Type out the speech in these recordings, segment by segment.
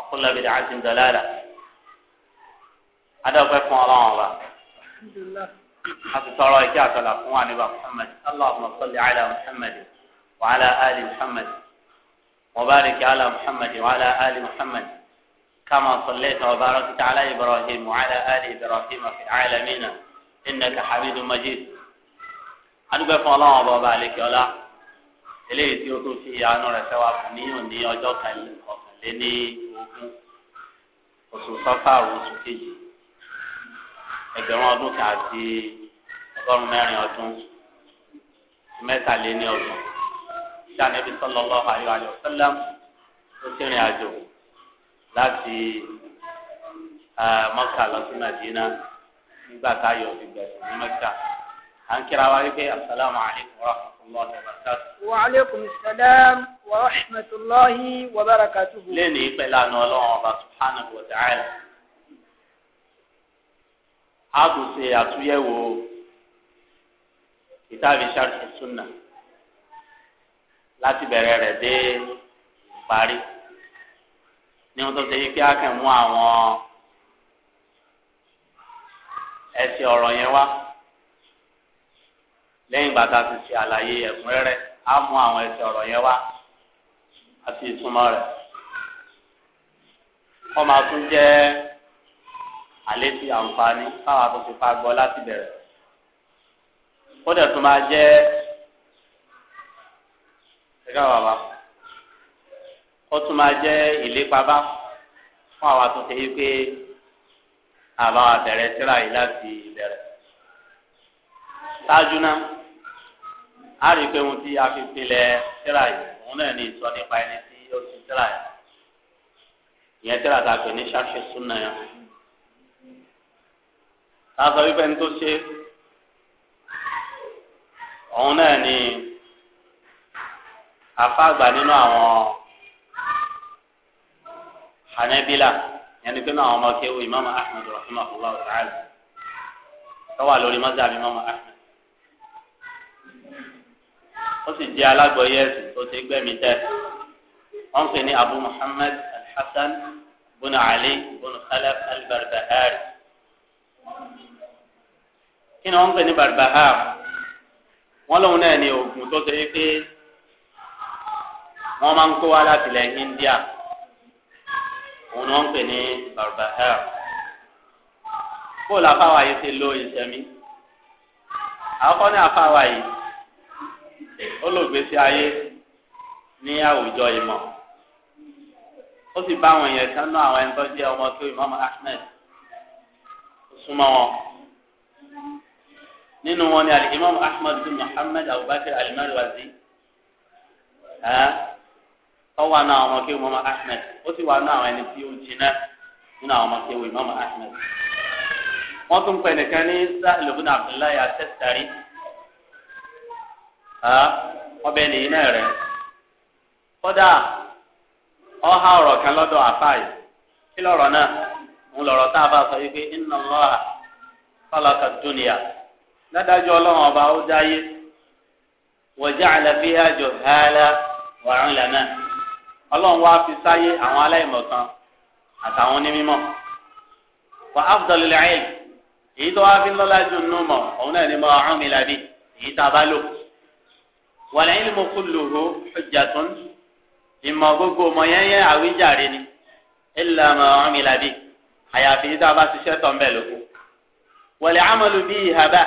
ọkùnrin làbẹ̀dẹ̀ àti ndọ̀lára adáwọ̀fẹ́ fún ọlọ́run ọba a ti tọrọ ìkẹ́ àtọ́là fún wa níbà muhammed allahumma salli ala muhammed wa ala ali muhammed wa barik ala muhammed wa ala ali muhammed kama sallaita wa barakta ala ibrahim wa ala ali ibrahim fi alamina innaka hamidun majid adúgbò fún ọlọ́run ọba ọba àlekè ọlá eléyìí tí ó tún fi àánú rẹ̀ sẹ́wà fún ní òní ọjọ́ kẹlẹ́ ní oṣù sọ́fà oṣù kejì ẹgbẹ̀rún ọdún kan àti ọgọ́rùn-ún mẹ́rin ọdún mẹ́tàléní ọdún tí Ànábì sallallahu alaihi wa sallam ó ti rìn àjò láti Mọ́kà lọ sí Màdínà nígbà tá a yọ ìgbẹ́ ní Mọ́kà à ń kíra wa wípé asalaamualeykum wa rahmatulahi wa barakatuh. wa aleykum salaam. ورحمة الله وبركاته لني بلان الله سبحانه وتعالى هذا سيأتيه كتاب شرح السنة láti bẹ̀rẹ̀ rẹ̀ dé parí ní wọn tó ṣe yí pé a kàn mú àwọn ẹsẹ̀ ọ̀rọ̀ yẹn wá lẹ́yìn ìgbà ti ṣe àlàyé ẹ̀kúnrẹ́rẹ́ á mú àwọn ẹsẹ̀ ọ̀rọ̀ yẹn wá àti ìtumọ̀ rẹ̀ wọ́n máa tún jẹ́ àlétí àǹfààní fáwọn àtúnṣepá gbọ́ láti bẹ̀rẹ̀ ó dẹ̀ tún máa jẹ́ ẹ̀ka bàbá ó tún máa jẹ́ ìlépa bá fún àwọn àtúnṣe yìí pé àbá àbẹ̀rẹ̀ síra yìí láti bẹ̀rẹ̀ ṣáájú náà a rí i pé ohun tí a fi pinlẹ̀ síra yìí òun náà ní ìsọ nípa ẹni tí ó ti tẹ́lá yẹn ìyẹn tẹ́lá ta pè ní ṣáṣẹ súnà yẹn ká sọ wípé ní tó ṣe òun náà ní afáàgbà nínú àwọn hanabila yẹn ni pé náà ọmọ kéwù imam ahmed rahimahullah ta'ala tọ́wà lórí mọ́sáàbí imam ahmed ó sì jẹ́ alágbọ̀yé ẹ̀sìn tó ti gbẹ́mí tẹ́ wọ́n pè ní abu muhammad alhassan bùnà ali bùnà khalaf albarbahari kí ni wọ́n pè ní barbahari wọ́n lóun náà ní oògùn tó ṣe é pé wọ́n máa ń kó wá láti ilẹ̀ india òun ni wọ́n pè ní barbahari kó làfáwá yìí ti lo ìṣẹ́mi àkọ́kọ́ ní àfáwá yìí olùgbèsè ayé ní àwùjọ ìmọ̀ ó sì bá àwọn èèyàn kan ná àwọn ẹni tó jẹ́ ọmọ tó Imam Ahmed ó súnmọ́ wọn nínú wọn ni al-Imam Ahmed bin Muhammad Abubakar al-Marwazi ó wà náà ọmọ kéwù mọ́mọ́ Ahmed ó sì wà náà àwọn ẹni tí ó jiná nínú àwọn ọmọ kéwù mọ́mọ́ Ahmed wọ́n tún pẹ̀ nìkan ní sáà lóbùnà Abdullahi àtẹ́sítárì ọbẹ̀ nìyí náà rẹ̀ kódà ọha ọ̀rọ̀ kan lọ́dọ̀ àfáàyè kí lọ́rọ̀ náà ń lọ́rọ̀ tá a bá sọ wípé inna Allaha khalaqa dunya dádájọ́ ọlọ́run ọba ó dáyé wa ja'ala fiha juhala wa ulama ọlọ́run wá fi sáyé àwọn aláìmọ̀kan àtàwọn onímọ̀ wa afdalul ilm èyí tó wá fi ń jù nù mọ̀ òun náà ni mo àrùn mi làbí èyí tá a bá lò wal ilmu kulluhu hujjatun ìmọ̀ gbogbo ọmọ yẹn yẹ àwíjàre ni illa ma amila bi àyàfi tí a bá ṣiṣẹ́ tọ̀ ń bẹ̀ lóko wal amalu bihi haba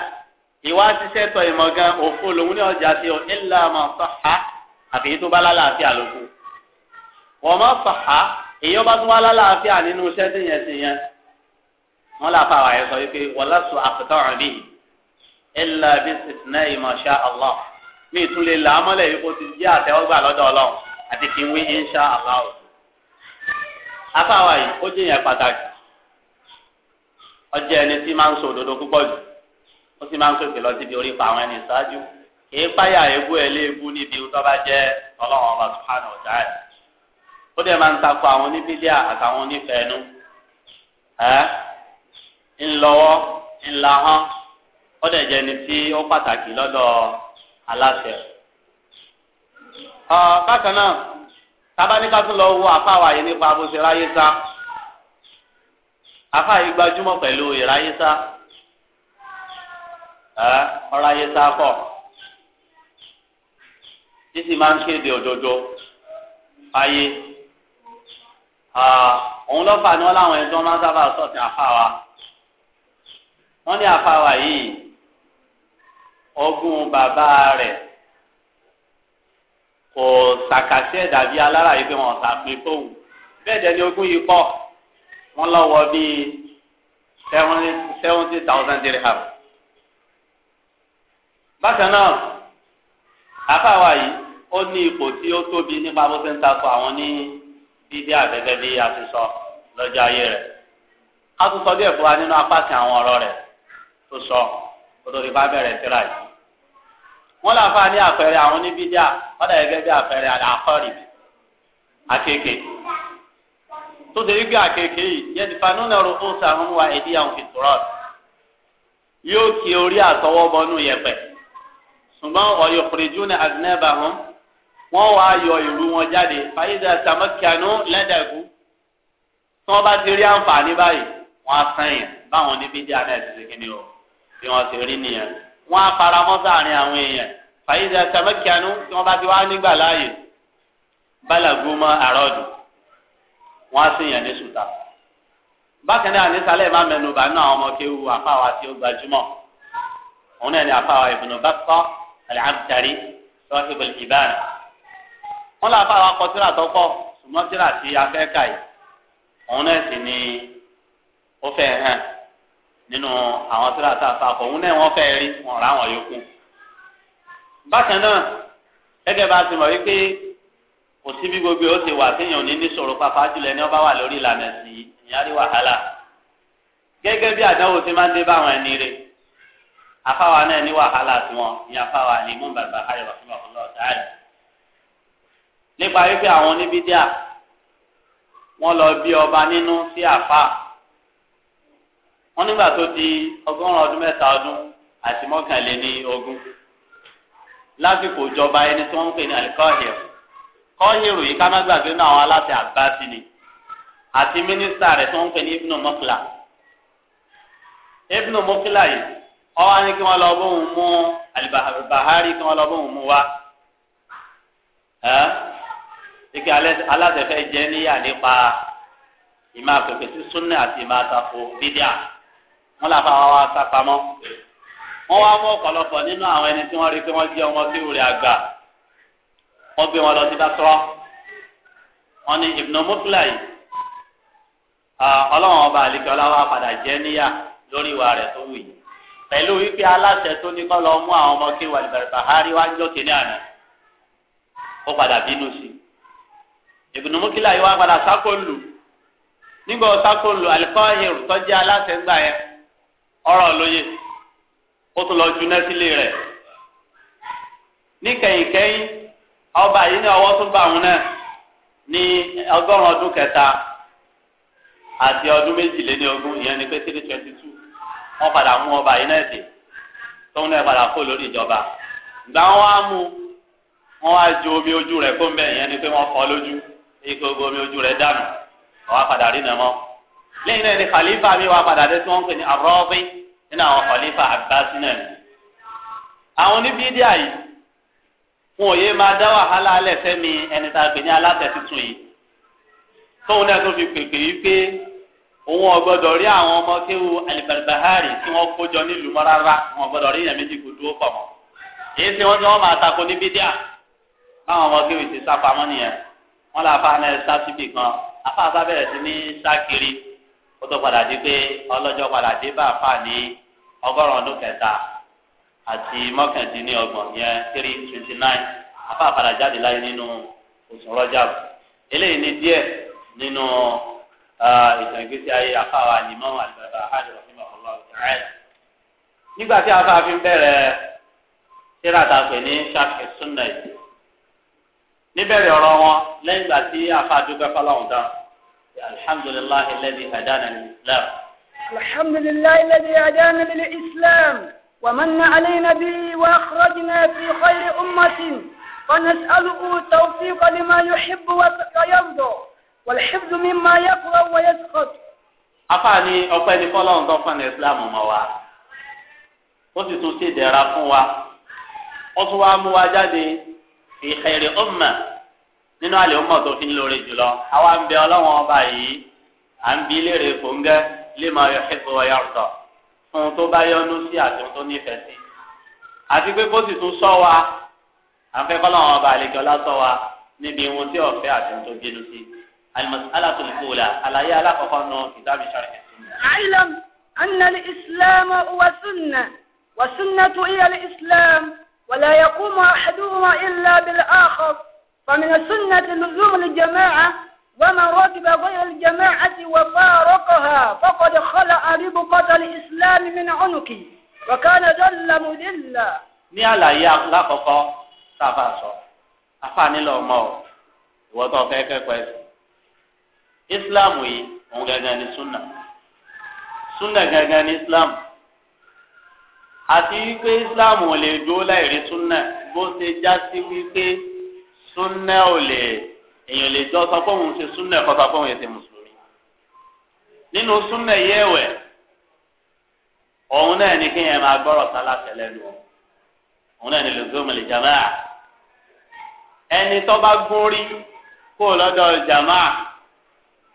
ìwà ṣiṣẹ́ tọ̀ ìmọ̀ gan òfo lòun ní ọjà sí o illa ma sahha àfi tó bá lálàáfíà lóko wọ́n ma sahha èyí ọba tó wá lálàáfíà nínú iṣẹ́ tó yẹn ti yẹn wọ́n làá fà wáyé sọ wípé wọ́n lásù mi tún lè là á mọ́lẹ̀ yìí kó ti jẹ́ àtẹ́wọ́gbà lọ́dọ̀ ọlọ́run àti kí n wí insha allah o. afáwa yìí ó jẹ́ yẹn pàtàkì ọjọ́ ẹni tí máa ń sọ òdodo púpọ̀ jù ó sì máa ń pèpè lọ síbi orí pa àwọn ẹni ìṣáájú kì í páyà ebú ẹ léèbú níbi tó bá jẹ́ ọlọ́run ọba subhanahu wa ta'ala ó dẹ̀ máa ń takò àwọn oníbídíà àtàwọn onífẹ̀ẹ́nu ẹ́ ńlọ́wọ́ ńlahán ó dẹ̀ jẹ́ ẹni tí ó pàtàkì lọ́dọ̀ aláṣẹ. bákan náà tábánikà tún lọ wo àfáwà yìí nípa bó ṣe ráyé sá àfáà yìí gbajúmọ̀ pẹ̀lú ìráyé sá ọ̀ráyé sá pọ̀ títí máa ń kéde òdodo ayé òun lọ́fà ni wọ́n láwọn ẹni máa ń sábà sọ̀tì àfáà wa wọ́n ní àfáà wa yìí ọgùn bàbá rẹ̀ kò sàkàṣì ẹ̀dá bíi alára yìí pé wọ́n sàpín fóun bẹ́ẹ̀ dẹ̀ ni ogún yìí pọ̀ wọ́n lọ́wọ́ bíi seventy thousand dirham. bákan náà àfàwà yìí ó ní ipò tí ó tóbi nípa bó ṣe ń takò àwọn ní dídí àgẹ́gẹ́ bí a ti sọ lọ́jọ́ ayé rẹ̀ a tún sọ díẹ̀ fún wa nínú apá sí àwọn ọ̀rọ̀ rẹ̀ tó sọ kó tó di bá bẹ̀rẹ̀ síra yìí wọn làfa ní àpẹẹrẹ àwọn níbí díà wọn dàgbé gẹ́gẹ́ bí àpẹẹrẹ àkọrì àkèké tó ṣe wípé àkèké yìí yẹn ti fa nínú ẹrù fún sàrún wa èdè àwọn fìtúrọọd yóò kí orí àtọwọ́bọnú yẹ̀pẹ̀ ṣùgbọ́n ọyọ fìrìjú ní agnẹba hàn wọn wàá yọ ìlú wọn jáde fàyídà sàmọkìánú lẹdẹgù tí wọn bá ti rí àǹfààní báyìí wọn á sàn báwọn níbí díà náà ti ṣe kí ni o bí wọn ti rí nìyẹn wọ́n á fara mọ́ sáàrin àwọn èèyàn fàyíṣẹ́ sàmẹ́kìánú tí wọ́n bá ti wá nígbà láàyè bálàgbó mọ́ àrọ́dù wọ́n á sì yàn ní sùtà. bákan náà nísàlẹ̀ máa mẹ́nu bá náà ọmọ kéwu àfáwa tí ó gbajúmọ̀ òun náà ni àfáwa Ibn Battah al-Abdari sahib al-Iban. wọ́n lọ àfáwa kọ tó pọ̀ ṣùgbọ́n tíra ti afẹ́ ká òun náà sì ni ó fẹ́ hàn nínú àwọn tíra tá a fa kọ òun náà wọ́n fẹ́ rí wọn rà wọn yòókù. bákan náà gẹ́gẹ́ bá a ti mọ̀ wípé kò sí bí gbogbo ó ti wà téèyàn ní níṣòro pàpà jùlọ ẹni ọba wà lórí ìlànà sí ìyá rí wàhálà. gẹ́gẹ́ bí àdánwò ti máa ń dé bá àwọn ẹni rè afáwa náà ní wàhálà tiwọn ní afáwa ní mú bàbá ayọ̀ fún ọ̀pọ̀lọpọ̀ ọ̀tá nípa wípé àwọn oníbídíà wọ́n lọ bí ọba nínú sí àfáà wọ́n nígbà tó di ọgọ́rùn ọdún mẹ́ta ọdún àti mọ́kànléní ogún lásìkò ìjọba ẹni tí wọ́n ń pè ní alikọ́hìr kọ́hìr yìí ká má gbàgbé náà àwọn aláṣẹ àgbáṣí ni àti mínísítà rẹ̀ tí wọ́n ń pè ní ibnu mọ́kìlá ibnu mọ́kìlá yìí ọwọ́ á ní kí wọ́n lọ bóun mú alibahari kí wọ́n lọ bóun mú wá ike aláṣẹ fẹ́ jẹ́ níyà nípa ìmọ̀ àpèpè sí súnà àti ìmọ̀ àtàkùn bídíà wọn làfa wa wá sápamọ́ wọn wá mú ọ̀pọ̀lọpọ̀ nínú àwọn ẹni tí wọ́n rí pé wọ́n jẹ́ ọmọ kéwù rẹ̀ àgbà wọ́n gbé wọn lọ sí dásọ́rọ́ wọn ní Ibn Mutlai ọlọ́wọ́n ọba àlekẹ́ ọláwà padà jẹ́ níyà lórí ìwà rẹ̀ tó wù yìí pẹ̀lú wípé aláṣẹ tó ní kọ́ lọ mú àwọn ọmọ kéwù al-Barbahari wá ń kéde àná ó padà bínú sí Ibn Mutlai wá padà sákòlù nígbà sákòlù al-Qahiru tó aláṣẹ gbà yẹn ọ̀rọ̀ lóye ó tún lọ juná sílé rẹ̀ níkẹyìnkẹyìn ọba yìí ní ọwọ́ tún bá òun náà ní ọgọ́rùn ọdún kẹta àti ọdún méjìléní ìyẹn ni pé three twenty two wọ́n padà mú ọba yìí náà dé tóun náà padà kó lórí ìjọba ìgbà wọn á mú wọn á ju omi ojú rẹ̀ kó ń bẹ ìyẹn ni pé wọ́n fọ́ lójú èyí kó omi ojú rẹ̀ dànù ọwọ́ padà rí nàá mọ́ lẹ́yìn náà ni khalifa mi wá padà dé tí wọ́n ń pè ní arọ́bí nínú àwọn khalifa abbasi náà ni. àwọn oníbídí àyè wọn ò yé máa dá wàhálà alẹ́ fẹ́mi ẹni tá a pè ní aláṣẹ tuntun yìí tóun náà tó fi pèpè yìí pé òun ò rí àwọn ọmọ kéwu alibarbahari tí wọ́n kó nílùú mọ́ rárá wọn rí ìyàn méjì kó dúró pọ̀ mọ́ èyí tí wọ́n tí wọ́n máa tako ní bídíà báwọn ọmọ kéwu ti sá pamọ́ nìyẹn wọ́n làá fa náà sá síbì kan afáfá bẹ̀rẹ̀ sí ní sá kiri foto tó padà di pé ọlọ́jọ́ padà dé bá àfa ní ọgọ́rùn-ún ọdún kẹta àti mọ́kàndínlọ́gbọ̀n yẹn three twenty nine padà jáde láyé nínú oṣù rọ́jà eléyìí díẹ̀ nínú ìtàn ìgbésí ayé àfa wa ní mọ́wọ́n àlùbáyà àhàdì rọ̀fìmọ̀ ọlọ́run nígbà tí fi bẹ̀rẹ̀ الحمد لله الذي هدانا للإسلام الحمد لله الذي هدانا للإسلام ومن علينا به وأخرجنا في خير أمة فنسأله توفيق لما يحب ويرضى والحفظ مما يكره ويسخط afaani ọpẹ́ ni fọ́lọ́run الإسلام fún islam mọ wa ó sì في خير أمة nínú àlè ọmọ tó fi ń lóore jùlọ àwa ń bẹ ọlọ́wọ́n ọba yìí à ń bi léèrè fòǹgẹ́ lè máa yọ ṣẹ́fọ́ ọ̀yà ọ̀tọ̀ fún un tó bá yọnu sí àti ohun tó nífẹ̀ẹ́ sí àti pé bó sì tún sọ wa à ń fẹ́ kọ́lọ́wọ́n ọba àlejò ọlá wa níbi ohun tí ọ̀fẹ́ àti tó bínú sí alásùn àlàyé alákọ̀ọ́kọ́ nù kìtàbí sàrẹ̀ أن الإسلام هو سنة هي الإسلام ولا يقوم أحدهما إلا بالآخر فمن السنة لزوم الجماعة ومن ركب غير الجماعة وفارقها فقد خلع ربقة الإسلام من عنقه وكان ذل مذلا ní àlàyé alákọ̀ọ́kọ́ sábà sọ afáàní lọ mọ ọ ìwọ tó fẹ́ kẹ́kọ̀ọ́ ẹ̀sìn ìsìláàmù yìí òun gangan ni súnà súnà gangan ni ìsìláàmù àti wípé ìsìláàmù ò lè dúró láìrí súnà bó ṣe já sí wípé súnẹ́ ò lè èèyàn lè jọ sọ fóun ṣe súnẹ́ kọ́ sọ fóun ṣe mùsùlùmí nínú súnẹ́ yẹ̀wẹ̀ òun náà ni kéèyàn máa gbọ́rọ̀ sálásẹ̀ lẹ́nu òun náà ni lùzọ́mù lè jàmáà ẹni tó bá gún rí kó lọ́dọ̀ jàmáà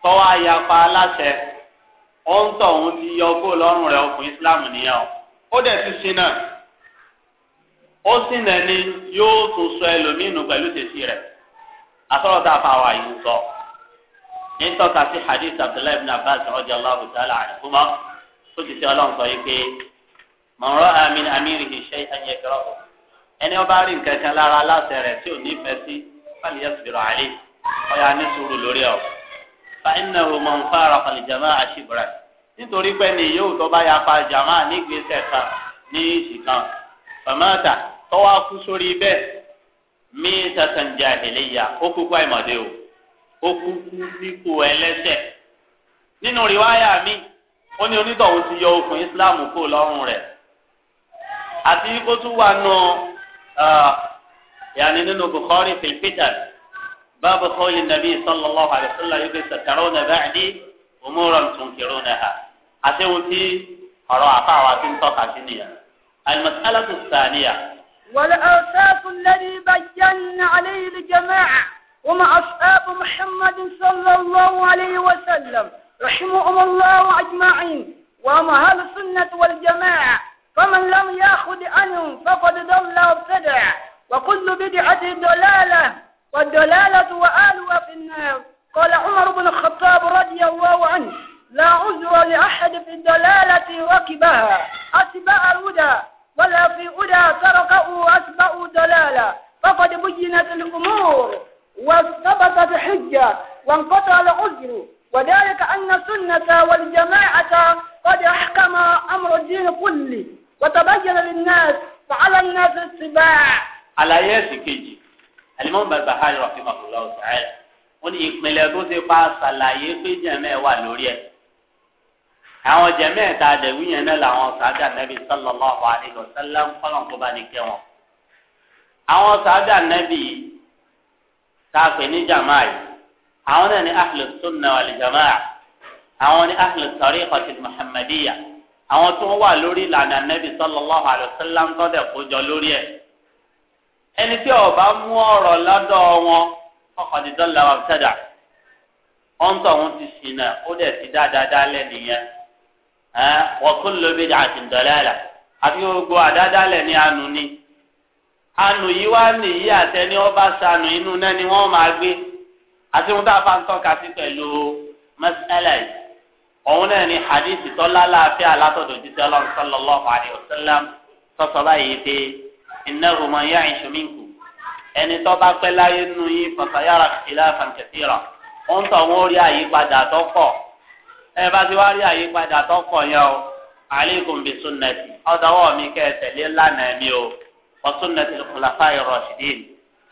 tọ́wọ́ ayapa aláṣẹ ọ̀ǹtọ̀ òun ti yọ kó lọ́rùn rẹ̀ ọkùnrin Islam nìyẹn o ó dẹ̀ ti sin náà. ó sì nẹni yóò tún sọ ẹlòmíì pẹ̀lú tètè rẹ̀ àtọ́rọ̀ tá a fa àwọn àyè ń sọ ní tọ́ka sí hadith abdullahi ibn abbas radiyallahu ta'ala anhuma ó ti sẹ́ ọlọ́run sọ yìí pé mọ̀rọ́ amin amirihi shay'an yakrahu ẹni ọba rí nǹkan kan lára aláṣẹ rẹ̀ tí ò nífẹ̀ẹ́ sí fàlì yasbiru alayhi ọ̀yà ní sùúrù lórí ọ̀ fa innahu man faraqa al-jama'a shibran nítorí pé ni yóò bá fa, jama nígbèsè kan ní kan fàmáta tọ́wọ́ akú sórí bẹ́ẹ̀ mí tatan jahiliya ó kúkú àìmọ̀dé o ó kúkú sípò ẹlẹ́sẹ̀ nínú rìwáyà mi ó ní onítọ̀hún ti yọ okùn islam kó lọ́rùn rẹ̀ àti kó tún wà nù yàní nínú bukhari filfitan báàbù kọ́lì nàbí sallallahu alaihi wasallam yóò fi sàkàrọ̀ nàbẹ́ àdí umuran tunkiru nàha àti ohun tí ọ̀rọ̀ àfáwà ti ń tọ́ka sí nìyẹn al-mas'alatu والأساس الذي بينا عليه الجماعة ومع أصحاب محمد صلى الله عليه وسلم رحمهم الله أجمعين وما أهل السنة والجماعة فمن لم يأخذ عنهم فقد ضل وابتدع وكل بدعة ضلالة والدلالة وآلها في النار قال عمر بن الخطاب رضي الله عنه لا عذر لأحد في الدلالة ركبها أتباع الهدى ولا في أدى سرقه أسبأ دلالا فقد بينت الأمور وثبتت الحجة وانقطع العذر وذلك أن السنة والجماعة قد أحكم أمر الدين كله وتبين للناس فعلى الناس اتباع àlàyé ẹ̀sìn kejì alimọ́n bàbá hajj rahimahullah ta'ala ó ní ìpínlẹ̀ tó ti pa ṣàlàyé pé jẹ̀mẹ́ àwọn jẹmẹ ta dẹwì yẹn náà làwọn sàájà nẹbi sallallahu alaihi wasallam kọlọn kó bá ní kẹ wọn àwọn sàájà nẹbi tá a pè ní jama yìí àwọn náà ní ahlu sunna wal jamaa àwọn ní ahlu tariqati muhammadiyya àwọn tó wà lórí ìlànà nẹbi sallallahu alaihi wasallam tó dẹ kójọ lórí ẹ ẹni tí ó mú ọ̀rọ̀ lọ́dọ̀ wọn ọkọ ti dọlà wà sẹdà ọńtọ òun ti sìn náà ó ẹ wọkúlò bíi àti ndọlẹ́lẹ̀ àti gbogbo àdádálẹ̀ ní anu ni anu yìí wá nìyí àtẹni ọba sanu inú náà ni wọ́n máa gbé àti wọn tá a fa ń tọ́ka sí pẹ̀lú mẹ́sẹ̀lẹ̀ yìí òun náà ni hadith tọ́lá láàfin alátọ̀dọ̀ jíjẹ́ ọlọ́run sallallahu alaihi wasallam sọ́sọ́ báyìí pé innahu man ya'ish minkum ẹni tó bá pẹ́ láyé nù yín fa sayara ikhtilafan kathira ó ń tọ̀ wọ́n rí àyípadà tó pọ̀ ẹ bá ti wá rí àyípadà tọkọ yẹn o aleikum bi sunnati ọdọwọ mi kẹ ẹ tẹ̀lé lánàá mi o wa sunnati al-khulafa'i rashidin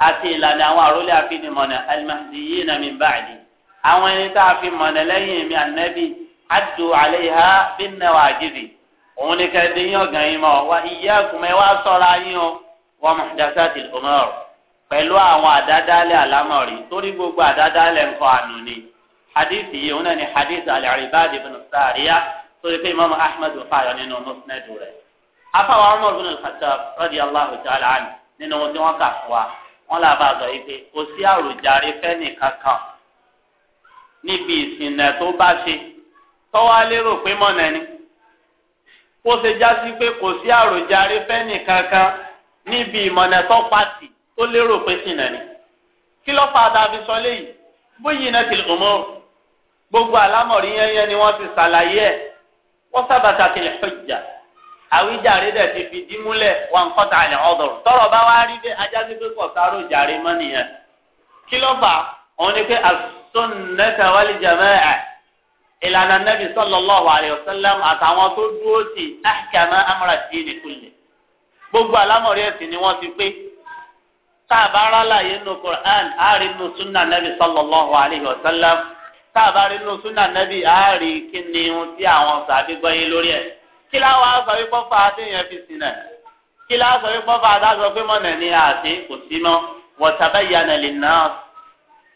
àti ìlànà àwọn àrólé àfinimọ̀nà al-mahdiyina min ba'di àwọn ẹni tá a fi mọ̀nà lẹ́yìn mi ànábì addu alayha bin nawajidh òun ni kẹ ẹdín yín ọgàn yín mọ wa iyyakum ẹ wá ṣọ́ra yín o wa muhdathatil umur pẹ̀lú àwọn àdádálẹ̀ àlámọ̀rí torí gbogbo àdádálẹ̀ ńkọ́ ànú ni hadith yìí òun náà ni hadith al-Ibad ibn Sariya tó yẹ pé imaamu ahmed fààyàn nínú musnadu rẹ̀ afáwọn Umar ibn al-Khattab radiyallahu ta'ala anhu nínú ohun tí wọ́n kà fún wa wọ́n là bá sọ yìí pé kò sí àròjàre fẹ́ni kankan níbi ìsìnlẹ̀ tó bá ṣe tọ́wá lérò pé mọ̀nà ni kó ṣe já sí pé kò sí àròjàre fẹ́ni kankan níbi ìmọ̀nà tó pàtì tó lérò pé sìnà ni kí ló fà á dàbí sọ léyìí bóyí náà ti lè mọ́ gbogbo àlámọ̀rí yẹnyẹn ni wọ́n ti ṣàlàyé ẹ̀ wọ́n sábàtà tilẹ̀ hujja àwíjàre dẹ̀ ti fìdí múlẹ̀ wọn kọ́ta àlẹ́ ọ̀dọ̀rọ̀ tọrọ bá wá rí bẹ́ẹ̀ ajá sí pé kò sáró jàre mọ́ nìyẹn kí ló fà òun ni pé as-sunnata wal jamaa ìlànà nẹ́bí sallallahu alayhi wa àtàwọn tó dúró sí ahkama amra dini gbogbo àlámọ̀rí ẹ̀sìn ni wọ́n ti pé tá a bá rálá yẹn nu àárín nu sunna nẹ́bí sallallahu alayhi táàbà rí nínú súnà nẹ́bí àárí kí ni ohun tí àwọn sàbí gbọ́yé lórí ẹ̀ kí láwọn aṣọ wípé fà á téèyàn fi sìn náà kí láwọn aṣọ wípé fà á dáṣọ pé mọ̀nà ni àti kò sí mọ́ wọ̀tàbá ìyànà lè ná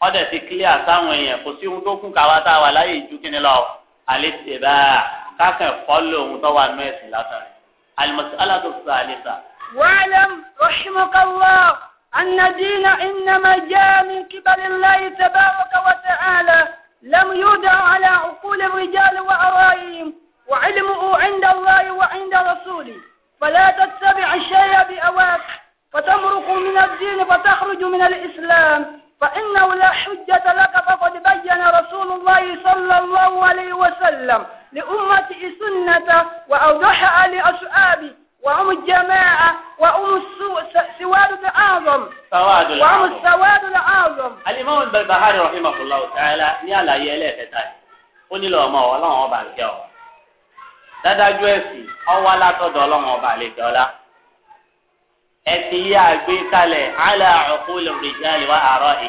ọ̀dẹ̀ ti kílíà sáwọn èèyàn kò sí ohun tó kún káwa tá a wà láyé ìjú kí ni lọ àlẹ́ ti bá a kákan fọ́lọ̀ ohun tó wà nú ẹ̀sìn lásán alimọ̀sí aládùúgbò àlẹ́ sà. wàhálà إنما جاء من قبل الله تبارك وتعالى لم يودع على عقول الرجال وأرائهم وعلمه عند الله وعند رسوله فلا تتبع الشيء بأواك فتمرق من الدين فتخرج من الإسلام فإنه لا حجة لك فقد بين رسول الله صلى الله عليه وسلم لأمة سنة وأوضحها لأصحابه وهم الجماعة وهم السواد الأعظم وهم السواد الأعظم الإمام البربهاري رحمه الله تعالى فتاي ما ولا ما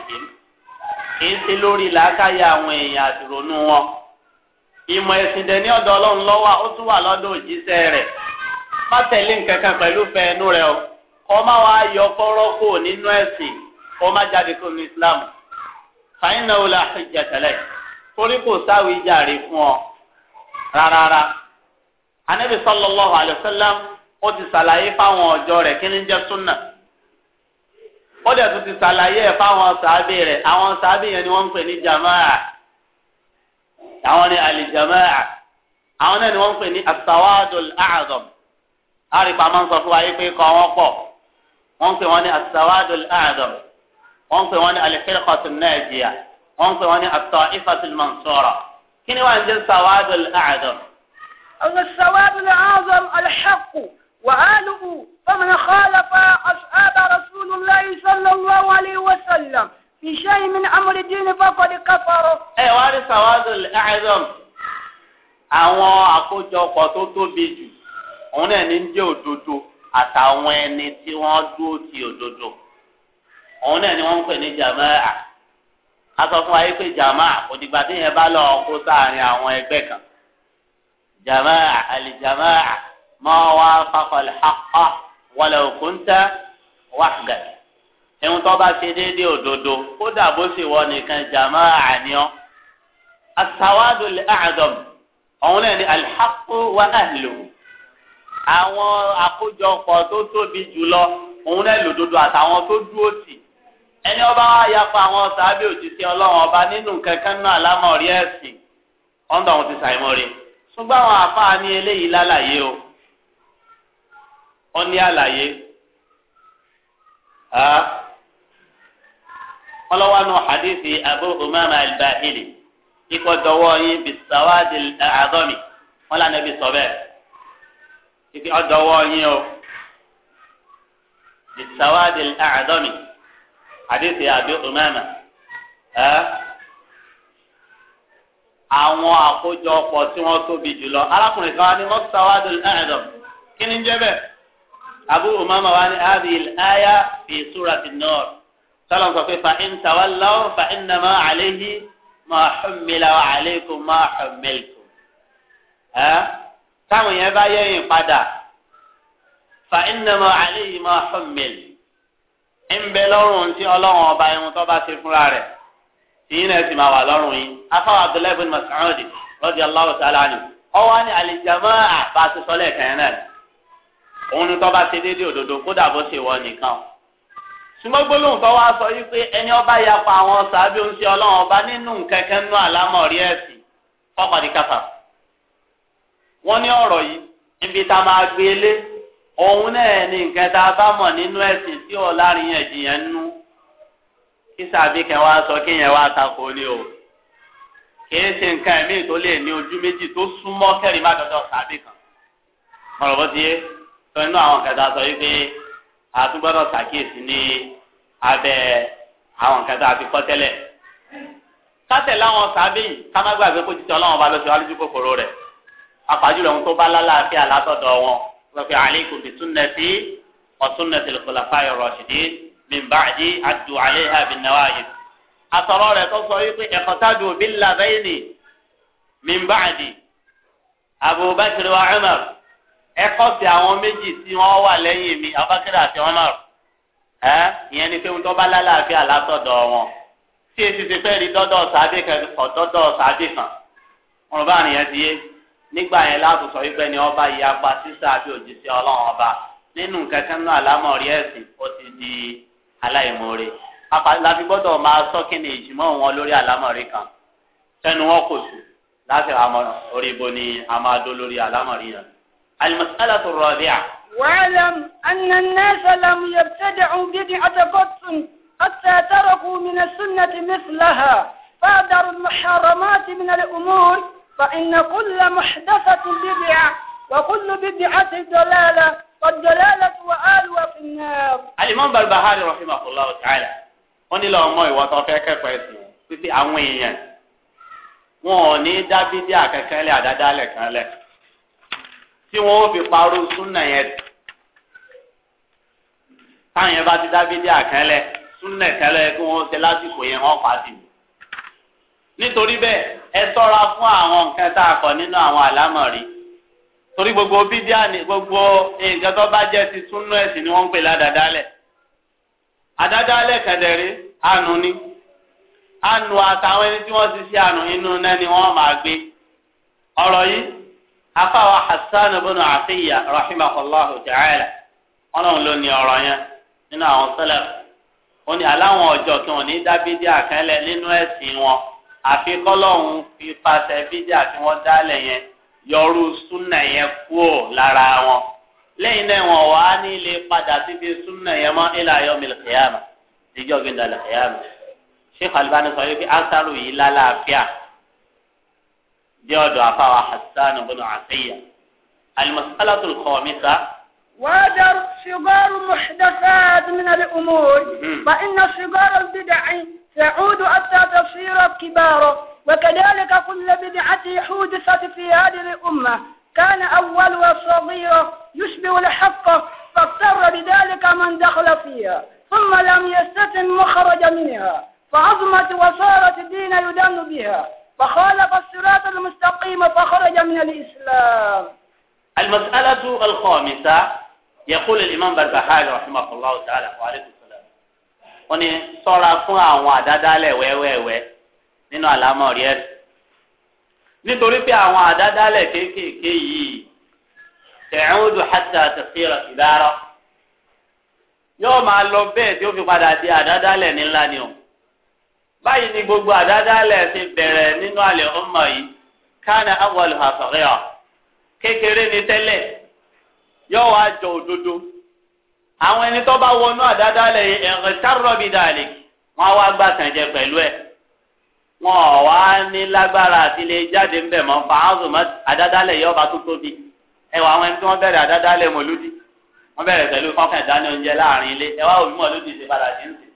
wa lórí làákàyè àwọn èèyàn wọn ìmọ̀ ẹ̀sìn dẹ̀ ní ọ̀dọ̀ ọlọ́run ó tún wà lọ́dọ̀ òjíṣẹ́ rẹ̀ má tẹ̀lé nǹkan kan pẹ̀lú fẹ́ ẹnu rẹ o kọ́ má wá yọ fọ́rọ́ kò nínú ẹ̀sìn kọ́ má jáde kó nu Islam fàyínà ò la hujja tẹ̀lẹ̀ torí kò sáwìí jàre fún ọ rárára anabi sallallahu alayhi wa sallam ó ti ṣàlàyé fáwọn ọjọ́ rẹ̀ kí ni jẹ́ súnà ó dẹ̀ tún ti ṣàlàyé ẹ̀ fáwọn sàábì rẹ̀ àwọn sàábì yẹn ni wọ́n ń pè ní jamaa àwọn ni àlìjamaa àwọn náà ni wọ́n ń pè ní asawadul a'zam àríkà máa ń sọ fún wa yìí pé kọ́ wọ́n pọ̀ wọ́n ń pè wọ́n ní asawadul adam wọ́n ń pè wọ́n ní alifirikọtun nàìjíríà wọ́n ń pè wọ́n ní at-ta'ifatul mansura kí ni wọ́n ń jẹ́ sawadul adam. àwọn sawadul adam. ń jẹ́ òdodo àtàwọn ẹni tí wọ́n dúró ti òdodo òun náà ni wọ́n ń pè ní jamaa a sọ fún wa yìí pé jamaa kò dìgbà tí yẹn bá lọ kó sáàrin àwọn ẹgbẹ́ kan jamaa alijamaa ma wafaqa al-haqqa walau kunta wahdak ẹ̀hún tó bá ṣe déédéé òdodo kódà bó sì wọ nìkan jamaa àníọ́ as-sawadul a'zam òun náà ni al wa ahluhu àwọn àkójọpọ̀ tó tóbi jùlọ òun náà lòdodo àtàwọn tó dúró tì ẹni ọba wa yapa àwọn sàábì òjíṣẹ́ ọlọ́run ọba nínú kankan náà lámọ̀rí ẹ̀sìn ọ̀ndọ̀ àwọn ti sàìmọ̀rí ṣùgbọ́n àwọn àfáà ní eléyìí lálàyé o wọ́n ní àlàyé wọ́n lọ́wọ́ nù hadithi abu umama al-bahili ikọ̀ dọwọ́ yín bisawadi àdọ́mi wọ́n lànà ibi sọ bẹ́ẹ̀ títí ọ̀dọ́wọ́ yín o bisawadi àádọ́mi àdìsí àbí umama ẹ àwọn àkójọpọ̀ tí wọ́n tóbi jùlọ arákùnrin kan wá ní mọ́sáwádìí àádọ́m kí ni jẹ́ bẹ́ẹ̀ abu umama wá ní abiy aya fi surati nur sọlọ́n sọ pé fa in tawallaw fa innama alayhi ma hummila wa alaykum ma hummiltum ẹ táwọn yẹn bá yẹ̀yìn padà fa ìnàmọ àlẹ yìí máa fún mi ń bẹ lọ́rùn tí Ọlọ́run ọba ẹhun tó bá ṣe fúnra rẹ̀ ìyìn náà sì máa wà lọ́rùn yìí afáwọn Abdullahi bin Mas'ud radiyallahu ta'ala anhu ọwọ ni àlìjàmọ àfàṣọsọlẹ kẹrin náà òun tó bá ṣe déédéé òdodo kódà bó ṣe wọ nìkan ṣùgbọ́n gbólóhùn tó wá sọ yìí pé ẹni ọba yapa àwọn sàábí oúnjẹ ọlọ́run ọba nínú kẹ̀kẹ́ nú àlámọ̀rí ẹ̀sìn fọ́pàdé káfà wọ́n ní ọ̀rọ̀ yìí níbi tá a máa gbé e lé òun náà ní nǹkan tá a bá mọ̀ nínú ẹ̀sìn tí ọ láàrin ẹ̀jìyàn nú kí sàbí kẹ́ sọ kí yẹn wá takò o kìí ṣe nǹkan ẹ̀mí tó lè ní ojú méjì tó súnmọ́ kẹ́rin má dọ́dọ̀ kan mọ̀rọ̀ bó ti yé inú àwọn kẹta sọ yìí pé àtúgbọ́dọ̀ sàkíyèsí ní àwọn kẹta àti kọ́tẹ́lẹ̀ láwọn sàbí ká má gbàgbé apàjùlọ ohun tó bá lálàáfíà látọ̀dọ̀ wọn wọ́n fi alaykum bi sunnati wa sunnati al-khulafa'ir rashidin min ba'di addu 'alayha bin nawajid. àtọ̀rọ̀ rẹ̀ tó sọ wípé iqtadu bil ladhayni min ba'di Abubakar wa Umar ẹ̀kọ́ sí àwọn méjì tí wọ́n wà mi Abubakar àti Umar ẹ ìyẹn ni pé ohun tó bá lálàáfíà látọ̀dọ̀ wọn tí èsì ti fẹ́ rí dọ́dọ̀ sáadé kan ọ̀dọ́dọ̀ sáadé kan wọn bá yẹn ti yé. nígbà yẹn láti sọ wípé ni ọba yìí apá sísá àbí òjíṣẹ́ ọlọ́run ọba nínú kankan náà àlámọ̀rí ẹ̀sìn ó ti di aláìmoore láti gbọ́dọ̀ máa sọ kí ni ìjìmọ̀ wọn lórí àlámọ̀rí kan sẹ́nu wọn kò sùn láti orí ibo ni a máa dó lórí àlámọ̀rí yẹn. المسألة الرابعة واعلم أن الناس لم يبتدعوا بدعة قط حتى تركوا من السنة مثلها فأدروا المحرمات من الأمور فإن كل محدثة بدعة وكل بدعة ضلالة والضلالة وآلها في النار. الإمام البهاري رحمه الله تعالى wọ́n ní lọ́wọ́ mọ tó fẹ́ kẹ́kọ̀ọ́ ẹ̀sìn pípé àwọn èèyàn wọn ò ní dábídé àkẹ́kẹ́lẹ́ àdádálẹ̀ kan tí wọ́n ó fi parọ́ súnà yẹn táwọn yẹn bá ti dábídé àkẹ́lẹ́ súnà kẹ́lẹ́ kí wọ́n ṣe lásìkò yẹn wọ́n pa sí i. nítorí bẹ́ẹ̀ ẹ awon fún àwọn nǹkan tá a kọ̀ gbogbo bídíà gbogbo nǹkan tó bá jẹ́ ti túnú ẹ̀sìn ni wọ́n ń pè ládàdálẹ̀ àdádálẹ̀ ni àánú àtàwọn ẹni tí wọ́n ti ṣe àánú inú náà ni wọ́n máa gbé ọ̀rọ̀ yìí afáwa Hassan ibn Atiyya rahimahullahu ta'ala wọn ló ní ọ̀rọ̀ yẹn nínú àwọn sẹlẹ̀ wọn ni aláwọn àfi kọ́lọ́hún fi pàṣẹ bídíà tí wọ́n dálẹ̀ yẹn yọrù súnà yẹn kúò lára wọn lẹ́yìn náà wọn wà á ní ilé padà síbi súnà yẹn mọ́ ilà yọmìlì kìyàmà ìjọ gbẹndàlẹ̀ kìyàmà Sheikh Albani sọ yìí pé asaru yìí lálàáfíà bí ọ̀dọ̀ afáwa Hassan ibn Atiyya al-mas'alatu al-khamisa. وذر صغار المحدثات من الأمور فإن صغار البدع يعود حتى تصير كبارا وكذلك كل بدعة حدثت في هذه الأمة كان أولها وصغير يشبه الحق فاضطر بذلك من دخل فيها ثم لم يستطع مخرج منها فعظمت وصارت الدين يدان بها فخالف الصراط المستقيم فخرج من الإسلام المسألة الخامسة يقول الإمام بربحاج رحمه الله تعالى وعليكم wọ́n ní sọ́ra fún àwọn àdádálẹ̀ wẹ́wẹ́wẹ́ nínú àlámọ̀rí ẹ̀ nítorí pé àwọn àdádálẹ̀ kéékèèké yìí tẹ̀húndù hàtà tẹ̀síra ìdára yóò máa lọ bẹ́ẹ̀ tí ó fi padà di àdádálẹ̀ ni o báyìí ni gbogbo àdádálẹ̀ ti bẹ̀rẹ̀ nínú àlẹ́ ọmọ yìí kánà kékeré ni tẹ́lẹ̀ yóò wá jọ òdodo. àwọn ẹni tó bá wọnú àdádálẹ̀ ẹ̀rọ̀tàrọ̀bì dàlí wọ́n wá gbà tàn jẹ pẹ̀lú ẹ̀ wọn ò wá ní lágbára àti lè jáde ńbẹ̀ mọ́ fàáhùn mọ́ àdádálẹ̀ yóò bá tó tóbi ẹwà àwọn ẹni tí wọ́n bẹ̀rẹ̀ àdádálẹ̀ mọ̀lúdì wọ́n bẹ̀rẹ̀ pẹ̀lú kọ́kàn ìdáná oúnjẹ láàrin ilé ẹwà òbí mọ̀lúdì ṣe padà sí ń sìn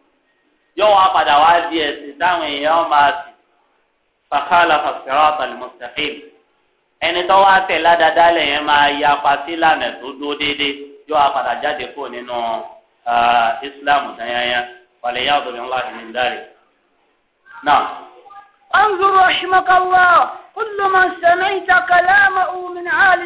yóò wá padà wá di ẹ̀sìn táwọn èèyàn máa sìn fàkàlà fàkàrà àtàlùmọ̀sàfẹ́ ẹni tó wá tẹ̀ ládàdálẹ̀ yẹn máa yapa sí lànà tó dúró déédéé yọ apàdà jáde kó nínú islam dányányá wàlẹ̀ yá ọ̀dọ̀ mi ńlá mi dárì. انظر رحمك الله كل من سمعت كلامه من عال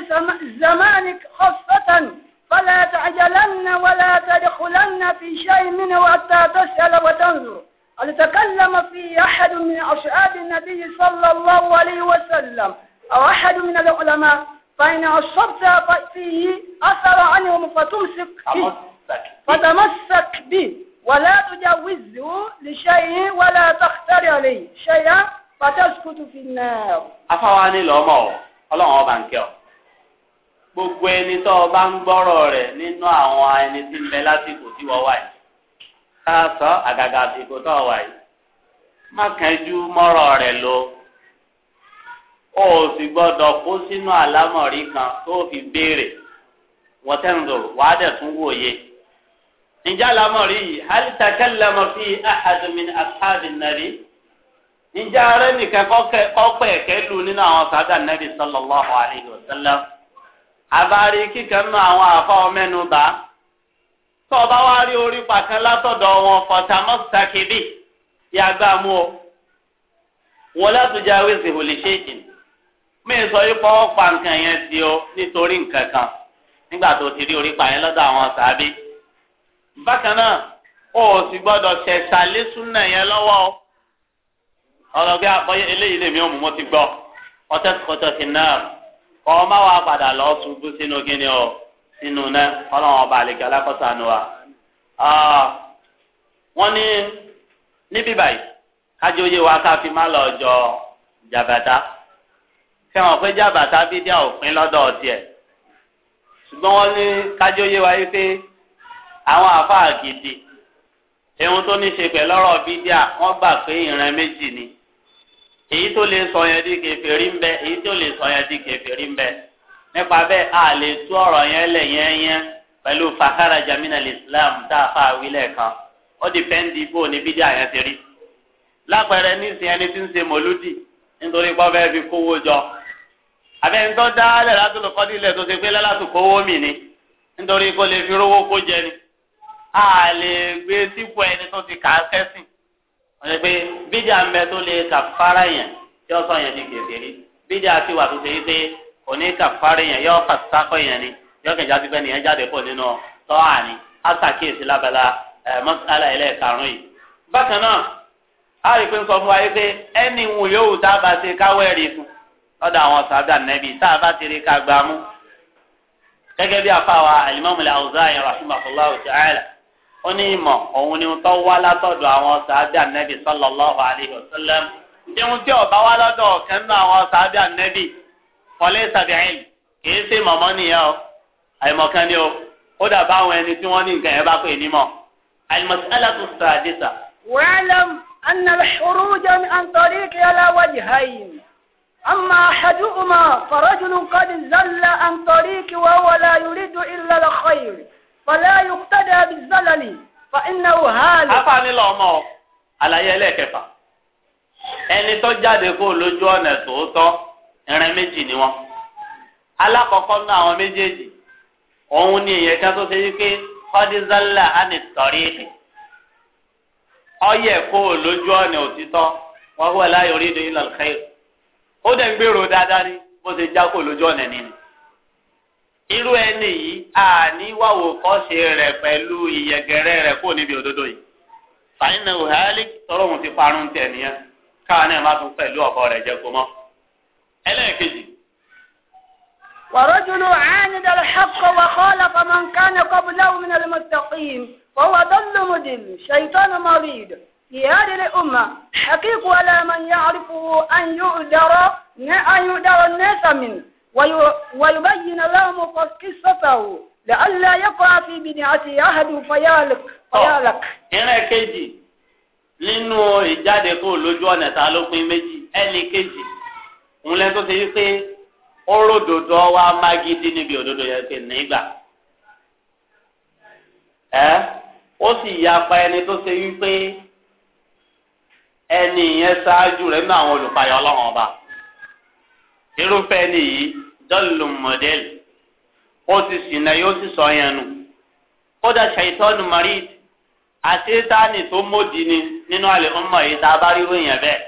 زمانك خاصة فلا تعجلن ولا تدخلن في شيء منه حتى تسأل وتنظر هل تكلم فيه أحد من أصحاب النبي صلى الله عليه وسلم أو أحد من العلماء فإن أصبت فأتيه أثر عنهم فتمسك به فتمسك به ولا تجوزه لشيء ولا تختار عليه شيئا فتسكت في النار afáwání lọ́mọ ọ ọlọ́run ọba ń kẹ́ ọ gbogbo ẹni tó o bá ń gbọ́rọ̀ rẹ̀ nínú àwọn ẹni tí ń bẹ lásìkò tí wọ́n wà yìí ká sọ àgàgà àsìkò tó wà yìí má kánjú mọ́rọ̀ rẹ̀ lọ ó sì gbọ́dọ̀ kó sínú àlámọ̀rí kan tó fi béèrè wọ́tẹ́ǹdòrò wàá dẹ̀ tún wòye. ǹjẹ́ àlámọ̀rí yìí hal takallama fi ahad min ashabi nabi ǹjẹ́ ààrẹ nìkan kọ́pẹ́ ẹ̀kẹ́ lù nínú àwọn sàdà nabi sallallahu alayhi wa sallam àbárí kíkẹ́ nínú àwọn àfọwọ́ mẹ́nu bá tó o bá wá rí orí pàkan látọ̀dọ̀ wọn fọ̀tàmọ́sàkébì yàgbá mú o wọlé àtúnjáwé sì hòlì ṣéèkì ni mi sọ yìí pọ́ pa nǹkan yẹn ti o nítorí nǹkan kan nígbà tó ti rí orí pa yẹn lọ́dọ̀ àwọn sàábí. bákan náà o ò sì gbọ́dọ̀ ṣẹ̀ṣà lé súnà yẹn lọ́wọ́ o ọ̀rọ̀ bí àkọ́yé eléyìí lèmi ò mú mo ti gbọ́ ọtẹ́ kọtọ́ sí náà kọ́ má wàá padà lọ ṣubú sínú kíni o sínú náà ọlọ́run ọba àlejò alákọ̀ọ́sọ àánú wa. wọ́n ní níbí báyìí kájí oyè wa ká fi má lọ jọ jàbàtà. sẹ́wọ̀n pé jábà tábí òpin lọ́dọ̀ ọ̀tí ẹ̀ ṣùgbọ́n ní kájóyé wáyé pé àwọn àfáà gidi ohun tó ní ṣe bídíà gbà pé ìran méjì ni èyí tó lè sọ yẹn di rí ń bẹ èyí tó lè sọ yẹn di ń bẹ nípa bẹ́ẹ̀ a lè tú yẹn yẹn yẹn fàkàrà jamina islam di bídíà yẹn ti rí lápẹẹrẹ ń nítorí abẹ́ ń tọ́ dá lẹ́látòlù kọ́ nílẹ̀ tó ṣe pé lẹ́látò kówó mi ni nítorí kó lè fi a lè gbé sípò ẹni tó ti kà á kẹ́sìn wọ́n ṣe pé bíjà ń tó lè kàfárà yẹn tí ó sọ yẹn di gbèsè rí bíjà ti wà tó ṣe yí pé yẹn yọ ni yọ nìyẹn jáde nínú ilẹ̀ karùn-ún yìí. bákan náà a rí pé ń sọ fún wa yí pé ẹnì wù yóò dábàá ṣe káwọ́ ẹ̀rí lọ́dọ̀ àwọn sábà nẹ́bí tá a bá ti rí ká gbà mú. gẹ́gẹ́ bí afáwa alimami al-Awza'i rahimahullah ta'ala ó ní ìmọ̀ òun ni tó wá látọ̀dọ̀ àwọn sábà nẹ́bí sallallahu alayhi wa sallam. ìhun tí ọba wá lọ́dọ̀ ọ̀kẹ́ nínú àwọn sábà nẹ́bí kọ́lé sàbẹ̀ẹ́lì kìí ṣe mọ̀mọ́ nìyẹn o àìmọ̀kan o ó dà bá àwọn ẹni tí wọ́n ní nǹkan ẹ̀ bá pè ní mọ̀ al-mas'alatu sadisa. wa'lam anna al-khuruj an tariqi ala wajhayn. أما أحدهما فرجل قد زل عن طريق وهو لا يريد إلا الخير فلا يقتدى بالزلل فإنه هالك أفعني الأمر على يليك ẹni tó jáde kó lójú ọ̀nà tòótọ́ irin méjì ni wọn alákọ̀ọ́kọ́ nínú àwọn méjèèjì òun ni èèyàn kan tó ṣe wípé kọ́dísálà á ní tọ̀rí ìlú ọyẹ kó lójú ọ̀nà òtítọ́ wọ́n wọ́n láyò rí ìdó ìlọ̀kẹ́yò ó dẹ̀ ń gbèrò dáadáa ni bó ṣe jákò lójú ọ̀nà nínú. irú ẹni yìí àní wàwò kọ́ṣe rẹ̀ pẹ̀lú ìyẹ̀gẹ̀rẹ́ rẹ̀ kó níbi òdodo yìí. fàyínà òhálí tọrọ òun ti parun tẹ̀ nìyẹn káwọn náà má tún pẹ̀lú ọ̀bọ rẹ̀ jẹ kó mọ́. ẹlẹ́ẹ̀kejì. ورجل عاند الحق وخالف من كان قبله من المتقين وهو ضل مدل شيطان مريد اجتهاد الأمة حقيق على من يعرفه أن يؤدر أن يؤدر الناس منه ويبين لهم قصته لئلا يقع في بدعته أحد فيالك فيالك. ìrìn kejì nínú ìjáde tó ṣe wípé ó ròdòdó ẹni ẹni yẹn ṣáájú rẹ̀ ní àwọn olùpayọ̀ ọlọ́run ọba irúfẹ́ nìyí dọ́lù mọ̀dẹ́lì ó ti sìnà yóò ti sọ yẹn nù kódà ṣàìtọ́nù marid àti tó ni nínú ọmọ yìí tá a bá ríro yẹn bẹ́ẹ̀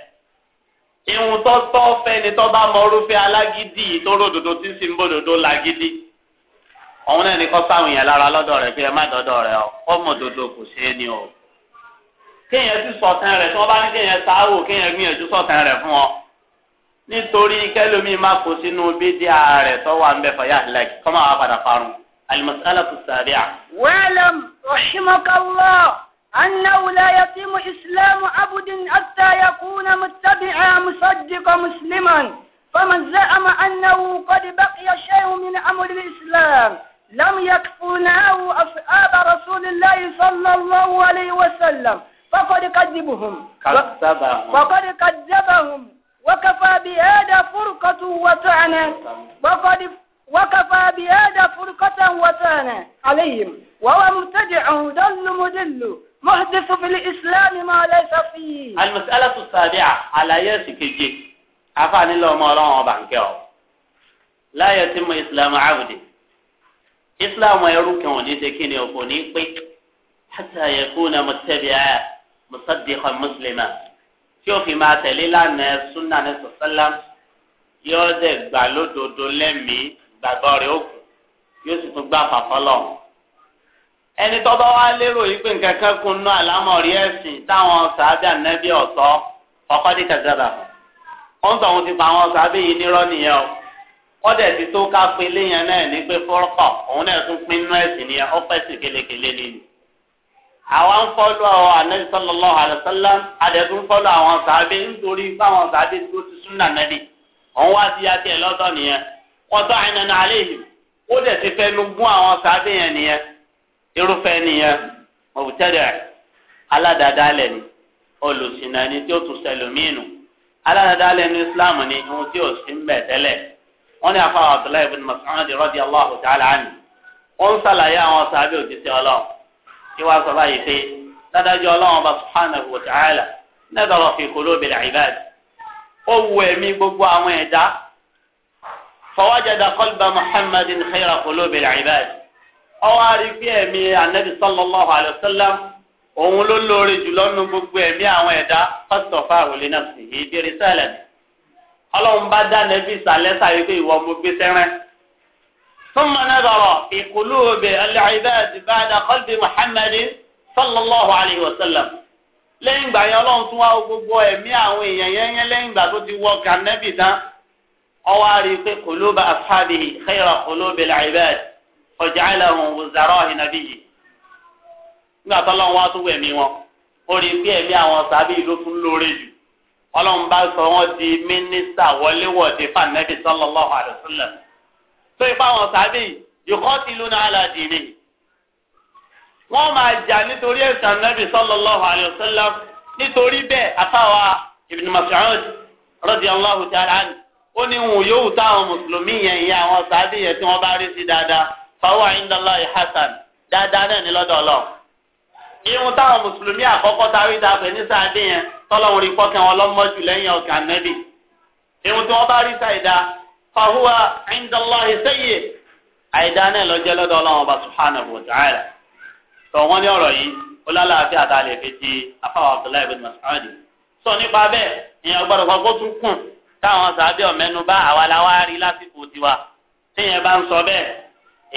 ìhun tó tọ́ fẹ́ni tó bá mọ alágídí yìí tó ròdòdó tí ń sin bòdòdó làgídí ní kọ́ yẹn lára lọ́dọ̀ rẹ̀ pé ẹ kéèyàn sì tán rẹ̀ tí wọ́n bá ní kéèyàn sáwò kéèyàn gbìyànjú sọ tán rẹ̀ fún ọ nítorí kẹlòmí má kó sínú bídí ààrẹ tó wà ń bẹ fàyà àhìlẹ́kì kọ́ máa padà parun alimusala tó sàrí à. wẹ́lẹ̀m rahimakallah annahu la yatimu islamu abudin ẹ̀ hatta yakuna muttabi'a musaddiqa musliman faman za'ama annahu qad baqiya shay'un min amri al-islam lam yakfunahu ashab rasulillahi sallallahu alayhi wa sallam. fakọ́dí kájíbù hùm. kàzábà hùm. fakọ́dí kájábà hùm. wákàfà bí ẹ̀ẹ́dà fúrukọ́tù wọ́tọ̀ ẹ̀nẹ́. fakọ́dí wákàfà bí ẹ̀ẹ́dà fúrukọ́tù wọ́tọ̀ ẹ̀nẹ́. aleyhim wàhùn mùtẹ́jì ọ̀hún dọ́lù mùdílù muhdithu fil islam ma laysa fihi. alimusalatu sabi'a alaye sikeje afaani lọmọ ọlọ́run ọba nkẹ ọ láyé tí mo islam abdi islam ẹrú kan ò ní ṣe kí ni o kò ní pé hàtà yẹ kó na mo tẹbi ayà musaddiqan muslima tí ó fi máa tẹ̀lé lánàá sunna ní sọ̀sálàm yóò dẹ̀ gbà lódodo lẹ́mìí gbàgbọ́ rẹ̀ ó kù yóò sì tún gbà fàfọ́lọ̀. ẹni tó bá wá lérò yìí pé nǹkan kan kun náà lámọ̀rí ẹ̀sìn táwọn sàábà nẹ́bí ọ̀tọ́ ọkọ́ ní kẹsàbà. ó ń tọ̀hún ti pa àwọn sàábà yìí nírọ́ nìyẹn o. wọ́n dẹ̀ ti tó ká pe léyìn náà ní pé fọ́rọ́kọ̀ òun náà tún pinnu ẹ̀sìn nìyẹn ó pẹ̀sìn kelekele nìyẹn. àwọn ń fọ́lú àwọn ànábì sallallahu alaihi wasallam àdẹ̀tún fọ́lú àwọn sàábé nítorí báwọn sàábé tó ti sún nànẹ́bì òun wá sí yàtí ẹ̀ lọ́dọ̀ nìyẹn wọ́n tọ́ àyìnà yìí ó dẹ̀ ti fẹnu gún àwọn yẹn nìyẹn nìyẹn ni olùsìnà ni tí ó tún ní Islam ni ohun tí ò sí Abdullahi ibn ta'ala sàlàyé àwọn ìwà sọ báyìí pé dádájọ́ ọlọ́run ọba subhanahu wa ta'ala nadara fi qulubil ibad ó wù ẹ̀mí gbogbo àwọn ẹ̀dá fawajada qalba muhammadin khayra qulubil ibad ọwọ́ àrí bí ẹ̀mí anabi sallallahu alayhi wa sallam òun ló lóore jùlọ nu gbogbo ẹ̀mí àwọn ẹ̀dá fastafahu li nafsihi bi risalati ọlọ́run bá dá nẹ́bí sàlẹ́sà yìí pé ìwọ mo gbé sẹ́rẹ́ ثم نظر في قلوب العباد بعد قلب محمد صلى الله عليه وسلم lẹ́yìn ìgbà yẹn ọlọ́run tún wá gbogbo ẹ̀mí àwọn èèyàn yẹn yẹn lẹ́yìn ìgbà tó ti wọ kànẹ́bì tán ọwọ́ àrí pé quluba ashabihi khayra qulubil ibad waja'alahum wuzara'a nabiyyi. nígbà tó lọ́run wá tún wẹ̀ mí wọn ó rí pé ẹ̀mí àwọn sábì ló tún lóore jù ọlọ́run bá sọ wọ́n di mínísítà wọléwọ̀de fànẹ́bì sallallahu alaihi wasallam tó ipa wọn sábì yuqatiluna ala dini wọ́n máa jà nítorí ẹ̀sán nàbì sallallahu alayhi wa sallam nítorí bẹ́ẹ̀ àtàwà ibn Mas'ud radiyallahu ta'ala anhu ó ní wọn yóò táwọn mùsùlùmí yẹn ìyá àwọn sábì yẹn tí wọ́n bá rí sí dáadáa fáwọn indallahi hasan dáadáa náà ní lọ́dọ̀ ọlọ́ irun táwọn mùsùlùmí àkọ́kọ́ táwí dàpẹ́ ní sáadé yẹn tọ́lọ́run rí pọ́kẹ́ wọn lọ́mọ́jù lẹ́yìn ọ̀gá nẹ́bì irun tí wọ́n bá rí sáìdá fahuwa indallahi sayyi àìdá náà lọ́jẹ́ lọ́dọ̀ ọlọ́run ọba subhanahu wa ta'ala tọ̀ wọ́n ní ọ̀rọ̀ yìí ó lálàáfíà tá a lè fi ti afáwọn abdullahi ibn Mas'ud sọ nípa bẹ́ẹ̀ ìyẹn gbọ́dọ̀ kan kó tún kùn táwọn sàbẹ̀ ọ̀mẹ́nu bá àwa la wá rí lásìkò tiwa tíyẹn bá ń sọ bẹ́ẹ̀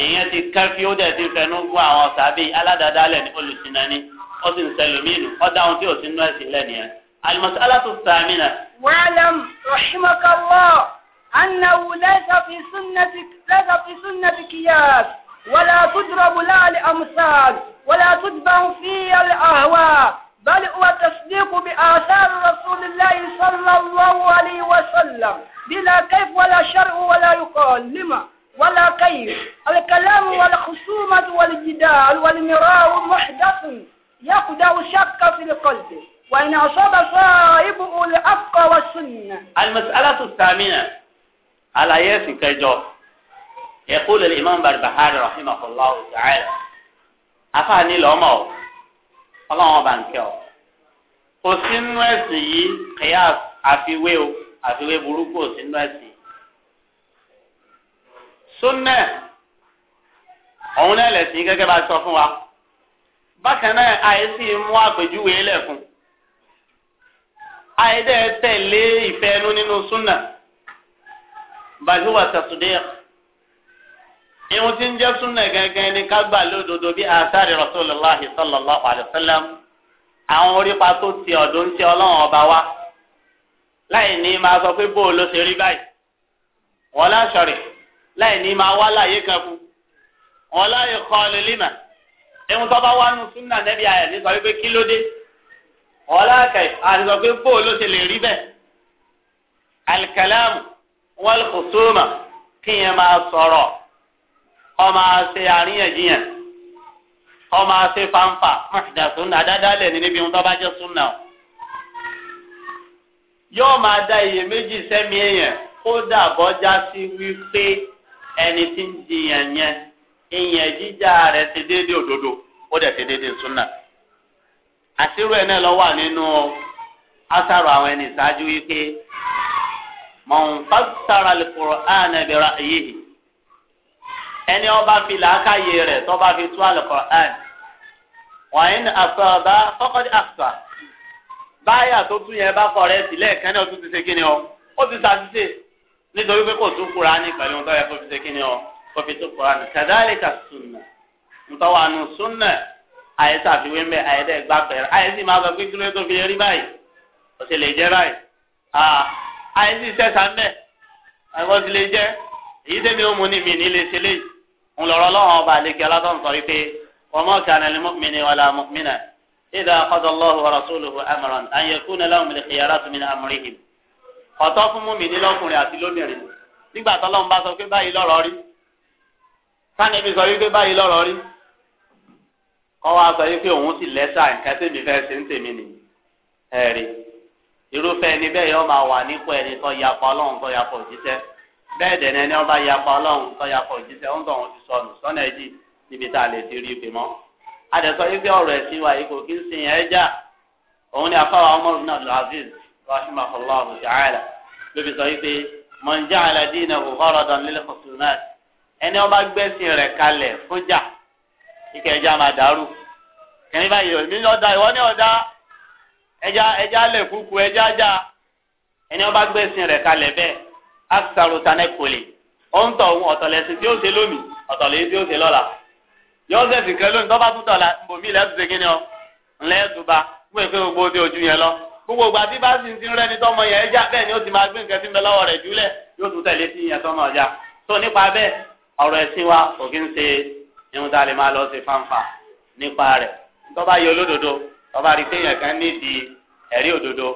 èèyàn ti kẹ́fí ó dẹ̀ ti fẹnu gún àwọn sàbẹ̀ aládàádálẹ̀ ní olùsìnàní ó sì ń tí ò sí nú ẹ̀sìn lẹ́nìyẹn al-mas'alatu thamina. wàhálà rahimakallah. أنه ليس في سنة ليس في سنة كياس ولا تضرب لا لأمثال ولا تتبع في الأهواء بل هو تصديق بآثار رسول الله صلى الله عليه وسلم بلا كيف ولا شرع ولا يقال لما ولا كيف الكلام والخصومة والجدال والمراء محدث يقدع شك في القلب وإن أصاب صاحبه الأفق والسنة المسألة الثامنة Ala ẹ̀sìn kẹjọ يقول الإمام بarbahari رحمه الله تعالى afaani lọ́mọ o ọlọ́wọ́n bá ń kẹ́ ọ. kò sínú ẹ̀sìn yìí kìyàs àfiwé o àfiwé burúkú ò sínú ẹ̀sìn. súnẹ̀ òun náà lẹ̀sìn gẹ́gẹ́ bá sọ wa. bàlúwà tasdiq ìhun tí ń jẹ́ súnà gẹ́gẹ́ ní ká gbà lódodo bí àtàrí Rasulullahi sallallahu alayhi wa sallam àwọn orípa tó ti ọ̀dọ́ ń tẹ ọlọ́run ọba wa láì ní máa sọ pé bóò ló ṣe rí báyìí wọn láṣọrẹ láì ní máa wá láàyè kan fún wọn láàyè kọ lélẹ́mà ẹ̀hún tó bá wá nu súnà nẹ́bí ayẹ̀ ní sọ pé kí ló dé wọn láàkẹ́ àti sọ pé bóò ló ṣe lè rí bẹ́ẹ̀ alikalamu. wọ́n kò sóòmà kí yẹn máa sọ̀rọ̀ kọ́ máa àríyànjiyàn kọ́ máa fanfa mọ̀tìdà súnà àdádálẹ̀ ní níbi ohun tó bá jẹ́ súnà o. yóò máa da iyèméjì sẹ́mi èèyàn kódà bọ́já sí wípé ẹni tí ń jiyàn yẹn ìyẹn jíjà rẹ̀ ti déédéé òdodo man fassara al-Qur'an bi ra'yihi ẹni ọba fi làákàyè rẹ̀ tọ́ba fi tú al-Qur'an wa in asaba faqad ahsa báyà tó tún yẹn bá kọ rẹ sílẹ̀ kẹ́ni ọtún ti ṣe kíni ọ ó ti ṣàṣìṣe nítorí pé kò tún Kùránì pẹ̀lú ohun tó yẹ kó fi ṣe kíni ọ kó fi tún Kùránì kadhalika sunnah ntọ́wà nù sunnah ayé sàfiwé àìsí sẹ́sà ń bẹ̀ ẹ̀kọ́ ti lè jẹ́ èyí tẹ́mi ó mu ní mi nílé ṣe lé ń lọ́rọ́ lọ́wọ́ ọba àlekí alátọ́n sọ wípé wa ma kana lil mu'mini wala mu'mina idha qada Allahu wa rasuluhu amran an yakuna lahum al-khiyaratu min amrihim ọ̀tọ́ fún mú mi ní lọ́kùnrin àti lómìnrin nígbà tọ́lọ́run bá sọ pé báyìí lọ́rọ̀ rí sánẹ́bí sọ wípé báyìí lọ́rọ̀ rí kọ́ wa sọ wípé òun sì lẹ́sà nǹkan tèmi fẹ́ ṣe ń tèmi nìyí ẹ̀rí irúfẹ́ ẹni bẹ́ẹ̀ yọ máa wà nípò ẹni yapa ọlọ́run tó yapa òjíṣẹ́ bẹ́ẹ̀ dẹ̀ ní ẹni ọba yapa ọlọ́run tó yapa òjíṣẹ́ ń tọ̀ wọn ti sọnù sọ́nà ẹ̀jì a lè ti rí ibi mọ́. adẹ̀sọ yìí pé ọ̀rọ̀ wa kí sin ẹja òun ni afáwa Umar ibn Abdul Aziz rahimahullah ta'ala lóbi sọ yìí ẹja ẹja lẹ kúkú ẹja já ẹni ọba gbé sin rẹ kalẹ̀ bẹ́ẹ̀ asaro tanẹ kọlẹ ọńtọ ohun ọtọlẹsìn tí o se lomi ọtọlẹsìn tí o se lọ́la yọsẹsì kan lónìí tọba tún tọla nbomi lẹsùn ṣe kíni ọ ńlẹẹdùba fún èké gbogbo ti ojú yẹn lọ gbogbo ìgbà tí bá sì ń tin rẹni tọmọ yẹn ẹja ni ti ma gbé nǹkan tí lọ́wọ́ yóò tún yẹn tọmọ ọjà tó nípa ọba rí téèyàn kan nídìí ẹ̀rí òdodo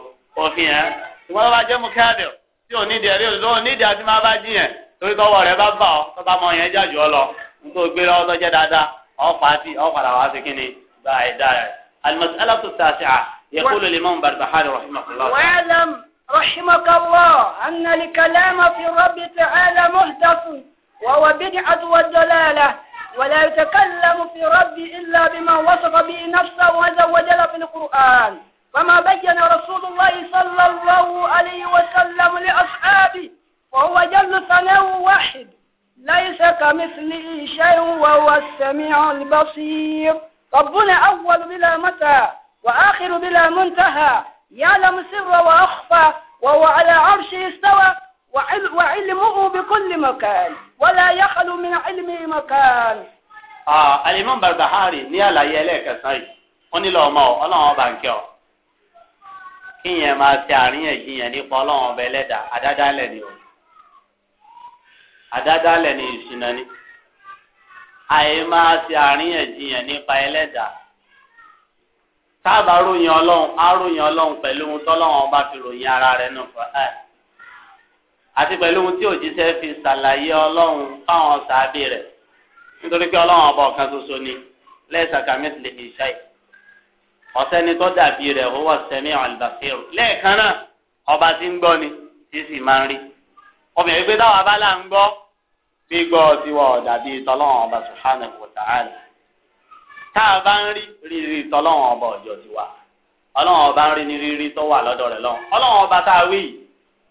òfin yẹn ìwọ́n bá jẹ́ mukadil tí ò nídìí ẹ̀rí òdodo ò nídìí àti máa bá jiyàn torí tọwọ́ rẹ bá bà ọ́ tọ́ba mọ yẹn jájú ọ lọ nítorí gbé lọ́wọ́ tọ́jẹ́ dáadáa ọ̀ fàátì ọ̀ padà wá sí kínní gba ẹ̀dá rẹ̀. al-mas'alatu at-tasi'a yaqulu al-imam barbahari rahimahullah. wa'lam rahimakallah anna ولا يتكلم في ربي إلا بما وصف به نفسه عز وجل في القرآن فما بين رسول الله صلى الله عليه وسلم لأصحابه وهو جل ثناء واحد ليس كمثله شيء وهو السميع البصير ربنا أول بلا متى وآخر بلا منتهى يعلم سر وأخفى وهو على عرشه استوى وعلمه بكل مكان wala yakhlu min ilmi makan. alimam barbahari ní àlàyé ẹlẹ́ẹ̀kẹsàn yìí wọ́n nílò ọmọ ọlọ́run ọba ń kẹ́ ọ kíyẹn máa ṣe àríyànjiyàn nípa ọlọ́run ọba ẹlẹ́dà àdádálẹ̀ ni o àdádálẹ̀ ni ìṣìnà ni àyè máa ṣe àríyànjiyàn nípa ẹlẹ́dà táàbà ròyìn ọlọ́run á ròyìn ọlọ́run pẹ̀lú ohun tọ́lọ́run ọba fi ròyìn ara rẹ̀ nù fún ẹ̀ àti pẹ̀lú ohun tí òjíṣẹ́ fi ṣàlàyé ọlọ́run fáwọn sàábì rẹ̀ nítorí pé ọlọ́run ọba ọ̀kan ṣoṣo ni lẹ́ẹ̀sà kàmẹ́tì lè fi ṣáì ọ̀sẹ́ni tó dàbí rẹ̀ ó wà sẹ́mi àlùbáṣẹ́rù lẹ́ẹ̀kan náà ọba tí ń gbọ́ ni tí sì máa ń rí obìnrin pé táwọn abálà ń gbọ́ gbígbọ́ tiwọ̀ dàbí tọ́lọ́run ọba subhanahu wa ta'ala bá ń rí rírí tọ́lọ́run ọba ọ̀jọ̀ tiwa ọlọ́run ọba ń rí ní rírí tó wà lọ́dọ̀ rẹ̀ lọ́wọ́ ọlọ́run ọba tá wí yìí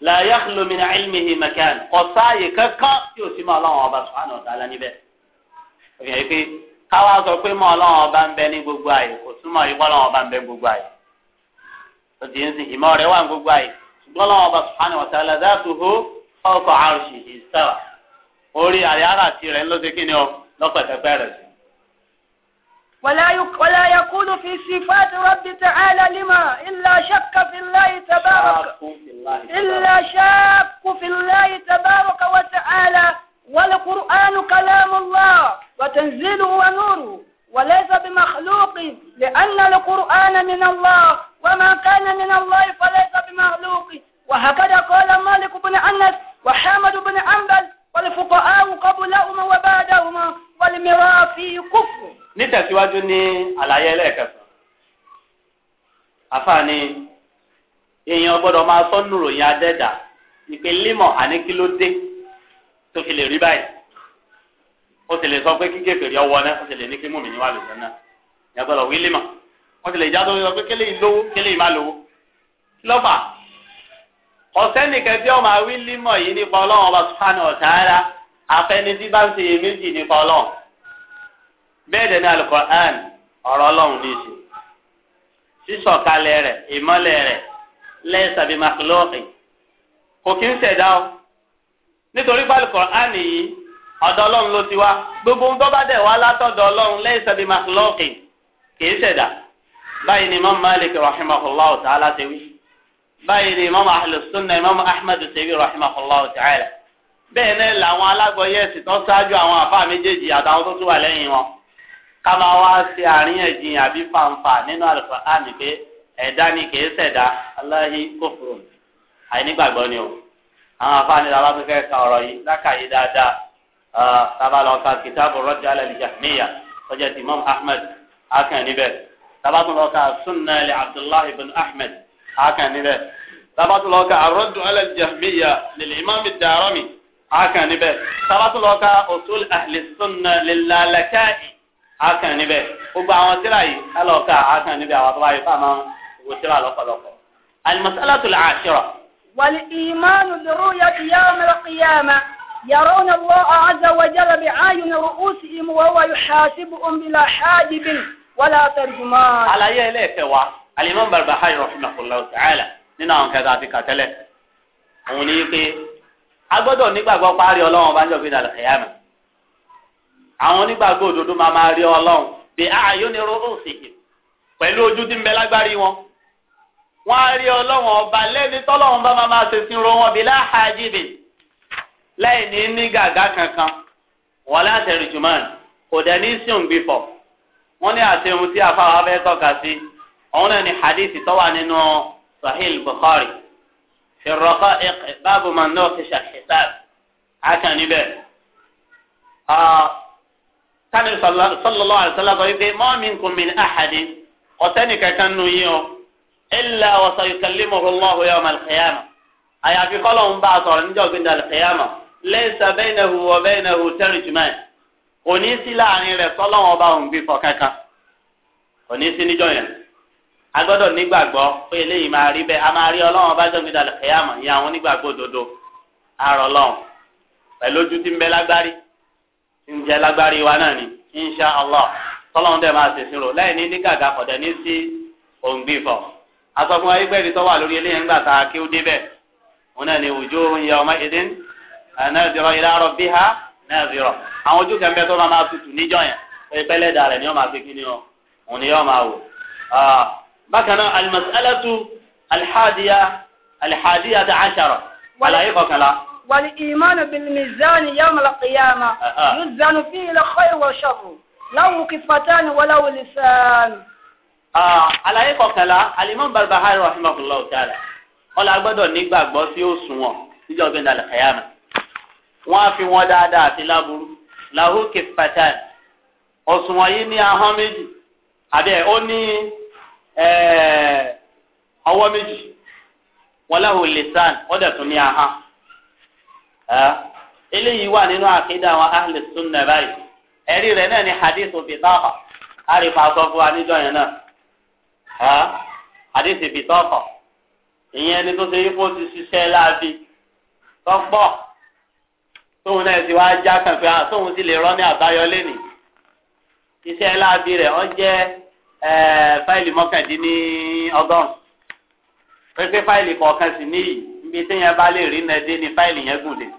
la yakhlu min ilmihi makan ọ̀sáàyè kankan tí o sì mọ ọlọ́run ọba subhanahu wa ta'ala níbẹ̀. òfin yẹn pé káwá sọ pé mọ ọlọ́run ọba ń bẹ ní gbogbo àyè kò túmọ̀ ìwọ ọlọ́run ọba ń bẹ gbogbo àyè. òtí ń sìn ìmọ̀ rẹ̀ wà ní gbogbo àyè ṣùgbọ́n ọlọ́run ọba subhanahu wa ta'ala dhatuhu fawqa arshihi istawa. orí àyàrá tirẹ̀ ńlọ́sẹ̀kí ọ lọ́pẹ̀tẹ̀pẹ̀ rẹ̀ sí. ولا ولا يقول في صفات رب تعالى لما إلا شك في الله تبارك إلا شك في الله تبارك وتعالى والقرآن كلام الله وتنزيله ونوره وليس بمخلوق لأن القرآن من الله وما كان من الله فليس بمخلوق وهكذا قال مالك بن أنس وحامد بن أنبل والفقهاء قبلهما وبعدهما والمرافي كفر nítẹ̀síwájú ní àlàyé ẹlẹ́ẹ̀kẹsàn àfààní èèyàn gbọ́dọ̀ máa sọ nùròyìn adẹ́dà ìpè límọ̀ àní kí ló dé tó fi lè rí báyìí ó sì lè sọ pé kí kékeré ọwọ náà ó sì lè ní kí mùmí níwá lòdì náà ìyá gbọ́dọ̀ wí límọ̀ ó sì lè já tó sọ pé kéle ìlówó kéle ìmá lówó lọ́fà ọ̀sẹ́ nìkan tí ọmọ awí límọ̀ yìí nípa ọlọ́run ọba sùpánù ọ̀tá ara afẹ́ni tí bá ń ṣe iyèméjì nípa ọlọ́run. bẹ́ẹ̀ dẹ̀ ní Al-Qur'an ọ̀rọ̀ ọlọ́run ní ìṣe sísọ̀kalẹ̀ rẹ̀ ìmọ́lẹ̀ rẹ̀ laysa bi kò kí ń ṣẹ̀dá o nítorí pé yìí ọ̀dọ̀ ọlọ́run ló ti wá gbogbo ohun tó dẹ̀ wá látọ̀dọ̀ ọlọ́run kì í ṣẹ̀dá báyìí ni ta'ala ṣe wí báyìí ni ṣe wí ta'ala bẹ́ẹ̀ ká máa wá ṣe àríyànjiyàn àbí fàǹfà nínú Al-Qur'an ni pé ẹ̀dá ni kì í ṣẹ̀dá aláhi kófòrò àìnígbàgbọ́ ni o àwọn afáàní làwọn afẹ́fẹ́ ka ọ̀rọ̀ yìí lákàyè dáadáa tábà lọ ka kìtàbù rọ́jò alẹ́lẹ́jà níyà ọjà tí Imam Ahmed akàn níbẹ̀ tábà tún lọ ka sunna li Abdullahi bin Ahmed akàn níbẹ̀ tábà tún lọ ka arọ́jò alẹ́lẹ́jà níyà lil Imam ad-Darimi akàn níbẹ̀ tábà tún lọ ka usul ahli sunna lil akàn níbẹ̀ gbogbo àwọn tíra yìí alọ́ọ̀ká akàn níbẹ̀ àwọn tó bá yẹ fáwọn owó tíra lọ́pọ̀lọpọ̀. al-mas'alatu al-ashira. wal-imanu bi ru'yati yawm al-qiyamah yarawna Allaha 'azza wa jalla bi'ayuni ru'usihim wa huwa yuhasibuhum bila hajibin wala tarjuman. àlàyé ẹlẹ́ẹ̀kẹ́ wa al-imam Barbahari rahimahullahu ta'ala nínú àwọn kẹta àti kàtẹ́lẹ̀ òun ni pé agbọ́dọ̀ nígbàgbọ́ párí ọlọ́wọ́n bá ń jọ gbé dàlẹ́ kẹ́yàmẹ́ àwọn onígbàgbọ́ òdodo máa máa rí ọlọ́run bí ààyò ni rọ́ọ̀ sì yìí pẹ̀lú ojú tí ń bẹ lágbárí wọn. wọ́n á rí ọlọ́run ọba lẹ́ni tọ́lọ́run bá máa máa ṣe sí ro wọn bí láhàjìbì láì ní ní gàgá kankan wọ́n láti rí jùmọ́n kò dẹ̀ ní sí òǹgbì fọ̀. wọ́n ní àtẹ̀hún tí afáwa fẹ́ tọ́ka sí òun náà ni hadithi tó nínú sahih bukhari fi báàbù man nuqisha al-hisab sani sọlọlọ àlùsọlá sọ wípé mọ́mí nkùnmí àhàdín ọ̀sẹ́ni kankan nù yín o ilà wọ́sọ̀ ìkàlímù ọlọ́hu yà ọmọ àlùkìyàmà àyàfi kọ́lọ̀ ń bá a sọ̀rọ̀ níjọ́ gbẹ̀dẹ̀ àlùkìyàmà lẹ́sà bẹ́ẹ̀nẹ̀hu wọ bẹ́ẹ̀nẹ̀hu tẹ́rìjìmáì òní sí láàrin rẹ̀ sọ́lọ́ wọn bá òun gbé fọ kankan òní sí níjọ́ yẹn a gbọ́dọ̀ nígbàgbọ́ pé eléyìí máa rí bẹ́ẹ̀ a máa rí ọlọ́run bá jọ́ gbẹ̀dẹ̀ àlùkìyàmà ìyá àwọn onígbàgbọ́ òdodo àrọ̀ ǹjẹ́ lágbárí wa náà ni insha allah tọ́lọ́run dẹ̀ máa ṣèṣin rò lẹ́yìn ní ní gàgà kọ̀dẹ̀ ní sí òǹbí fọ̀ asọ́fún ayé pẹ́ẹ́lí tó wà lórí eléyìí ńgbà tá a kí ó débẹ̀ òun náà ni wujuhun yawma idin nadira ila rabbiha nadira àwọn ojú kẹ́ńbẹ́ tó máa tutù níjọ́ yẹn pẹ́ẹ́lẹ́ dà ni wọ́n máa fi kíni o òun ni yọ́ máa wò. bákan náà al-mas'alatu al-hadiya al-hadiyata kọkànlá. والإيمان بالميزان يوم القيامة يزن فيه الخير والشر له كفتان وله لسان àlàyé kọkànlá alimami barbahari rahimahullah taala ọlọ agbọ́dọ̀ nígbàgbọ́ sí òṣùwọ̀n níjọ gbẹndà lẹkẹyàmẹ wọn á fi wọn dáadáa àti láburú lahu kifatan òṣùwọ̀n yìí ní ahọ́n méjì àbí ó ní ọwọ́ méjì walahu lisan ó dẹ̀ tún ní ahọ́n. eléyìí wà nínú àkídà àwọn ahlẹ̀ sunna báyìí ẹ̀rí rẹ̀ náà ni hadith bitaqa àrífà sọ fún wa níjọ yẹn náà hadith bitaqa ìyẹn ni tó ṣe yípo ti ṣiṣẹ́ láàbí tóun náà ti wá já ah, tóun ti lè ní ọ jẹ́ fáìlì mọ́kàndínní ọgọ́rùn-ún pépé fáìlì kọ̀ọ̀kan sì níyì níbi bá lè rí nàdé ni fáìlì yẹn gùn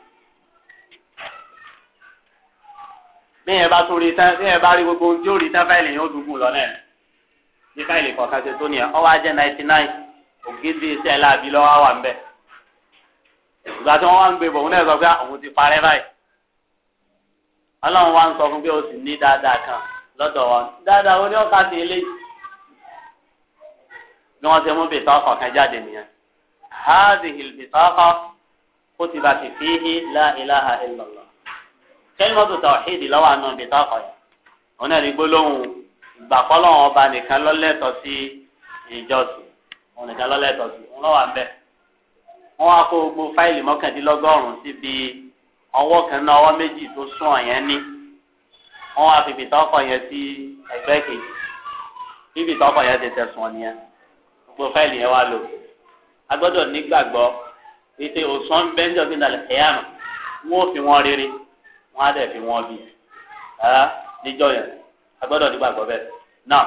tí yẹn bá tó rí tán tí yẹn bá rí gbogbo ohun tí ó rí tán fáìlì yẹn ó dùnkù lọ náà bí fáìlì kọ̀ọ̀kan ṣe tó nìyẹn ọ wá jẹ́ ninety nine ògidì iṣẹ́ láàbí lọ́wọ́ wà ń bẹ̀ ìgbà tí wọ́n wá ń gbé bọ̀ òun náà sọ pé ah, òun ti parẹ́ báyìí ọlọ́run wá ń sọ fún pé o sì ní dáadáa kan lọ́dọ̀ wọn dáadáa ó ní ọ̀ka sí ilé bí wọ́n ti mú bìtọ́ kọ̀ọ̀kan jáde nìyẹn hádìhìl kẹ́límọ́tò tàwọ̀hídì lọ́wọ́ àná ibi táwọn yẹn òun náà ní gbólóhùn ìgbàkọ́lọ́hún ọba nìkan lọ́lẹ́tọ̀ sí ìjọsìn òun nìkan lọ́lẹ́tọ̀ sí òun lọ́wọ́ àbẹ́ wọ́n wá kó gbogbo fáìlì mọ́kàndínlọ́gọ́rùn-ún síbi ọwọ́ kan náà ọwọ́ méjì tó sún ọ̀yẹn ní wọ́n wá fi bìtọ́kọ̀ yẹn sí ẹgbẹ́ kejì bí bìtọ́kọ̀ yẹn ti tẹ̀sùn ọ̀nìyẹn gbogbo fáìlì yẹn wá lò agbọ́dọ̀ nígbàgbọ́ wípé òsán bẹ́ńjọ́ gbìndàlẹ̀ ẹ̀yà nù wọ́n fi wọn rere wọn á dẹ̀ fi wọn bí níjọ yẹn agbọ́dọ̀ nígbàgbọ́ bẹ́ẹ̀ náà.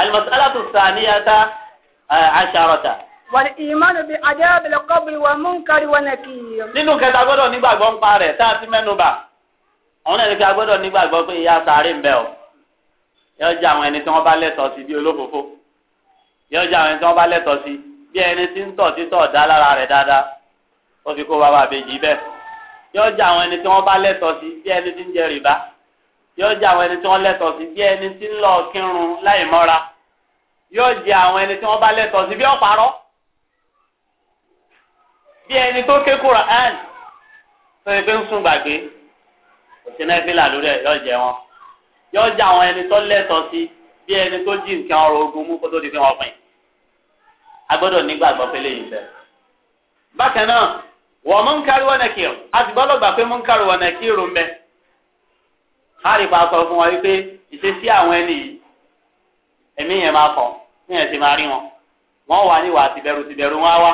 alimasalatu saniyata eh, asharata. wàlí ìmánu bíi ajábìlẹ̀ kọ́bìlì wà múnkari wà nàkìyà. nínú kẹta agbọ́dọ̀ nígbàgbọ́ ń pa rẹ̀ tá a ti mẹ́nuba àwọn ẹni kí agbọ́dọ̀ nígbàgbọ́ pé ìyá sáré ń bẹ o yóò jẹ àwọn ẹni tí wọ́n bá lẹ́tọ̀ọ́ sí bí olófòfó yóò jẹ àwọn ẹni tí wọ́n bá lẹ́tọ̀ọ́ sí bí ẹni tí ń tọ̀ títọ̀ dá lára rẹ̀ dáadáa ó fi kó bàbá àbèjì bẹ́ẹ̀ yóò jẹ àwọn ẹni tí wọ́n bá lẹ́tọ̀ọ́ sí bí ẹni tí ń jẹ rìbá yóò jẹ àwọn ẹni tí wọ́n lẹ́tọ̀ọ́ sí bí ẹni tí ń lọ kírun láì mọ́ra yóò jẹ àwọn ẹni tí wọ́n bá lẹ́tọ̀ọ́ sí bí ọ̀parọ́ bí ẹni tó ké kúrò án tó yẹ pé ń sùn gbàgbé òsínà ìfìlà lórí ẹ̀ yóò jẹ wọn yóò jẹ àwọn ẹni tó lẹ́tọ̀ọ́ sí bí ẹni tó jí nǹkan ọrọ̀ ogun mú kó tó di fi wọn pin agbọ́dọ̀ nígbàgbọ́ pé lè yìí fẹ́ bákan náà wọ́n mú nkari wọn nàkìr àti gbọ́dọ̀ gbà pé mú nkari wọn nàkìr ń bẹ káàdì pa sọ fún wa wípé ìṣesí àwọn ẹni yìí ẹ̀mí yẹn máa kọ̀ ní yẹn ti máa rí wọn wọ́n wà ní ìwà tìbẹ̀rù tìbẹ̀rù wọn wá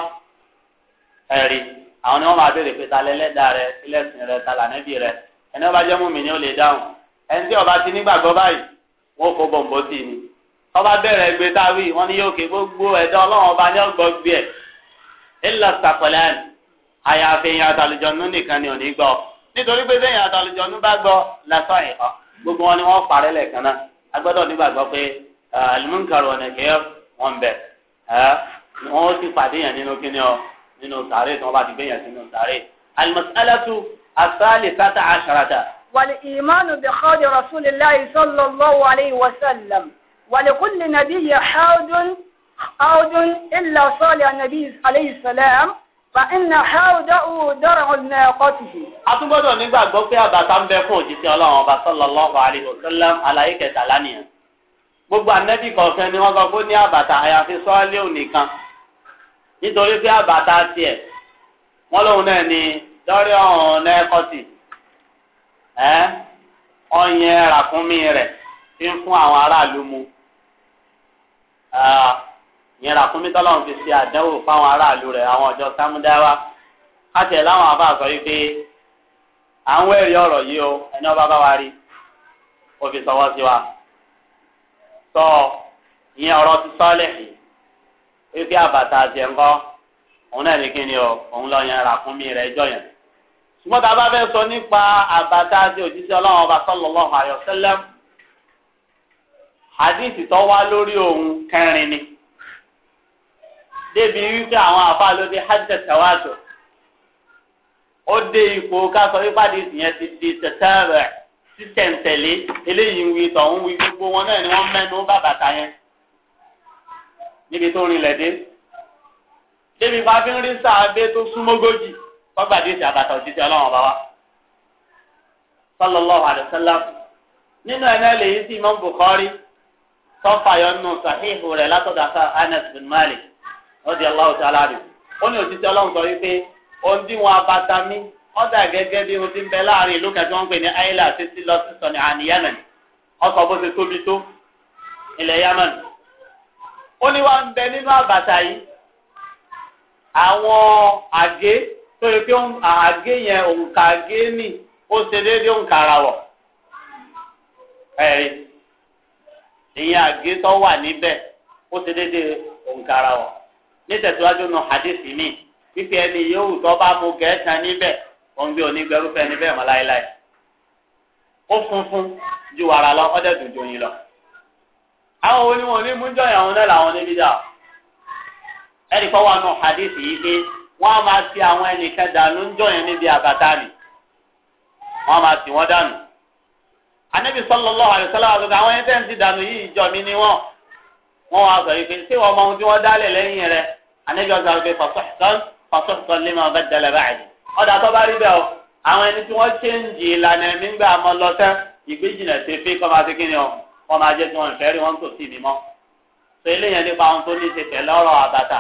ẹ̀rí àwọn ni wọ́n máa béèrè pé ta lẹ́lẹ́dà rẹ ilẹ̀sìn rẹ ta lànẹ́bì rẹ ẹni ọba jẹ́ múmi ni ó lè dáhùn ẹni tí ọba ti nígbàgbọ́ báyìí wọ́n kó bọ̀m̀bọ̀ sí i ni ọba bẹ̀rẹ̀ ẹgbẹ́ táwí wọ́n ní yóò ké gbogbo ẹ̀dá ọlọ́run ọba ní ọgbọ́n gbé ẹ̀ ńlọ sàkọlẹ́ àná àyàfi èèyàn àtàlùjọ́nú nìkan ni ò ní gbọ́ nítorí pé sẹ́yìn àtàlùjọ́nú bá gbọ́ lásán ìkọ́ gbogbo wọn ni wọ́n parẹ́ lẹ́ẹ̀kan náà a gbọ́dọ̀ nígbàgbọ́ pé alimunkar wọn nìkẹ́ wọn bẹ̀ wọ́n sì pàdé yẹn nínú kíní ọ nínú sàárè tí wọ́n bá ti gbé yẹn sínú sàárè alimasalatu asali sata asharata. wàlí ìmánu bí kọ́ọ̀dì rasulillahi sallallahu alayhi wa sallam Fa iná ṣáàrùdá dọ́rọ̀ ọ̀nà ẹ̀kọ́ ti ṣe. A tún gbọ́dọ̀ nígbàgbọ́ pé àbàtà ń bẹ fún òjíṣẹ́ Ọlọ́run ọba Gbogbo ni wọ́n sọ pé ní àbàtà àyàfi sọ́ọ́lé ònìkan. Nítorí pé àbàtà tiẹ̀, wọ́n lóun náà ni ọ̀nà ẹ̀kọ́ ti. ìyẹn ràkúnmí tọ́lọ́run fi ṣe àdánwò fáwọn aráàlú rẹ̀ àwọn ọ̀jọ́ sámúdáwá káṣí ẹ̀ láwọn afá sọ wípé à ń wẹ̀rí ọ̀rọ̀ yìí o ẹni ọba bá wa rí o fi sọwọ́ sí wa sọ ìyẹn ọ̀rọ̀ ti sọ́ọ̀lẹ̀ wípé àbàtà àti ẹ̀ńkọ́ òun náà ní kí ni o òun lọ yẹn ràkúnmí rẹ̀ jọ yẹn ṣùgbọ́n tá a bá fẹ́ sọ nípa àbàtà àti òjíṣẹ́ ọlọ́run ọba sallallahu alaihi wasallam wá lórí òun kẹrin ni débi wípé àwọn àfa ló di hajjẹ tẹwàtò ó dé ipò kásọ wípàdé ìsìnyẹn ti di tẹtẹrẹ sísẹǹtẹlé eléyìí ń wí tọ̀hún wí gbogbo wọn náà ni wọ́n mẹ́nu bá bàtà yẹn níbi tó rinlẹ̀ dé débi fàfin rí sàbẹ tó súnmọ́gójì fọ́gbàdé ìsìn àbàtà òjijì ọlọ́run ọba wa sallallahu alayhi wa sallam nínú ẹ̀ náà lèyí sí Imam Bukhari tọ́fà yọnu sahihu rẹ̀ látọ̀dọ̀ Anas bin Malik lọ́dí aláwọ̀ tí aláàbì ó ní òṣìṣẹ́ ọlọ́run sọ wípé ohun tí wọn abata mí wọ́n dà gẹ́gẹ́ bí ohun tí ń bẹ láàrin ìlú kẹtí wọ́n ń pè ní ayélujára àti sílọ sísọ ní àníyàmẹ̀n ọkọ̀ bó ṣe tóbi tó ilẹ̀ yamẹ̀n ó ní wá ń bẹ nínú àbàtà yìí àwọn àgé tó yẹ pé àgé yẹn òǹkà àgé nì ó ṣe déédéé òǹkà ara wọ̀ ẹ̀rí ìyẹn àgé tó wà níbẹ̀ ó ṣe déédéé òǹkà ara wọ̀. nítẹ̀síwájú nù hadith mi fífi ẹni yòówù tó bá mu kẹsàn-án níbẹ̀ òun bí onígbẹrúfẹ́ níbẹ̀ mọ́ láéláé ó funfun ju wàrà lọ ọdẹ dùn jòyìn lọ. àwọn onímọ̀ onímújọ ìyàwó náà làwọn níbi dà ẹnì kan wà nù hadith yìí pé wọ́n á máa ti àwọn ẹnìkan dànù níbi àbàtà nì wọ́n máa wọ́n dànù anabi àti àwọn ẹni tẹ́ ń ti dànù yìí anabi ọ̀sán pé fasọ́sán fasọ́sán lé máa bẹ́ dẹlẹ̀ báyìí ọ̀dà tó bá rí bẹ́ẹ̀ o àwọn ẹni tí wọ́n ṣe ń jì ìlànà ẹ̀mí gbà mọ́ lọ tẹ́ ìgbé jìnà ṣe fi kọ́ máa fi kí ni o wọ́n máa jẹ́ tí wọ́n fẹ́ rí wọ́n tó sí mi mọ́ tó eléyàn nípa ohun tó ní ṣe tẹ̀lé ọ̀rọ̀ àbàtà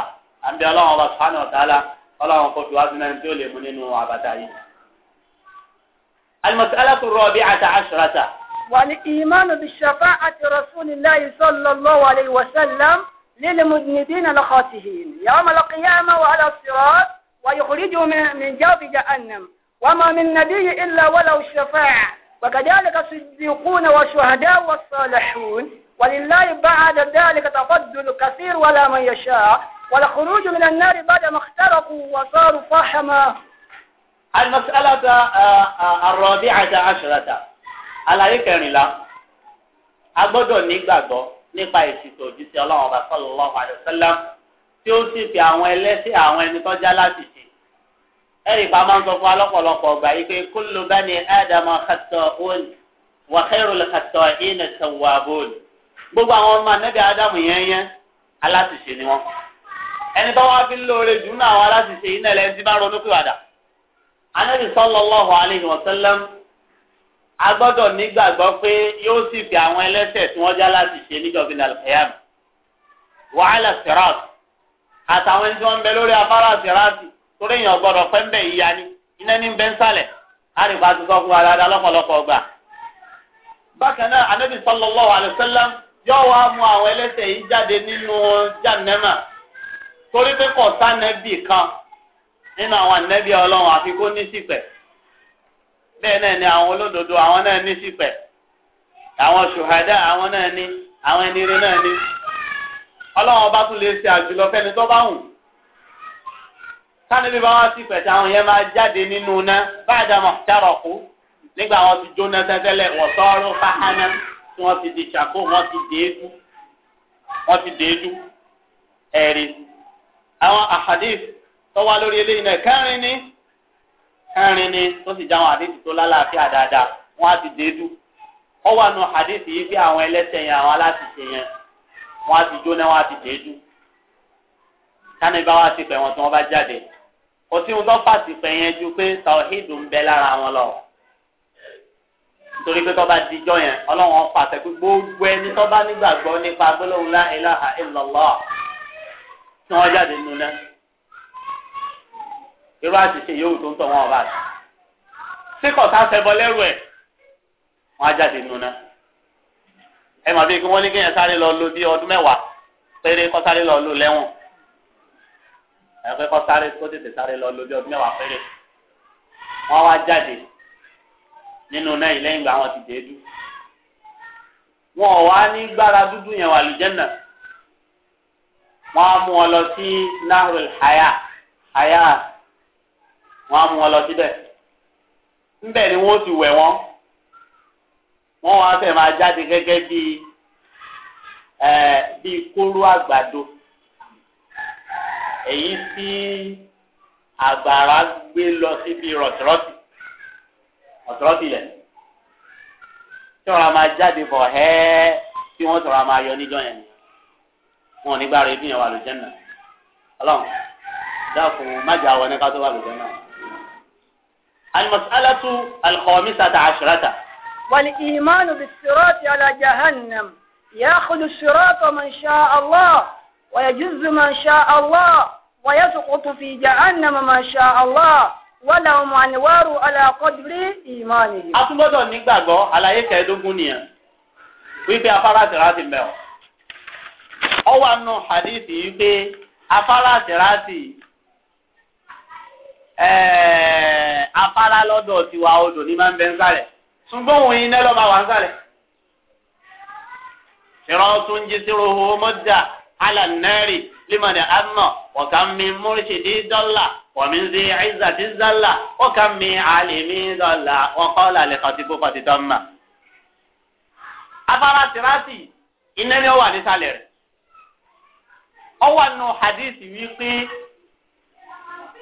àbí ọlọ́run ọba sùpánì ọ̀tàlá ọlọ́run kò fi wá sínú tí ó lè mú nínú àbàtà yìí. المسألة الرابعة عشرة والإيمان بشفاعة رسول الله صلى الله عليه وسلم للمذنبين لخاسهين يوم القيامة وعلى الصراط ويخرجه من, من جوف جهنم وما من نبي إلا ولو شفاعة وكذلك الصديقون والشهداء والصالحون ولله بعد ذلك تفضل كثير ولا من يشاء والخروج من النار بعد ما اخترقوا وصاروا فحما المسألة الرابعة عشرة على يكرن الله أبدا نيجا nípa ìsìtò òjíṣẹ́ ọlọ́run ọba sallallahu alaihi wasallam tí ó sì fi àwọn ẹlẹ́sìn àwọn ẹni tọ́já láti ṣe. ẹ̀rì pa máa ń sọ fún wa lọ́pọ̀lọpọ̀ ọgbà yìí pé kullu bani adama khatta'un wa khairul khatta'ina at-tawwabun. gbogbo àwọn ọmọ anábì ádámù yẹn yẹn aláṣìṣe ni wọn. ẹni tó wá fi ń lóore jù náà àwọn aláṣìṣe yìí náà lẹ́yìn tí bá ronú pìwàdà. anábì sallallahu alaihi wasallam a gbọ́dọ̀ nígbàgbọ́ pé yóò sì fi àwọn ẹlẹ́ṣẹ̀ tí wọ́n já láti ṣe níjọba ìlànà ẹ̀yàm wàhálà sirat àtàwọn ẹni tí wọ́n ń bẹ lórí afárá sirat torí èèyàn gbọ́dọ̀ pẹ́ ń bẹ̀ yíya ni iná ní bẹ́ ń sálẹ̀ á rí pàtó sọ fún ara lọ́pọ̀lọpọ̀ gbà. bákan náà anabi sallallahu wa sallam yóò wá mú àwọn ẹlẹ́ṣẹ̀ yìí jáde nínú jàǹdẹ́mà torí pé kò sánẹ́bì kan nínú àwọn ànẹ́bì ọlọ́run àfi ní sípẹ̀ bẹ́ẹ̀ náà ni àwọn olódodo àwọn náà ní sípẹ̀ àwọn ṣùhádà àwọn náà ní àwọn ẹnìrè náà ní ọlọ́run ọba tún lè ṣe àjùlọ fẹ́ni tó bá wù sánibí bá wá sípẹ̀ tí àwọn yẹn máa jáde nínú iná báyìí dá mọ̀ tẹ́rọ̀kú nígbà wọn ti jóná tẹ́tẹ́lẹ̀ wọ́n tọ́rọ́ fáhánà tí wọ́n ti di ṣàkó wọ́n ti dèédú wọ́n ti dèédú ẹ̀rí àwọn àhàdíf tó wá lórí eléyìí náà kẹrin ni ẹrin ni tó sì jáwọn àdéhùn tó lálàáfíà dáadáa wọn á ti déédú ọ wà nù àdéhùn yìí pé àwọn ẹlẹ́ṣẹ̀ yẹn àwọn aláṣìṣe yẹn wọn á ti jóná wọn á ti déédú tani bá wá sí pẹ̀ wọn tí wọ́n bá jáde kò sí ohun tó fà sí yẹn ju pé tàwíìdù ń bẹ lára wọn lọ nítorí pé tó bá dijọ́ yẹn ọlọ́wọ́n pàṣẹ pé gbogbo ẹni tó bá nípa gbólóhùn lá ilaha illallah tí wọ́n jáde nù náà irú àṣìṣe yòówù tó ń tọ̀ wọn ọba àti síkọ̀ tá a fẹ́ bọ lẹ́rù ẹ̀ wọ́n á jáde nù náà ẹ mà bíi kí wọ́n ní kí yẹn sáré lọ lo bíi ọdún mẹ́wàá péré kọ́ sáré lọ lo lẹ́wọ̀n ẹ̀ pé kọ́ sáré kó tètè sáré lọ lo bíi ọdún mẹ́wàá péré wọ́n wá jáde nínú náà lẹ́yìn ìgbà wọn ti dé dú wọn ò wá ní gbára dúdú yẹn wà lùjẹ́nà wọ́n á mú ọ lọ sí nahrul haya haya. wọn á wọn lọ síbẹ̀ ńbẹ̀ ni wọ́n ti wẹ wọn wọn wá fẹ́ máa jáde gẹgẹ bíi bíi kóró àgbàdo èyí tí àgbàrá gbé lọ síbi rọ̀tìrọ̀tì rọ̀tìrọ̀tì lẹ̀ tí wọ́n máa jáde fọ hẹ́ẹ́ tí wọ́n tọrọ máa yọ yẹn المسألة الخامسة عشرة والإيمان بالصراط على جهنم يأخذ الصراط من شاء الله ويجز من شاء الله ويسقط في جهنم من شاء الله ولهم أنوار على قدر إيمانه أتمنى نقبل على يكيدون نيان wípé afárá tìrátì mẹ́wọ̀ ọ wà nù hadithi wípé afárá tìrátì Eh, afárá lọ́dọ̀ tiwa odò ní máa ń bẹ ń sálẹ̀ ṣùgbọ́n òun iná lọ́ máa wà ń sálẹ̀. ṣìrọ̀ tún jí sírò owó mọ́jà alà nẹ́rì límọ̀nì àmọ̀ ọ̀kà mi múrṣìdí dọ́là wọ̀mí ń ṣe ọ̀kà mi àlèmí dọ́là ọ̀kọ́ kọ́tìkú kọ́tìdọ́mà. afárá tirasi iná ni ó wà nísàlẹ̀ rẹ̀. ọwọ́ hadith wípé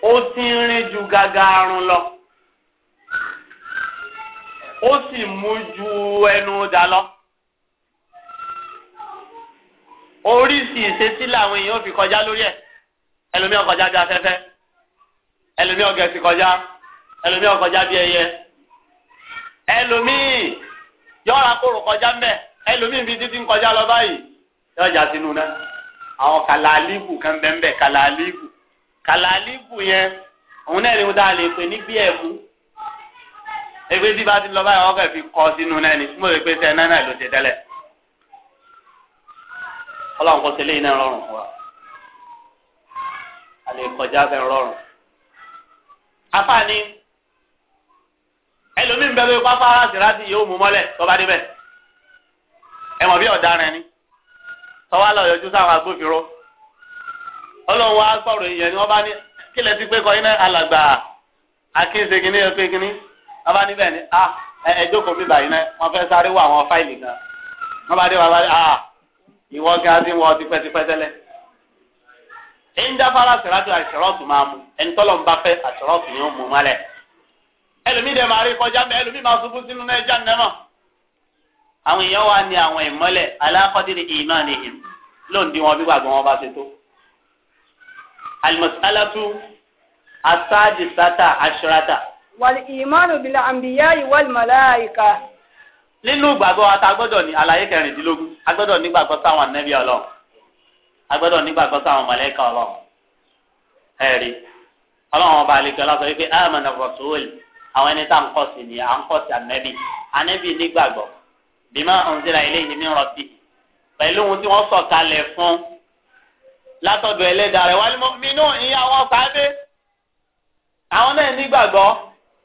ó ti rin ju gàgà àrùn lọ ó sì mú ju ẹnu dà lọ oríṣi ìṣesí làwọn èèyàn fi kọjá lórí ẹ ẹlòmí ọkọjá bí afẹ́fẹ́ ẹlòmí ọgẹsì kọjá ẹlòmí ọkọjá bí ẹyẹ ẹlòmí yọra kóró kọjá mbẹ ẹlòmí títí ń kọjá lọ báyìí yọjà sínú náà àwọn kan kàlálíbù yẹn òun náà ni mo dáa lè pè ní bí ẹ̀mú ewé tí bá ti lọ báyìí wọn kàn fi kọ sínú náà ni mo rò pé sẹ náà náà ló ṣe tẹ́lẹ̀ Ọlọ́run kò ṣe léyìn náà rọrùn fún wa a lè kọjá fẹ rọrùn afáàní ẹlòmíín bẹ́ẹ̀ bí pápá aráàlú yóò mú mọ́lẹ̀ tó bá ẹ̀wọ̀n bí ọ̀daràn ni tọ́wá yọjú sáwọn agbófinró ọlọ́run wa gbọ́rọ̀ èèyàn ni wọ́n bá ní kí lẹ ti pé kọ́ iná alàgbà àkíyèsí kínní ẹ kínní wọ́n bá níbẹ̀ ni ah ẹ jókòó mi báyìí náà wọ́n fẹ́ sáré wọ àwọn fáìlì kan wọ́n bá dé wọ́n bá dé ah ìwọ kí á ti wọ tipẹ́tipẹ́ tẹ́lẹ̀ ẹ̀yin dáfara sẹ̀rọ̀tù àṣẹrọ̀tù máa mu ẹni tọ́lọ̀ ń bá fẹ́ àṣẹrọ̀tù ni ó mú mọ́lẹ̀ ẹlòmíì dẹ̀ máa rí kọjá mẹ́ ẹlòmíì المسألة السادسة عشرة والإيمان بالأنبياء والملائكة nínú ìgbàgbọ́ ata gbọ́dọ̀ ní àlàyé kẹrìndínlógún a gbọ́dọ̀ nígbàgbọ́ sáwọn ànábì ọlọ́run a gbọ́dọ̀ nígbàgbọ́ sáwọn màláíkà ọlọ́run ẹ̀rí ọlọ́run ọba àlejò ọlọ́sọ wípé amana rasul àwọn ẹni tá à ń kọ́ sí ni à ń kọ́ sí ànábì ànábì nígbàgbọ́ bima unzila látọ̀dọ̀ ẹlẹ́dàá rẹ̀ wálé mọ́mínú ìyá wọn sáadé àwọn náà nígbàgbọ́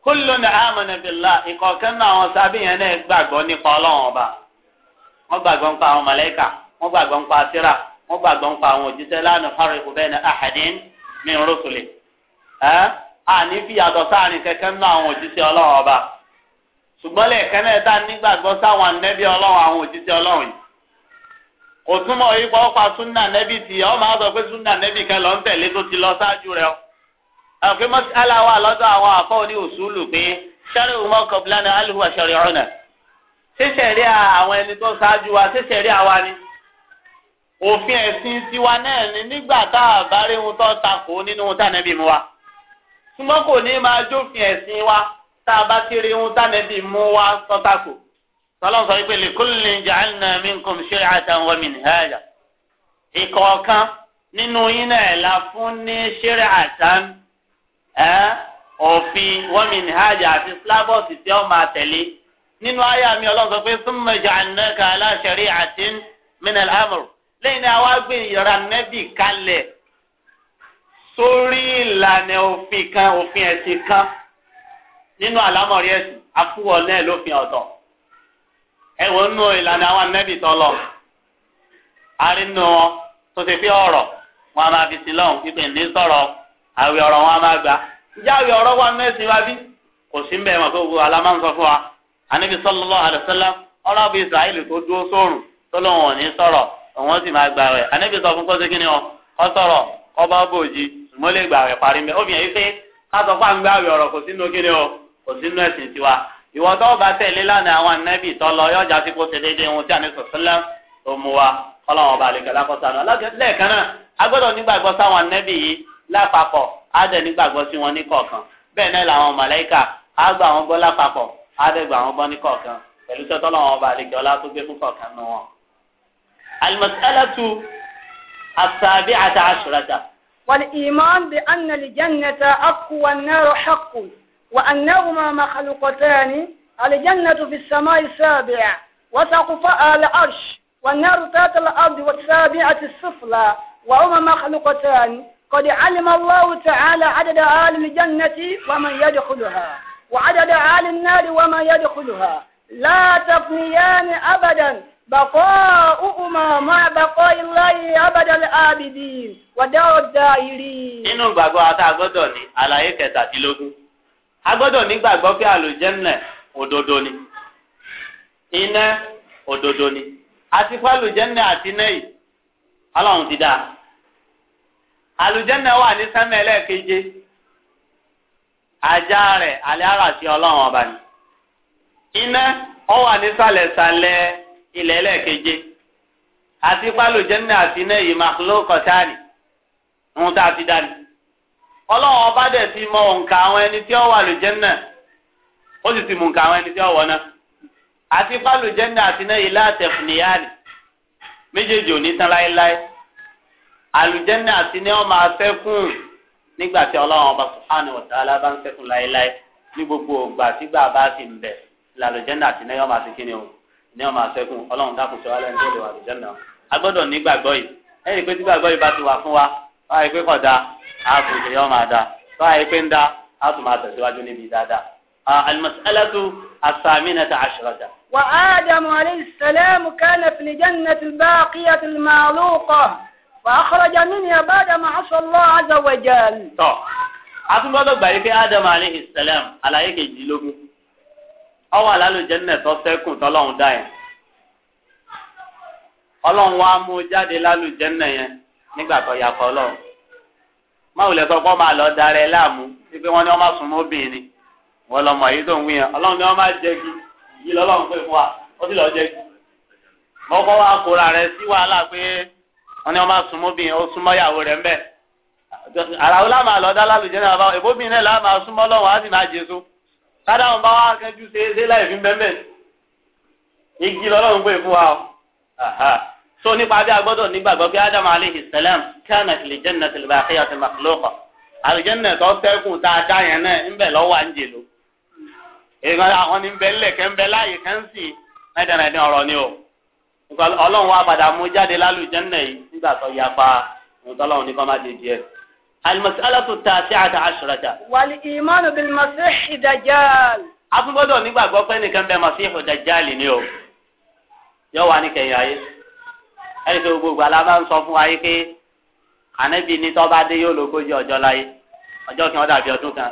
kúlò ní amúnibìlá ìkọ̀ọ̀kan náà àwọn sábẹ́ yẹn náà gbàgbọ́ nípa ọlọ́run ọba wọ́n gbàgbọ́ nípa àwọn màláíkà wọ́n gbàgbọ́ nípa síra wọ́n gbàgbọ́ nípa àwọn òjíṣẹ́ lánàá fárí kò bẹ́ẹ̀ ní àhàdín ní rúkúlẹ̀ ẹ́ àní fi yàtọ̀ sáàrin kẹ̀kẹ́ náà àwọn òjíṣẹ́ ọlọ́run ọba ṣùgbọ́n lẹ́ẹ̀kẹ́ náà dá nígbàgbọ́ sáwọn ànẹ́bí ọlọ́run àwọn òjíṣẹ́ ọlọ́run yìí kò túmọ̀ yìí kọ́ pa súnà nẹ́bí ti ọ máa sọ pé súnà nẹ́bí kan lọ ń tẹ̀lé tó ti lọ ṣáájú rẹ o. àfi mọ́sí aláwa lọ́dọ̀ àwọn àfọ́ oní òṣùlù pé sẹ́rẹ̀ òun mọ́kàn bílánà alùpùpù àṣẹrẹ̀ ọ̀nà. ṣíṣẹ̀rí àwọn ẹni tó ṣáájú wa ṣíṣẹ̀rí àwa ni. òfin ẹ̀sìn tiwa náà ni nígbà tá a bá rí ohun tó ta kó nínú ohun tá nẹ́bí mu wa. túmọ̀ kò ní máa jófin ẹ̀sìn wa tá a bá ti rí ohun tá nẹ́bí mu wa tó ta kó tọ́lọ́n sọ wípé likullin ja'alna minkum shir'atan wa minhaja ìkọ̀ọ̀kan nínú yín náà la fún ní shir'atan ẹ́ òfin wa minhaja àti slabọ́ọ̀sì tí ó máa tẹ̀lé nínú àyà mi ọlọ́run sọ pé thumma ja'alnaka ala shari'atin min al-amr lẹ́yìn náà wá gbé ìranẹ́bì kalẹ̀ sórí ìlànà òfin kan òfin ẹ̀sìn kan nínú àlámọ̀rí ẹ̀sìn afúwọ̀ náà lófin ọ̀tọ̀. ẹ wò nù ìlànà àwọn anẹ́bì tọ́lọ̀ arí nù wọn tó ti fi ọ̀rọ̀ wọn a máa fi sílọ̀ ìpè ní sọ̀rọ̀ àwẹ̀ ọ̀rọ̀ wọn a máa gbà ìjà àwẹ̀ ọ̀rọ̀ wa mẹ́sìn wá bí kò sí mbẹ wọn gbogbo fún wa israẹli tó dúró sórùn tó lóun ò ní sọ̀rọ̀ ọ bá parí obìnrin ìwọ tó bá tẹ̀lé lánàá àwọn ànábì tọ́lọ yóò já sí kó ṣe déédéé ohun tí a ní sọ̀sọ́lá tó mu wa kọ́lọ́wọ́n ọba àlekẹ́ lákọ́sánú. lẹ́ẹ̀kan náà a gbọ́dọ̀ nígbàgbọ́ sáwọn ànábì yìí lápapọ̀ á dẹ̀ nígbàgbọ́ sí wọn ní kọ̀ọ̀kan bẹ́ẹ̀ náà làwọn màláíkà á gbà wọn gbọ́ lápapọ̀ á gbà wọn gbọ́ ní kọ̀ọ̀kan pẹ̀lú tọ́lọ́wọ́n ọba àlekẹ́ ọlá tó gbé وأنهما مخلوقتان الجنة في السماء السابع وسقفها العرش والنار تحت الأرض والسابعة السفلى وهما مخلوقتان قد علم الله تعالى عدد آل الجنة ومن يدخلها وعدد آل النار ومن يدخلها لا تفنيان أبدا بقاؤهما مع بقاء الله أبد الآبدين ودار الدائرين. nínú gbàgbọ́ àtàgbọ́dọ̀ ni àlàyé kẹtàdínlógún a gbọ́dọ̀ nígbàgbọ́ pé àlùjẹ́nà òdodo ni iná òdodo ni àti fún àlùjẹ́nà àti iná yìí ọlọ́run ti dáa àlùjẹ́nà wà ní sẹ́mẹ̀ ẹlẹ́ẹ̀keje ajá rẹ̀ alẹ́ ara sí ọlọ́run ọba ni iná ọ wà ní sàlẹ̀sàlẹ̀ ilẹ̀ ẹlẹ́ẹ̀keje àti fún àlùjẹ́nà àti iná yìí màkúló kọ̀tánì ń tá ti dá ni. ọlọ́run ọba dẹ̀ ti mọ nǹka àwọn ẹni tí ó wà lùjẹ́nà ó sì ti mọ nǹka àwọn ẹni tí ó wọ̀ náà àti àti náà ilé méjèèjì ò ní tán láéláé àlùjẹ́nà àti nígbà tí ọlọ́run ọba ń láéláé ní gbogbo ògbà bá ti ń bẹ̀ làlùjẹ́nà àti náà yọ máa ni o ní ọmọ na ọlọ́run dákun ṣe wá lẹ́nu tó nígbàgbọ́ yìí ẹ̀yìn àbùkù yọ máa da tó àyè pé ń da a tún máa tẹ̀síwájú níbi dáadáa. المسألة الثامنة عشرة وآدم عليه السلام كان في الجنة الباقية المعلوقة فأخرج منها بعد ما عصى الله عز وجل طب عطم بدك بعيك آدم عليه السلام على هيك يجيلوك أو على الجنة تصيكم طلعون داين Ọlọ́run wa mú jáde lálùjẹ́nà yẹn nígbà tó yà kọ́ Ọlọ́run. ma wùlẹ̀ sọ pé ọmọ àlọ́ darẹ̀ ẹ láàmú wípé wọ́n ní wọ́n máa sùn mọ́ wọ́n lọ mọ̀ èyí tó ń ọlọ́run ni wọ́n máa jẹ kí yí lọ́lọ́run pé fún wa ó sì lọ jẹ kí. mọ́kọ́ wa kóra rẹ sí wàhálà pé wọ́n ní wọ́n máa ìyàwó rẹ̀ ńbẹ̀. àràwọ̀ láàmú àlọ́ dá lálùjẹ́ náà bá ìbóbìnrin náà lọ́wọ́ á sì máa tó nípa bí a gbọ́dọ̀ nígbàgbọ́ pé ádámù aleyhi sẹlẹm kánà lè jẹnà tìlùbà àkẹyà tó màkìlókọ àlùjẹnà tó sẹkùn tá a dá yẹn náà ńbẹ lọ́wọ́ à ń jèlò èèyàn àwọn ní bẹ ńlẹ kẹ ń bẹ láàyè kẹ ń sì ẹdẹrẹdẹ ọ̀rọ̀ ni o Ọlọ́run wa padà mú jáde lálùjẹnà yìí nígbà tó yapa ọlọ́run ní má di díẹ̀. المسألة التاسعة عشرة والإيمان بالمسيح دجال أفضل نقول بقى نكمل مسيح دجال اليوم يوم أنا كيعيش ẹni tó gbogbo àlá máa ń sọ fún wa yìí pé ànábì ní tọ́ba dé yóò ọjọ́ láyé ọjọ́ kan dàbí ọdún kan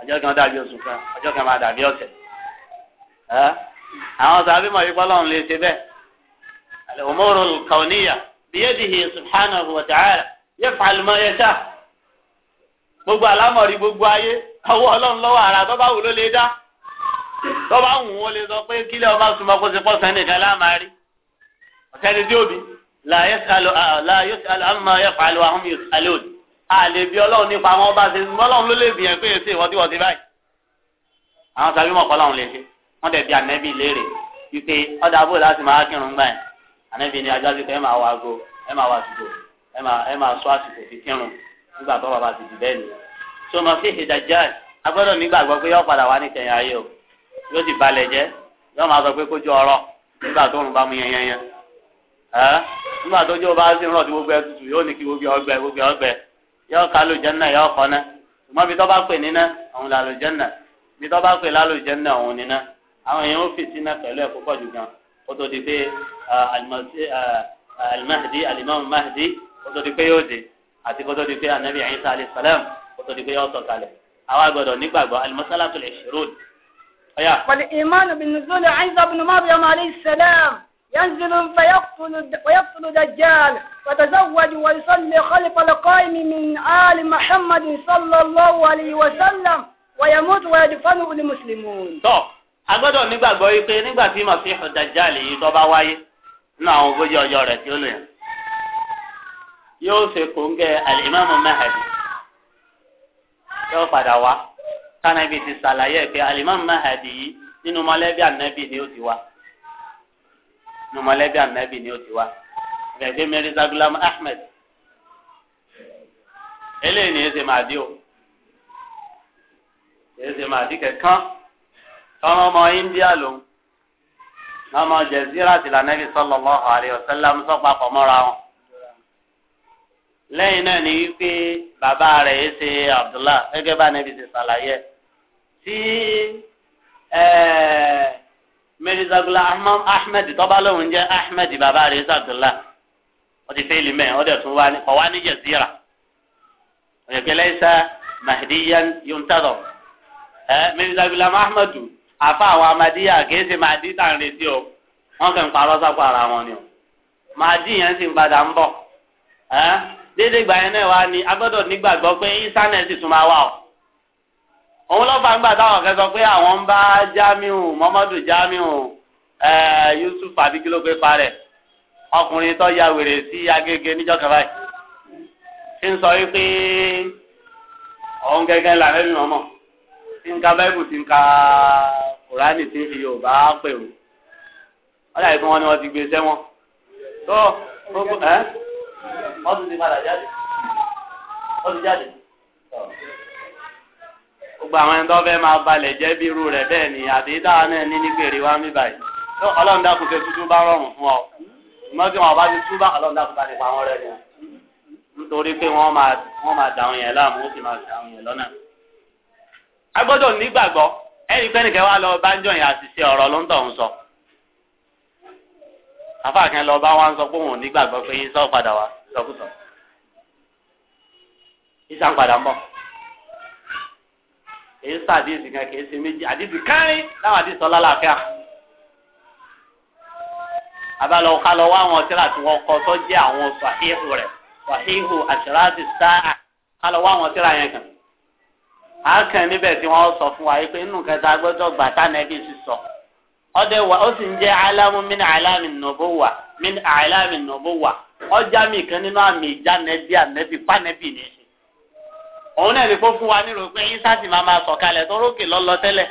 ọjọ́ kí ó dàbí oṣù kan ọjọ́ kan máa dàbí ọ̀sẹ̀ àwọn sàbí mọ̀ ọlọ́run lè ṣe bẹ́ẹ̀ subhanahu wa ta'ala gbogbo gbogbo ayé ọwọ́ ọlọ́run lọ́wọ́ ara ló lè dá láyé àmọ́ yẹ fàlù àwọn mi àlùn àlèbí ọlọ́run nípa àwọn ọba ṣe ọlọ́run ló lè bìyàn pé èsì ìwọ́díwọ́dí báyìí àwọn sábẹ́ mọ̀ kọ́láwọn lè ṣe wọ́n dẹ̀ bí ànẹ́bí léèrè wípé ọ̀dà bò láti máa kírun gbà yẹn ànẹ́bí ni ajá wípé ẹ máa wá ago ẹ máa wá àsìkò ẹ máa ẹ máa sọ àsìkò fi kírun nígbà tó bàbá ti dì bẹ́ẹ̀ nìyẹn tó mọ sí ìdájá nígbà tó jẹ́ o bá sí rọ̀ tí gbogbo ẹ tutù yóò ní kí gbogbo ọgbẹ gbogbo ọgbẹ yóò ká lùjẹ́nà yóò kọ́ ná ṣùgbọ́n bí tó bá pè níná òun là lùjẹ́nà bí tó bá pè lálùjẹ́nà òun níná àwọn èèyàn ó fìtí ná pẹ̀lú ẹ̀kọ́ pọ̀ jù gan kó tó di pé alimahdi alimami mahdi kó tó di pé yóò dé àti kó tó di pé anabi ayinsa alayhi salam kó tó di pé yóò sọ̀kalẹ̀ àwa gbọ́dọ̀ nígbàgbọ́ alimusalatul ishirun. ينزل فيقتل ويقتل دجال وتزوج ويصلي خلف القائم من آل محمد صلى الله عليه وسلم ويموت ويدفنه المسلمون. tọ́ a gbọ́dọ̀ nígbàgbọ́ yìí pé nígbà tí masihu dajjal yìí tó bá wáyé nínú àwọn ogójì ọjọ́ rẹ̀ tí ó lò yẹn yóò ṣe kóńgẹ́ alimami mahadi yóò padà wá kánàbì ti ṣàlàyé pé alimami mahadi yìí nínú mọ̀lẹ́bí ànábì ni ó ti wá ní mọ̀lẹ́bí ànábì ni ó ti wá gẹ́gẹ́ mẹ́rìndà gulam ahmed eléyìí ni ẹsẹ̀ màdí o ẹsẹ̀ màdí kẹ̀kán ọmọ ọmọ india lòun ọmọ jẹzira ti la nẹbi sallallahu alaihi wasallam sọpọ àpọmọra wọn lẹ́yìn náà ni wípé bàbá rẹ̀ yìí ṣe abdullah gẹ́gẹ́ bá nẹbi ṣe ṣàlàyé tí ẹ mẹ́rìndàgùlà ahmed tọ́ba lòun jẹ́ ahmed baba rẹ̀ sàdùlà wọ́n ti fẹ́ẹ́lì mẹ́ dẹ̀ tún wá ní ọ̀wá ní jẹ̀zíra ọ̀yẹ̀kẹ́lẹ́ mahdiyan ẹ ahmed afa àwọn amadiya kìí mahdi tá à o wọ́n kàn ń parọ́ sápò ara wọn ni o òun lọ́ba ń táwọn kan pé àwọn ń bá Jamiu Muhammadu Jamiu Yusuf abikilo pé parẹ́ ọkùnrin tó ya wèrè sí Agége níjọ́ kan báyìí ń sọ wípé òun gẹ́gẹ́ làwọn ẹbí mọ́mọ́ ti ń ka báíbù ti ń ka kùránì ti ń fi Yorùbá pè wò wọ́n dàbí pé wọ́n ní wọ́n ti gbé sẹ́wọ̀n tó ẹ́ wọ́n tún ti padà jáde wọ́n ti jáde. gbogbo àwọn ẹni tó fẹ́ máa balẹ̀ jẹ́ bí irú rẹ̀ bẹ́ẹ̀ ni àti dáa náà ní ní wá mí báyìí ọlọ́run dákun bá rọrùn fún ọ ìmọ̀ tí wọn bá ti túbà ọlọ́run dákun bá ti pa rẹ ni nítorí wọn yẹn láàmú ó sì máa dà yẹn lọ́nà. a gbọ́dọ̀ nígbàgbọ́ ẹnì lọ yẹn ọ̀rọ̀ ló ń tọ̀ sọ. lọ bá wọn sọ pé òun èyí sọ àdéhìsì kan kì í ṣe méjì àdéhìsì kárín láwọn àdéhìsì ọlọ́láàfíà abalọ ká lọ wá àwọn tíra tí wọn kọ tó jẹ àwọn sàhíhù rẹ sàhíhù àṣíráàtì sáà ká lọ wá àwọn tíra yẹn kan a kàn níbẹ̀ tí wọ́n sọ fún wa yìí pé nínú kẹta gbọ́dọ̀ gbà ẹbí sì sọ ọdẹ wa ó sì ń jẹ alámú ọjà mi kan nínú àmì ìjà òun náà ní kó fún wa nílò pé isa sì máa máa sọ̀kalẹ̀ tó rókè lọ́lọ́ tẹ́lẹ̀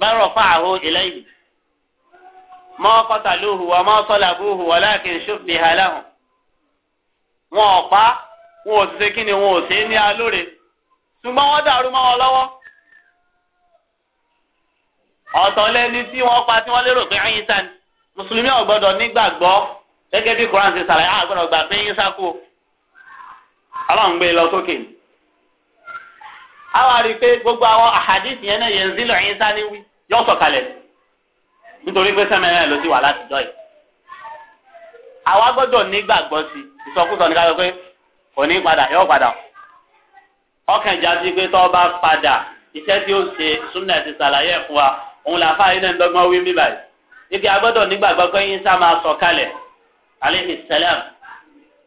bẹ́rọ̀ fáàró ìlẹ́yìn mọ́ kọ́tàlúhù wa mọ́ sọ́làbúhù wa láàkín ṣùgbìn aláhùn. wọn ò pa wọn ò ṣe kí ni wọn ò ṣe ní alóore ṣùgbọ́n wọ́n dàrú mọ́ wọn lọ́wọ́. ọ̀tọ̀ lẹ́ni tí wọ́n pa tí wọ́n lérò pé ayíṣà ni mùsùlùmí ò gbọ́dọ̀ nígbàgbọ́ gẹ́gẹ́ bí koran ti sàlàyé àgbọ̀dọ̀ gbà pé ayíṣà kú ọlọ́run gbé e lọ sókè ni. a wá rí i pé gbogbo àwọn àhàdìs yẹn náà yẹn zílò yín sá níwí yọ sọ̀kalẹ̀ nítorí pé sẹ́mi náà ló ti wà látijọ́ yìí. àwa gbọ́dọ̀ nígbàgbọ́ sí ìsọkúsọ ní ká sọ pé kò ní padà yọ padà ọkàn ìjà sí pé tó bá padà iṣẹ́ tí ó ṣe súnà ti ṣàlàyé ẹ̀ fún wa òun là fáyé náà dọ́gbọ́n wí mí báyìí. ibi agbọ́dọ̀ nígbàgbọ́ pé yín sá máa sọ̀kalẹ̀ aleyhi salam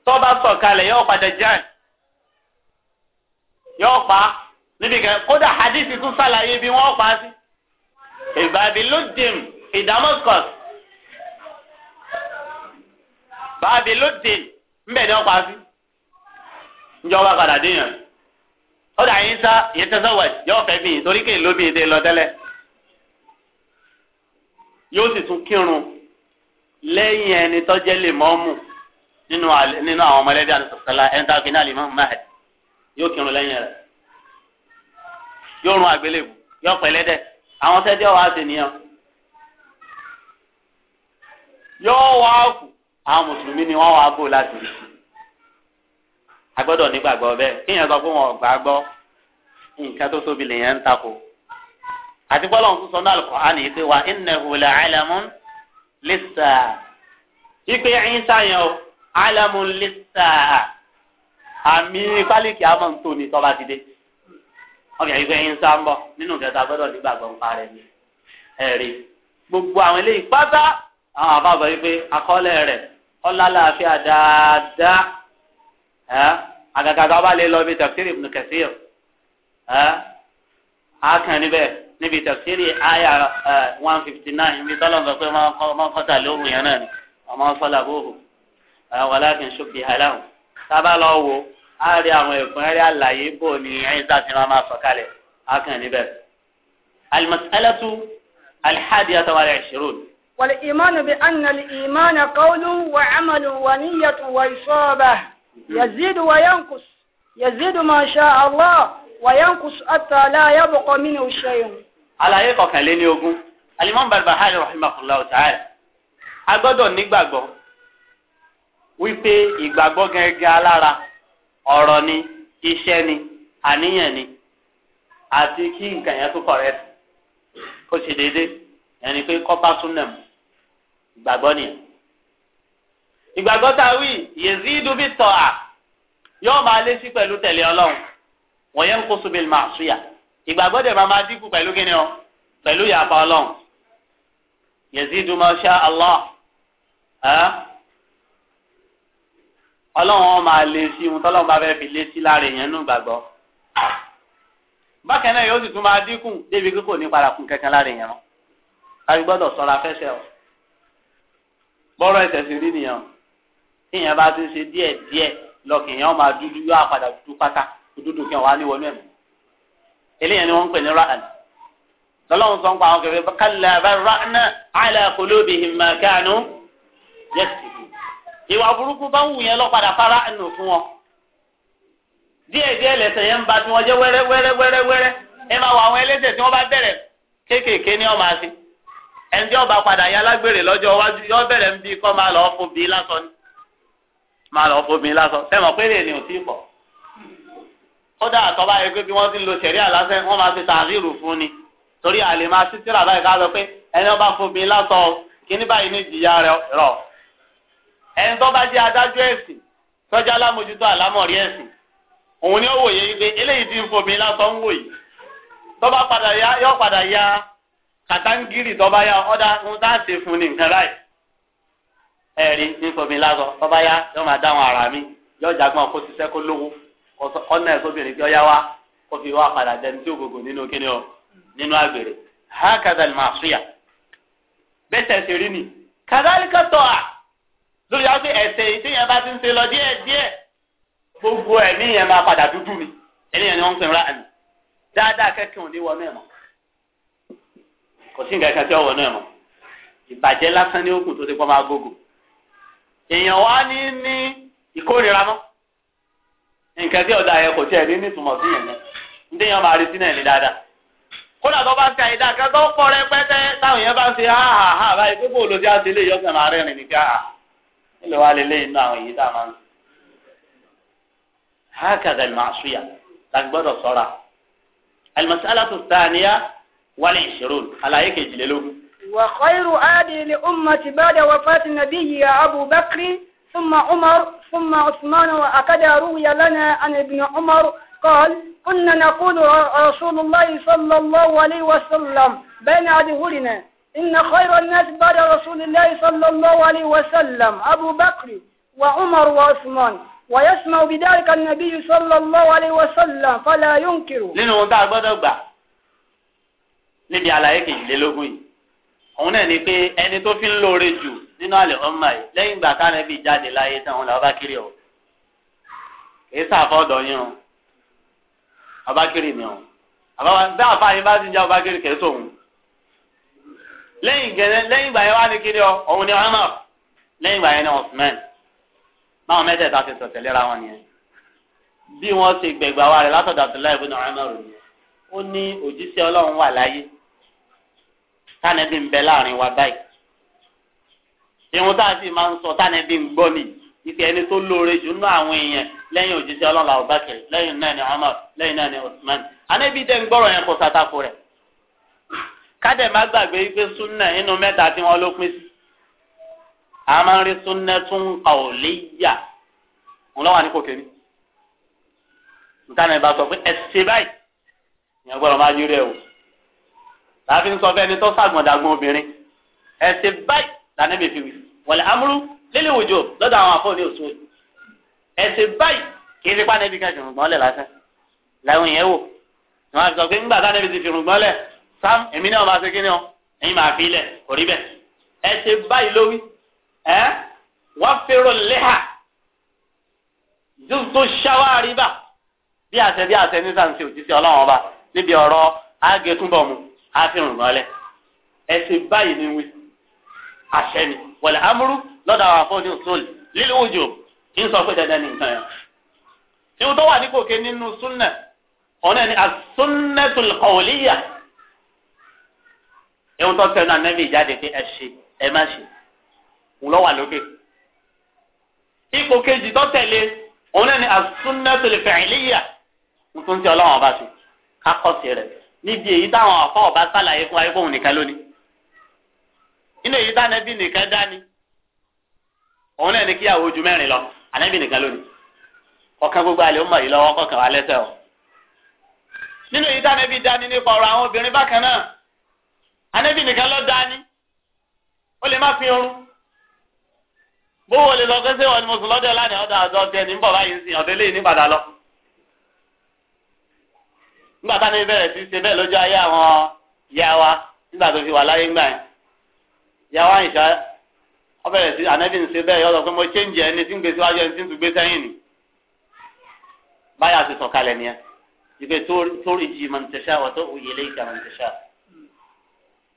tó bá sọ̀kalẹ̀ yọ padà jẹ́ yọ pa níbi kan kódà hadith tún ṣàlàyé bí wọ́n pa á sí. ìbàdí ló dìm ìdámọ́sọ̀s. bàbí ló dìm ńbẹ̀ ni wọ́n pa á sí. ìjọba padà déyàn. ó dà yín sá yẹn tẹ́sán wẹ̀ yóò fẹ́ bìyìn torí kéè ló bìyìn dé lọ tẹ́lẹ̀. yóò sì tún kírun lẹ́yìn ẹni tọ́jẹ́ lè mọ́ mú nínú àwọn ọmọlẹ́bí àti sọ̀tẹ́lá ẹni tá mọ́ mọ́ ẹ̀ yóò kírun lẹ́yìn rẹ̀ yóò rún àgbélébù yọ pẹ̀lẹ́dẹ̀ àwọn sẹ́dí ọ̀wá ṣe nìyẹn yóò wá kù àwọn mùsùlùmí ni wọ́n wá bò láti rí a gbọ́dọ̀ nígbàgbọ́ bẹ́ẹ̀ kéèyàn sọ pé wọn ò gbàgbọ́ nǹkan tó tóbi lèèyàn ń takò àti bọ́lá òun sọ náà Al-Qur'ani pé wa innahu la'alamun lis-sa'ah ipe ẹyin sáyẹn o alamun lis àmì pálíkì àmọ́ ń tóni tọ́ba ti dé ọkẹ yìí fẹ́ yín sá ń bọ̀ nínú kẹta gbọ́dọ̀ nígbàgbọ́ ń parẹ́ ni ẹ̀rí gbogbo àwọn eléyìí pátá àwọn àbá bọ̀ wípé akọ́lẹ̀ rẹ̀ ọlálàáfíà dáadáa ẹ̀ àgàgà tó bá lè lọ ibi tafsiri Ibn Kathir ẹ̀ àákàn níbẹ̀ níbi tafsiri àyà one fifty nine ibi tọ́lọ̀ sọ pé wọ́n kọ́ta lóhùn yẹn náà ni wọ́n sọ́lá bóhùn walakin shubbiha a rí àwọn ẹ̀kúnrẹ́rẹ́ àlàyé bò ní ẹ̀yìn sáfì máa máa sọ̀kalẹ̀ a kàn níbẹ̀. alimasalatu alihadi atawale ẹ̀ṣirun. wàlí ìmánu bí anàlì ìmánu kọ́ọ̀lù wà amalu wà níyàtú wà ìṣọ́ọ̀bà yazidu wà yankus yazidu masha allah wà yankus àtàlà yabọ̀kọ mínú ṣẹ́yìn. àlàyé kọkànléní ogún alimami barbahari rahimahullah ta'ala a nígbàgbọ́ wípé ìgbàgbọ́ gẹ́gẹ́ alára ọ̀rọ̀ ni iṣẹ́ ni àníyàn ni àti kí nǹkan yẹn tó kọ̀rẹ́ kó ṣe déédéé ẹni pé kọ́pá súnà mu ìgbàgbọ́ nìyẹn. ìgbàgbọ́ tá a wí yèzídù bí tọ́ a yóò máa lé sí pẹ̀lú tẹ̀lé ọlọ́run wọ́n yẹn kó sóbi máa súyà ìgbàgbọ́ dẹ̀ máa máa dínkù pẹ̀lú kíni o pẹ̀lú yàtọ̀ ọlọ́run yèzídù máa ṣá Allah ọlọ́run wọn máa lé sí ohun tọ́lọ́run bá fẹ́ fi lé sí lára èèyàn nù gbàgbọ́ bákan náà yóò sì tún máa dínkù débi kíkò ní padà kún kankan lára èèyàn kárí gbọ́dọ̀ sọ́ra fẹ́sẹ̀ o bọ́rọ̀ ẹsẹ̀ sì rí nìyẹn tí èèyàn bá ti ṣe díẹ̀ díẹ̀ lọ́kàn èèyàn máa dúdú yóò àpàdà dúdú pátá dúdú kí wọ́n á níwọ̀nú ẹ̀mí eléyàn ni wọ́n ń pè ní ra'an ìwà burúkú bá ń wù yẹn lọ padà fara ẹnu fún wọn díẹ̀ díẹ̀ lẹsẹ yẹn ń ba tí wọn jẹ wẹrẹ wẹrẹ ẹ máa wọ àwọn ẹlẹ́ṣẹ̀ tí wọn bá bẹ̀rẹ̀ kéékèèké ni wọn máa ṣe ẹni padà ya lágbèrè lọ́jọ́ iwájú yọ bẹ̀rẹ̀ ń bí kọ máa lọ fún bí lásán ni máa lọ fún bí lásán ẹ mọ̀ pé lè ní òtí pọ kódà àtọ́ba yẹ pé bí wọ́n ti ń lo sẹ̀rí àlásẹ́ wọ́n máa ṣe tààrírù fún ni torí àlè máa ṣí tíra báyìí ká lọ pé ẹni wọn bá fún bí lásán kíní báyìí ní ìjìyà rẹ rọ ẹni tó adájọ jẹ́ adájọ́ ẹ̀sìn sọ́jà alámòjútó àlámọ̀rí ẹ̀sìn òun ni ó wòye yìí eléyìí ti ń lásán padà ya yọ padà ya kàtàngírì tó ya ọ̀dà ń tá àṣẹ fún ni nǹkan báyìí ń ara mi yọ jagbọn kó lówó ọ̀nà wa padà dẹni tí nínú kíni nínú àgbèrè lórí àwọn pé ẹsẹ̀ yìí tí yẹn bá ti ń lọ díẹ̀ díẹ̀ gbogbo ẹ̀ ní yẹn máa padà dúdú mi ẹni yẹn ni wọ́n ń ra dáadáa kẹ́kẹ́ òní wọnú ẹ̀ mọ́ kò sí nǹkan tí ó wọnú ìbàjẹ́ lásán ní òkun tó ti máa gbógun èèyàn wá ní ní ìkórira nǹkan tí ọ̀dà yẹn kò tiẹ̀ ní sí yẹn náà yẹn máa náà ní dáadáa kódà tó bá ń ìdá táwọn yẹn bá ń báyìí kí ló wá lè lé هكذا المعصية تكبر الصلاة المسألة الثانية والعشرون على هيك يجللوه وخير هذه الأمة بعد وفاة النبي يا أبو بكر ثم عمر ثم عثمان وأكد روي لنا عن ابن عمر قال كنا نقول رسول الله صلى الله عليه وسلم بين أظهرنا إن خير الناس بعد رسول الله صلى الله عليه وسلم أبو بكر وعمر وعثمان ويسمع بذلك النبي صلى الله عليه وسلم فلا ينكر nínú ohun tá a gbọ́dọ̀ gbà níbi àlàyé kejìlélógún yìí òun náà ni pé ẹni tó fi ń lóore jù nínú àlè ọmọ yìí lẹ́yìn ìgbà táwọn ẹbí jáde láyé tán òun làwọn bá kiri ọ kì í sàfọdọ yín o ọba kiri ni o àbá bá àfààní bá ti ń já ọba kiri kẹsàn-án lẹ́yìn gẹ̀rẹ́ lẹ́yìn ìgbà kiri ni Umar lẹ́yìn ìgbà ní Usman mẹ́tẹ̀ẹ̀ta ti sọ̀tẹ̀ wọn bí wọ́n ti gbẹ̀gbà wa rẹ̀ látọ̀dọ̀ Abdullahi ibn ó ní Ọlọ́run wà láyé ń bẹ láàrin báyìí ìwọ̀n tá a sì máa ń sọ lóore jù nínú àwọn èèyàn lẹ́yìn kádẹ̀ má gbàgbé wípé súnà nínú mẹ́ta tí wọ́n ló pín sí a máa ń rí súnà tún qawliyya òun lọ́wọ́ àníkò kẹ́ni nítorí ìbá sọ pé ẹ ṣe báyìí ìyẹn gbọ́dọ̀ máa yúrẹ́ o láàfin sọ fẹ́ni tó ṣàgbọ̀ndàgbọ̀n obìnrin ẹ ṣe báyìí lànà ìbèfì wì wal amru lil wujub lọ́dọ̀ àwọn afọ́ ní òṣù ẹ ṣe báyìí kì í fi pánẹ́bí kan ṣùgbọ́n lẹ̀ lásán làwọn èèyàn wò wọ́n á sọ pé ńgbà pánẹ́bí sam èmi náà máa ṣe kí ni ọ ẹ̀yin máa fi ilẹ̀ kò rí bẹ́ẹ̀ ẹ ṣe báyìí lówí ẹ wọ́n fẹ́rọ lẹ́hà tó ṣáwárí bá bí àṣẹ bí àṣẹ ní sàǹtì òjíṣẹ́ ọlọ́run ọba níbi ọ̀rọ̀ àgẹ̀túnbọ̀ mu àfihàn lọ́lẹ̀ ẹ ṣe báyìí ni wí àṣẹ ni wọ̀lẹ̀ amúrú lọ́dọ̀ àwọn afọ́ ní òṣòlì lílo òjò sọ pé dandan ní nǹkan yẹn. ìwọ́n tó wà ní kòkè nínú súnnà ọ̀nà ni àsúnnẹ́tùl kọ̀wọ́líyà ẹ̀hún tó fẹ́ náà nẹ́ẹ̀mí jáde pé ẹ ṣe ẹ má ṣe òun lọ́wọ́ àlókè. ipò kejì tó tẹ̀lé òun náà ni as-sunnatul fi'liyya mo tún ti ọlọ́wọ́n ọba ṣe kákọ́sì rẹ̀ níbi èyí táwọn afọ ọba sàlàyé fún ayé fóun nìkan lónìí. nínú èyí táwọn ẹbí nìkan dání òun náà ni kíyàwó ju mẹ́rin lọ ànẹ́bí nìkan lónìí. ọ̀kan gbogbo àlè ń yìí lọ́wọ́ kọ̀ọ̀kan wa lẹ́sẹ̀ o. nínú èyí táwọn ẹbí dání nípa ọ̀rọ̀ àwọn obìnrin bákan náà anabi nìkan lọ da ni ó lè má fi ọrùn bówó lè lọ pẹ́sẹ́ wọn ni mo sùn lọ́dọ̀ lánàá ọ̀dọ̀ àzọ ọ̀tẹ ní bọ̀ báyìí ń sìn ọ̀dọ̀ eléyìí ní lọ. nígbà táwọn bẹ̀rẹ̀ sí ṣe bẹ́ẹ̀ lójú ayé àwọn ìyá ya nígbà tó fi wà láyé ńgbà yẹn ìyá ìṣá sí anabi ṣe yọ pé mo ẹni tí ń gbé síwájú ẹni tí ń tún gbé ni báyà ti tó rí jì wọ́n tó òye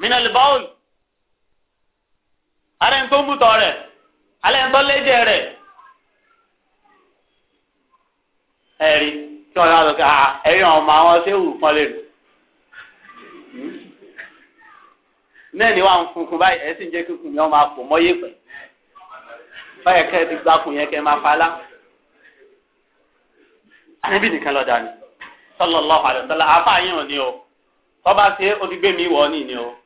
mina lè báwòlù ara ẹni tó ń bùtọ̀ rẹ̀ alẹ́ ẹni tó lẹ́jẹ̀ rẹ̀ ẹ̀rí tí wọ́n yára lọ́kẹ́ ẹ̀rí àwọn ọmọ àwọn ṣé wù pọ́n lè lù náà ni wà ń funfun báyìí ẹ̀ sì ń jẹ́ kíkùn yẹn máa pò mọ́yé pẹ̀ báyẹ̀ kẹ́ ẹ ni sallallahu alaihi wasallam àfáà yìí hàn ní o tọ́ba ṣe mi wọ̀ ọ́ nìyí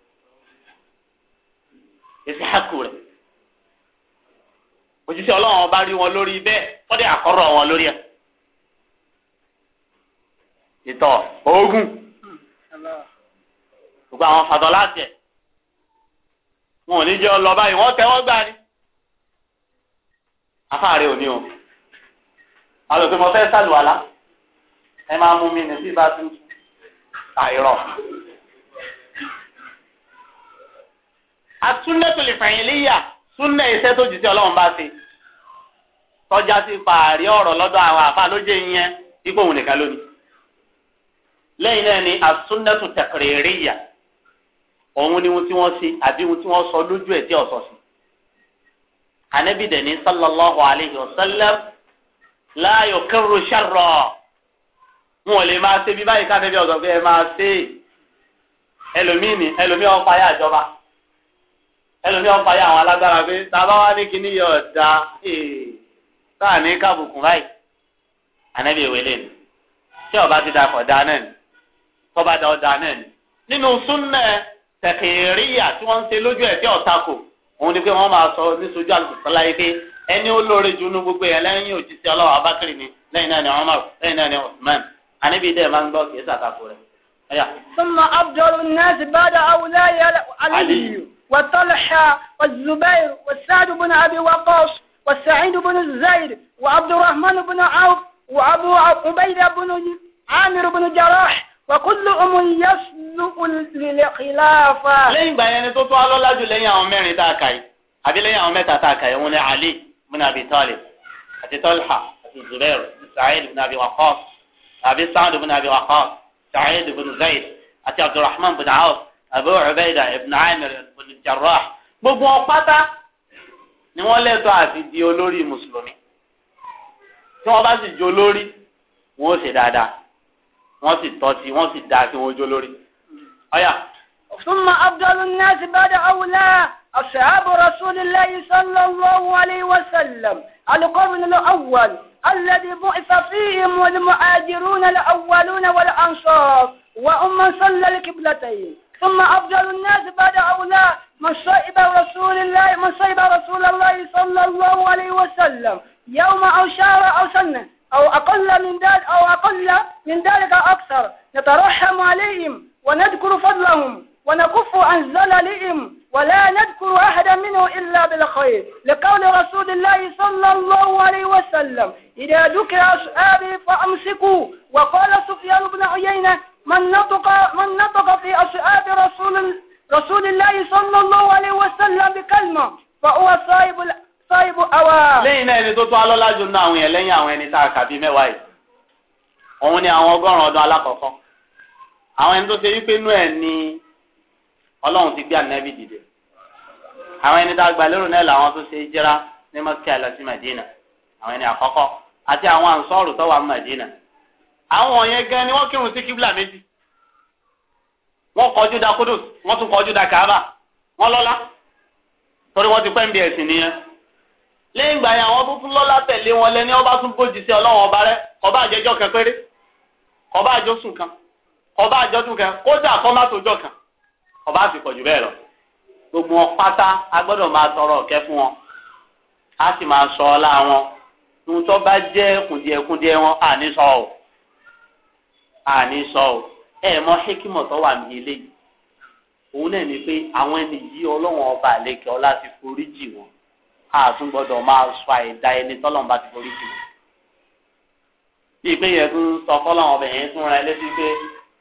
ìsìnkú rẹ̀ òjijì ọlọ́run ọba rí wọn lórí bẹ́ẹ̀ fọ́dẹ̀ àkọ́rọ̀ wọn lórí ẹ̀ ìtọ̀ oògùn gbogbo àwọn fàtọ̀ láti ẹ̀ wọn ò ní jẹ́ ọlọ́ báyìí wọ́n tẹ́wọ́ gbà ni afáàrẹ òní o alòpẹ̀ fẹ́ sàlùwàlá ẹ máa mú mi nì sí ibà tuntun àìrọ̀. asúnẹ́tòlè fẹ̀yìnlíyà súnẹ́ iṣẹ́ tó jù sí ọlọ́run bá ṣe tọ́já sí fàárí ọ̀rọ̀ lọ́dọ̀ àwọn àfa lójé yẹn ipò òun nìkan lónìí lẹ́yìn náà ni asúnẹ́tò tẹ̀kẹ̀rẹ̀ríyà òun ni ohun tí wọ́n ṣe àbí ohun tí wọ́n sọ lójú ẹ̀ tí ọ̀sọ̀ sí anabi dẹ̀ ní sallallahu alayhi wa sallam láàyò kẹrù sharra wọn ò lè máa ṣe bí báyìí ká níbi ẹlòmí ọ̀pá yà àwọn alágbára pé tábà wá ní kíní yọ ọ̀dà táà ní kábùkù báyìí ànábì ìwé lè ní tí ọba ti dakọ̀ da náà ní tọ́ba da ọ̀dà náà ní. nínú súnmẹ́ tẹ̀kẹ̀ríyà tí wọ́n ń ṣe lójú ẹ̀ tí ọ̀tá kò òun ni pé wọ́n máa sọ níṣojú àlùkùsọ láyé pé ẹni olóore ju inú gbogbo yẹn lẹ́yìn òjíṣẹ́ ọlọ́wọ́ abákiri ni lẹ́yìn náà ni Umar lẹ́yìn náà ni Usman ànábì dẹ́ máa ń gbọ́ kì í sàtàkù rẹ̀. ثم أفضل الناس بعد أولئك علي وطلحة والزبير والسعد بن أبي وقاص والسعيد بن الزيد وعبد الرحمن بن عوف وأبو عبيدة بن عامر بن جراح وكلهم يسلق للخلافة لين بيان توتو على الله جل يا عمر تاكاي أبي لين عمر تاكاي ون علي بن أبي طالب أبي طلحة أبي الزبير سعيد بن أبي وقاص أبي سعد بن أبي وقاص سعيد بن زيد أبي عبد الرحمن بن عوف Abu Ubaida ibn Amir ibn Jarrah gbogbo wọn pátá ni wọ́n lẹ́tọ̀ọ́ àti di olórí mùsùlùmí tí wọ́n bá sì jó lórí wọ́n ó ṣe dáadáa wọ́n sì tọ́tí wọ́n sì dáa kí wọ́n jó lórí. ọ̀yà. ثم أفضل الناس بعد أولى أصحاب رسول الله صلى الله عليه وسلم القرن الأول الذي بعث فيهم المهاجرون الأولون والأنصار وأمن صلى الكبلتين ثم أفضل الناس بعد أولى من صيب رسول الله من رسول الله صلى الله عليه وسلم يوم أو شهر أو سنة أو أقل من ذلك أو أقل من ذلك أكثر نترحم عليهم ونذكر فضلهم ونكف عن زللهم ولا نذكر أحدا منه إلا بالخير لقول رسول الله صلى الله عليه وسلم إذا ذكر أصحابي فأمسكوا وقال سفيان بن عيينة من نطق من نطق في أصحاب رسول رسول الله صلى الله عليه وسلم بكلمة فهو صاحب صاحب أوا lẹ́yìn náà ẹni tó tó alọ́lá jù nínú àwọn yẹn lẹ́yìn àwọn ẹni tá a kà bíi mẹ́wàá yìí òun ni àwọn ọgọ́rùn-ún ọdún alákọ̀ọ́kọ́ àwọn ẹni tó ṣe wípé inú ẹ̀ ni ọlọ́run ti gbé ànábì dìde àwọn ẹni tá a gbà lérò náà làwọn tó ṣe jẹ́ra ní mọ́kíà lọ sí Màdínà àwọn ẹni àkọ́kọ́ àti àwọn ànsọ́ọ̀rù tó wà ní Màdínà àwọn yẹn gan ni wọn kírun sí kíbla méjì Wọn kọjú da kódò wọ́n tún kọjú da kàába wọ́n lọ́lá torí wọ́n ti pẹ́ ń bí ẹ̀sìn nìyẹn lẹ́yìn ìgbà yẹn àwọn tó tún lọ́lá tẹ̀lé wọn lẹ́ni ọba tún bójì sí ọlọ́run ọba rẹ kọba àjẹjọ́ kan péré kọba àjọsùn kan kọba àjọdún kan kódà kọ́má tójọ́ kan ọba àti pọ̀jù bẹ́ẹ̀ lọ gbogbo wọn pátá a gbọ́dọ̀ máa tọrọ ọ̀kẹ́ fún wọn a sì máa sọ ọlá wọn ohun tó bá jẹ́ kùndìẹ̀kùndìẹ̀ wọn àní ní sọ ọ́ àní sọ ọ ẹ mọ hekimọ tó wà ní eléyìí òun náà ni pé àwọn ẹni yìí ọlọ́wọ́n ọba àlekè ọlá ti forí jì wọ́n àtún gbọ́dọ̀ máa sọ àìda ẹni tọ́lọ́wọ́n bá ti forí jì wọ́n. bí ìpín yẹn tún sọ fọlọ́wọ́n ọbẹ̀ yẹn tún ra ẹlẹ́sìn pé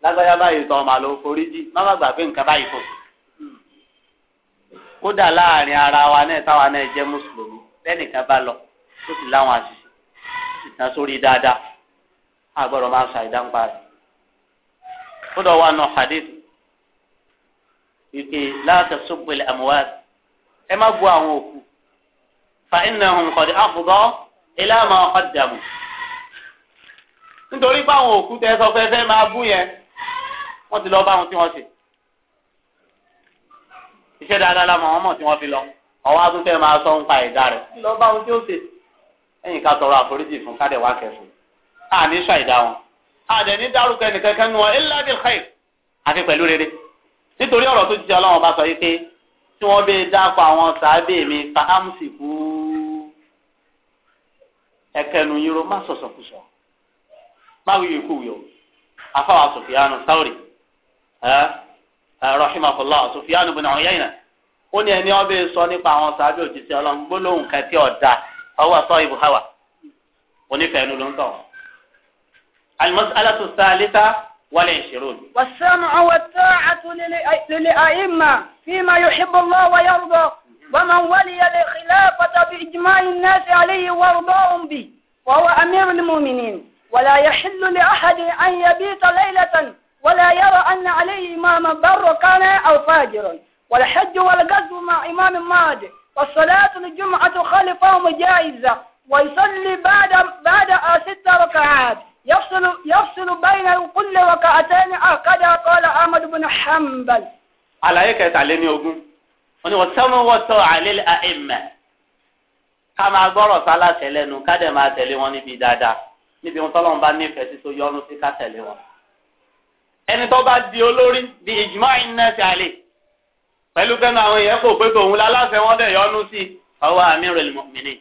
lágbájá báyìí tọ́ màá ló forí jì má má gbà pé nǹkan báyìí kò sí. kódà láàrin ara wa náà táwa náà jẹ́ mùsùlùmí lẹ́nìkan bá lọ tó sì láwọn àṣìṣe ìtàn sórí dáadáa àgbọ̀dọ̀ máa sọ àìdá ń parí kódà wà nù hadith ìpè láti sọ́gbẹ̀lẹ̀ àmúwá ẹ má bu àwọn òkú fa innahum qad afdha ila ma qaddamu nítorí pé àwọn òkú tẹ sọ fẹ́ fẹ́ máa bú yẹn wọ́n ti lọ bá àwọn tí wọ́n ṣe iṣẹ́ dáadáa la mọ̀ mọ̀ tí wọ́n fi lọ ọwọ́ adúfẹ́ máa sọ ń pa rẹ̀ lọ bá àwọn tí ó ṣe ẹ̀yìn ká tọrọ àforíjì fún kádẹ̀ wá kẹfù àní ṣàìdá wọn àdẹ̀ní dárúkọ ẹnìkan kan wọn illa bil khair àfi pẹ̀lú rere nítorí ọ̀rọ̀ tó jíjẹ ọlọ́run bá sọ yìí pé tí wọ́n bẹ dápọ̀ àwọn sàábẹ̀ mi fa amsi kú ẹkẹnu yìí ro má sọ̀sọ̀ kù sọ̀ má wíwì kú wíwò afáwà Sufyanu Thawri rahimahullah Sufyanu bin Uyayna ó ní ẹni ọbẹ̀ sọ nípa àwọn sàábẹ̀ òjíṣẹ́ ọlọ́run gbólóhùn kẹtí ọ̀dà ọwọ́ sọ ibùháwà onífẹ̀ẹ́nu ló ń tọ̀ wọ́n. المسألة الثالثة والعشرون والسمع والطاعة للأئمة فيما يحب الله ويرضى ومن ولي الخلافة بإجماع الناس عليه وارضاهم به وهو أمير المؤمنين ولا يحل لأحد أن يبيت ليلة ولا يرى أن عليه إماما بر كان أو فاجر والحج والقصد مع إمام ماجد والصلاة الجمعة خلفهم جائزة ويصلي بعد بعد ست ركعات يفصل يفصل بين كل ركعتين هكذا قال أحمد بن حنبل على هيك يتعلمي ogun oni wasamu wato alil a'imma ká máa gbọ́rọ̀ sáláṣẹ lẹ́nu ká dẹ̀ máa tẹ̀lé wọn níbi dáadáa níbi wọn tọ́lọ́run bá nífẹ̀ẹ́ sí tó yọ́nú sí ká tẹ̀lé wọn. ẹni tó bá di olórí di ìjùmọ̀ iná ti àlè pẹ̀lú pẹ́ẹ́nu àwọn èèyàn kò pé tòun láláṣẹ wọn dẹ̀ yọ́nú sí ọwọ́ amirul mu'minin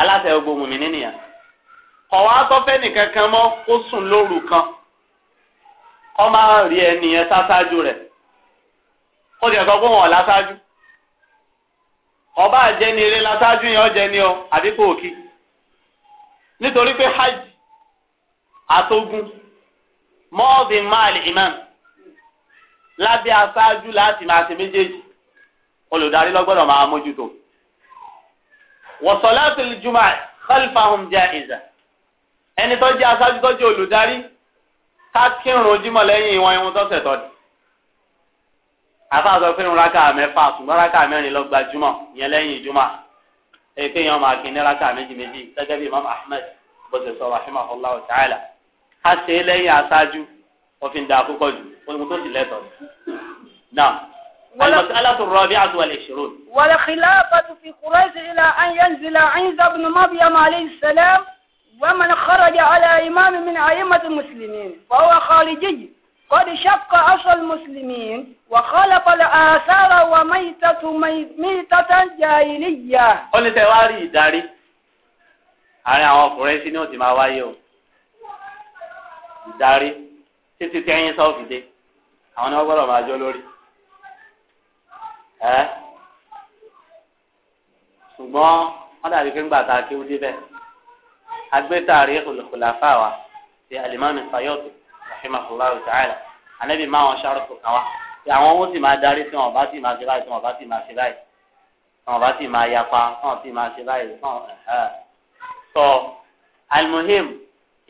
aláṣẹ gbogbo mùmíní nìyẹn kọ̀wá tọ́fẹ́ nìkan kan mọ́ kó sùn lóru kan kọ́ máa rí ẹni yẹn sáṣáájú rẹ̀ kó tiẹ̀ sọ pé wọ́n láṣáájú ọba àjẹni eré láṣáájú yẹn ọ̀jẹ̀ ni ọ àbí kò kí nítorí pé hajj àtógún mọ́ọ̀dì máàlì imam lábẹ́ aṣáájú láti máa ṣe méjèèjì olùdarí lọ́gbọ́dọ̀ máa mójútó wọ̀sọ̀lá tó lè jùmọ̀ khalfahum jaiza ẹni tó jẹ́ aṣáájú tó jẹ́ olùdarí ká kírun ojúmọ́ lẹ́yìn ìwọ̀n irun tó ṣẹ̀tọ́ ni. àfáà sọ pé irun rákà mẹ́fà ṣùgbọ́n rákà mẹ́rin ló gbajúmọ̀ yẹn lẹ́yìn ìjùmọ̀ èyí pé èèyàn máa kí ní rákà méjì méjì gẹ́gẹ́ bí Imam Ahmed bó ṣe sọ rahimahullah ta'ala ká ṣe é lẹ́yìn aṣáájú òfin dà púpọ̀ jù ohun tó sì lẹ́tọ̀ọ́ náà. الرابعة والعشرون ولا خلافة في قريش إلى أن ينزل عيسى بن مريم عليه السلام ومن خرج على إمام من أئمة المسلمين فهو خارجي قد شق عصى المسلمين وخلق الآثار وميتة ميتة جاهلية. ó ní tẹ́wá rí ìdarí àárín àwọn ọkùnrin sí ni ó ti máa wáyé o ìdarí títí tẹ́yìn sọ́ọ̀fì dé àwọn ni wọ́n gbọ́dọ̀ máa jó lórí. ṣùgbọ́n wọ́n dàbí pé ń gbà tá a kéwú débẹ̀ agbẹ́tàrí olùkùlàfà wa ti alimami sayọ́tù rahimahulahu ta'ala anabi máa wọn ṣàròkò kan wa ti àwọn owó sì máa darí tí wọn bá sì máa ṣe báyìí tí wọn bá sì máa ṣe báyìí tí wọn bá sì máa yapa tí wọn sì máa ṣe báyìí tí wọn sọ almuhim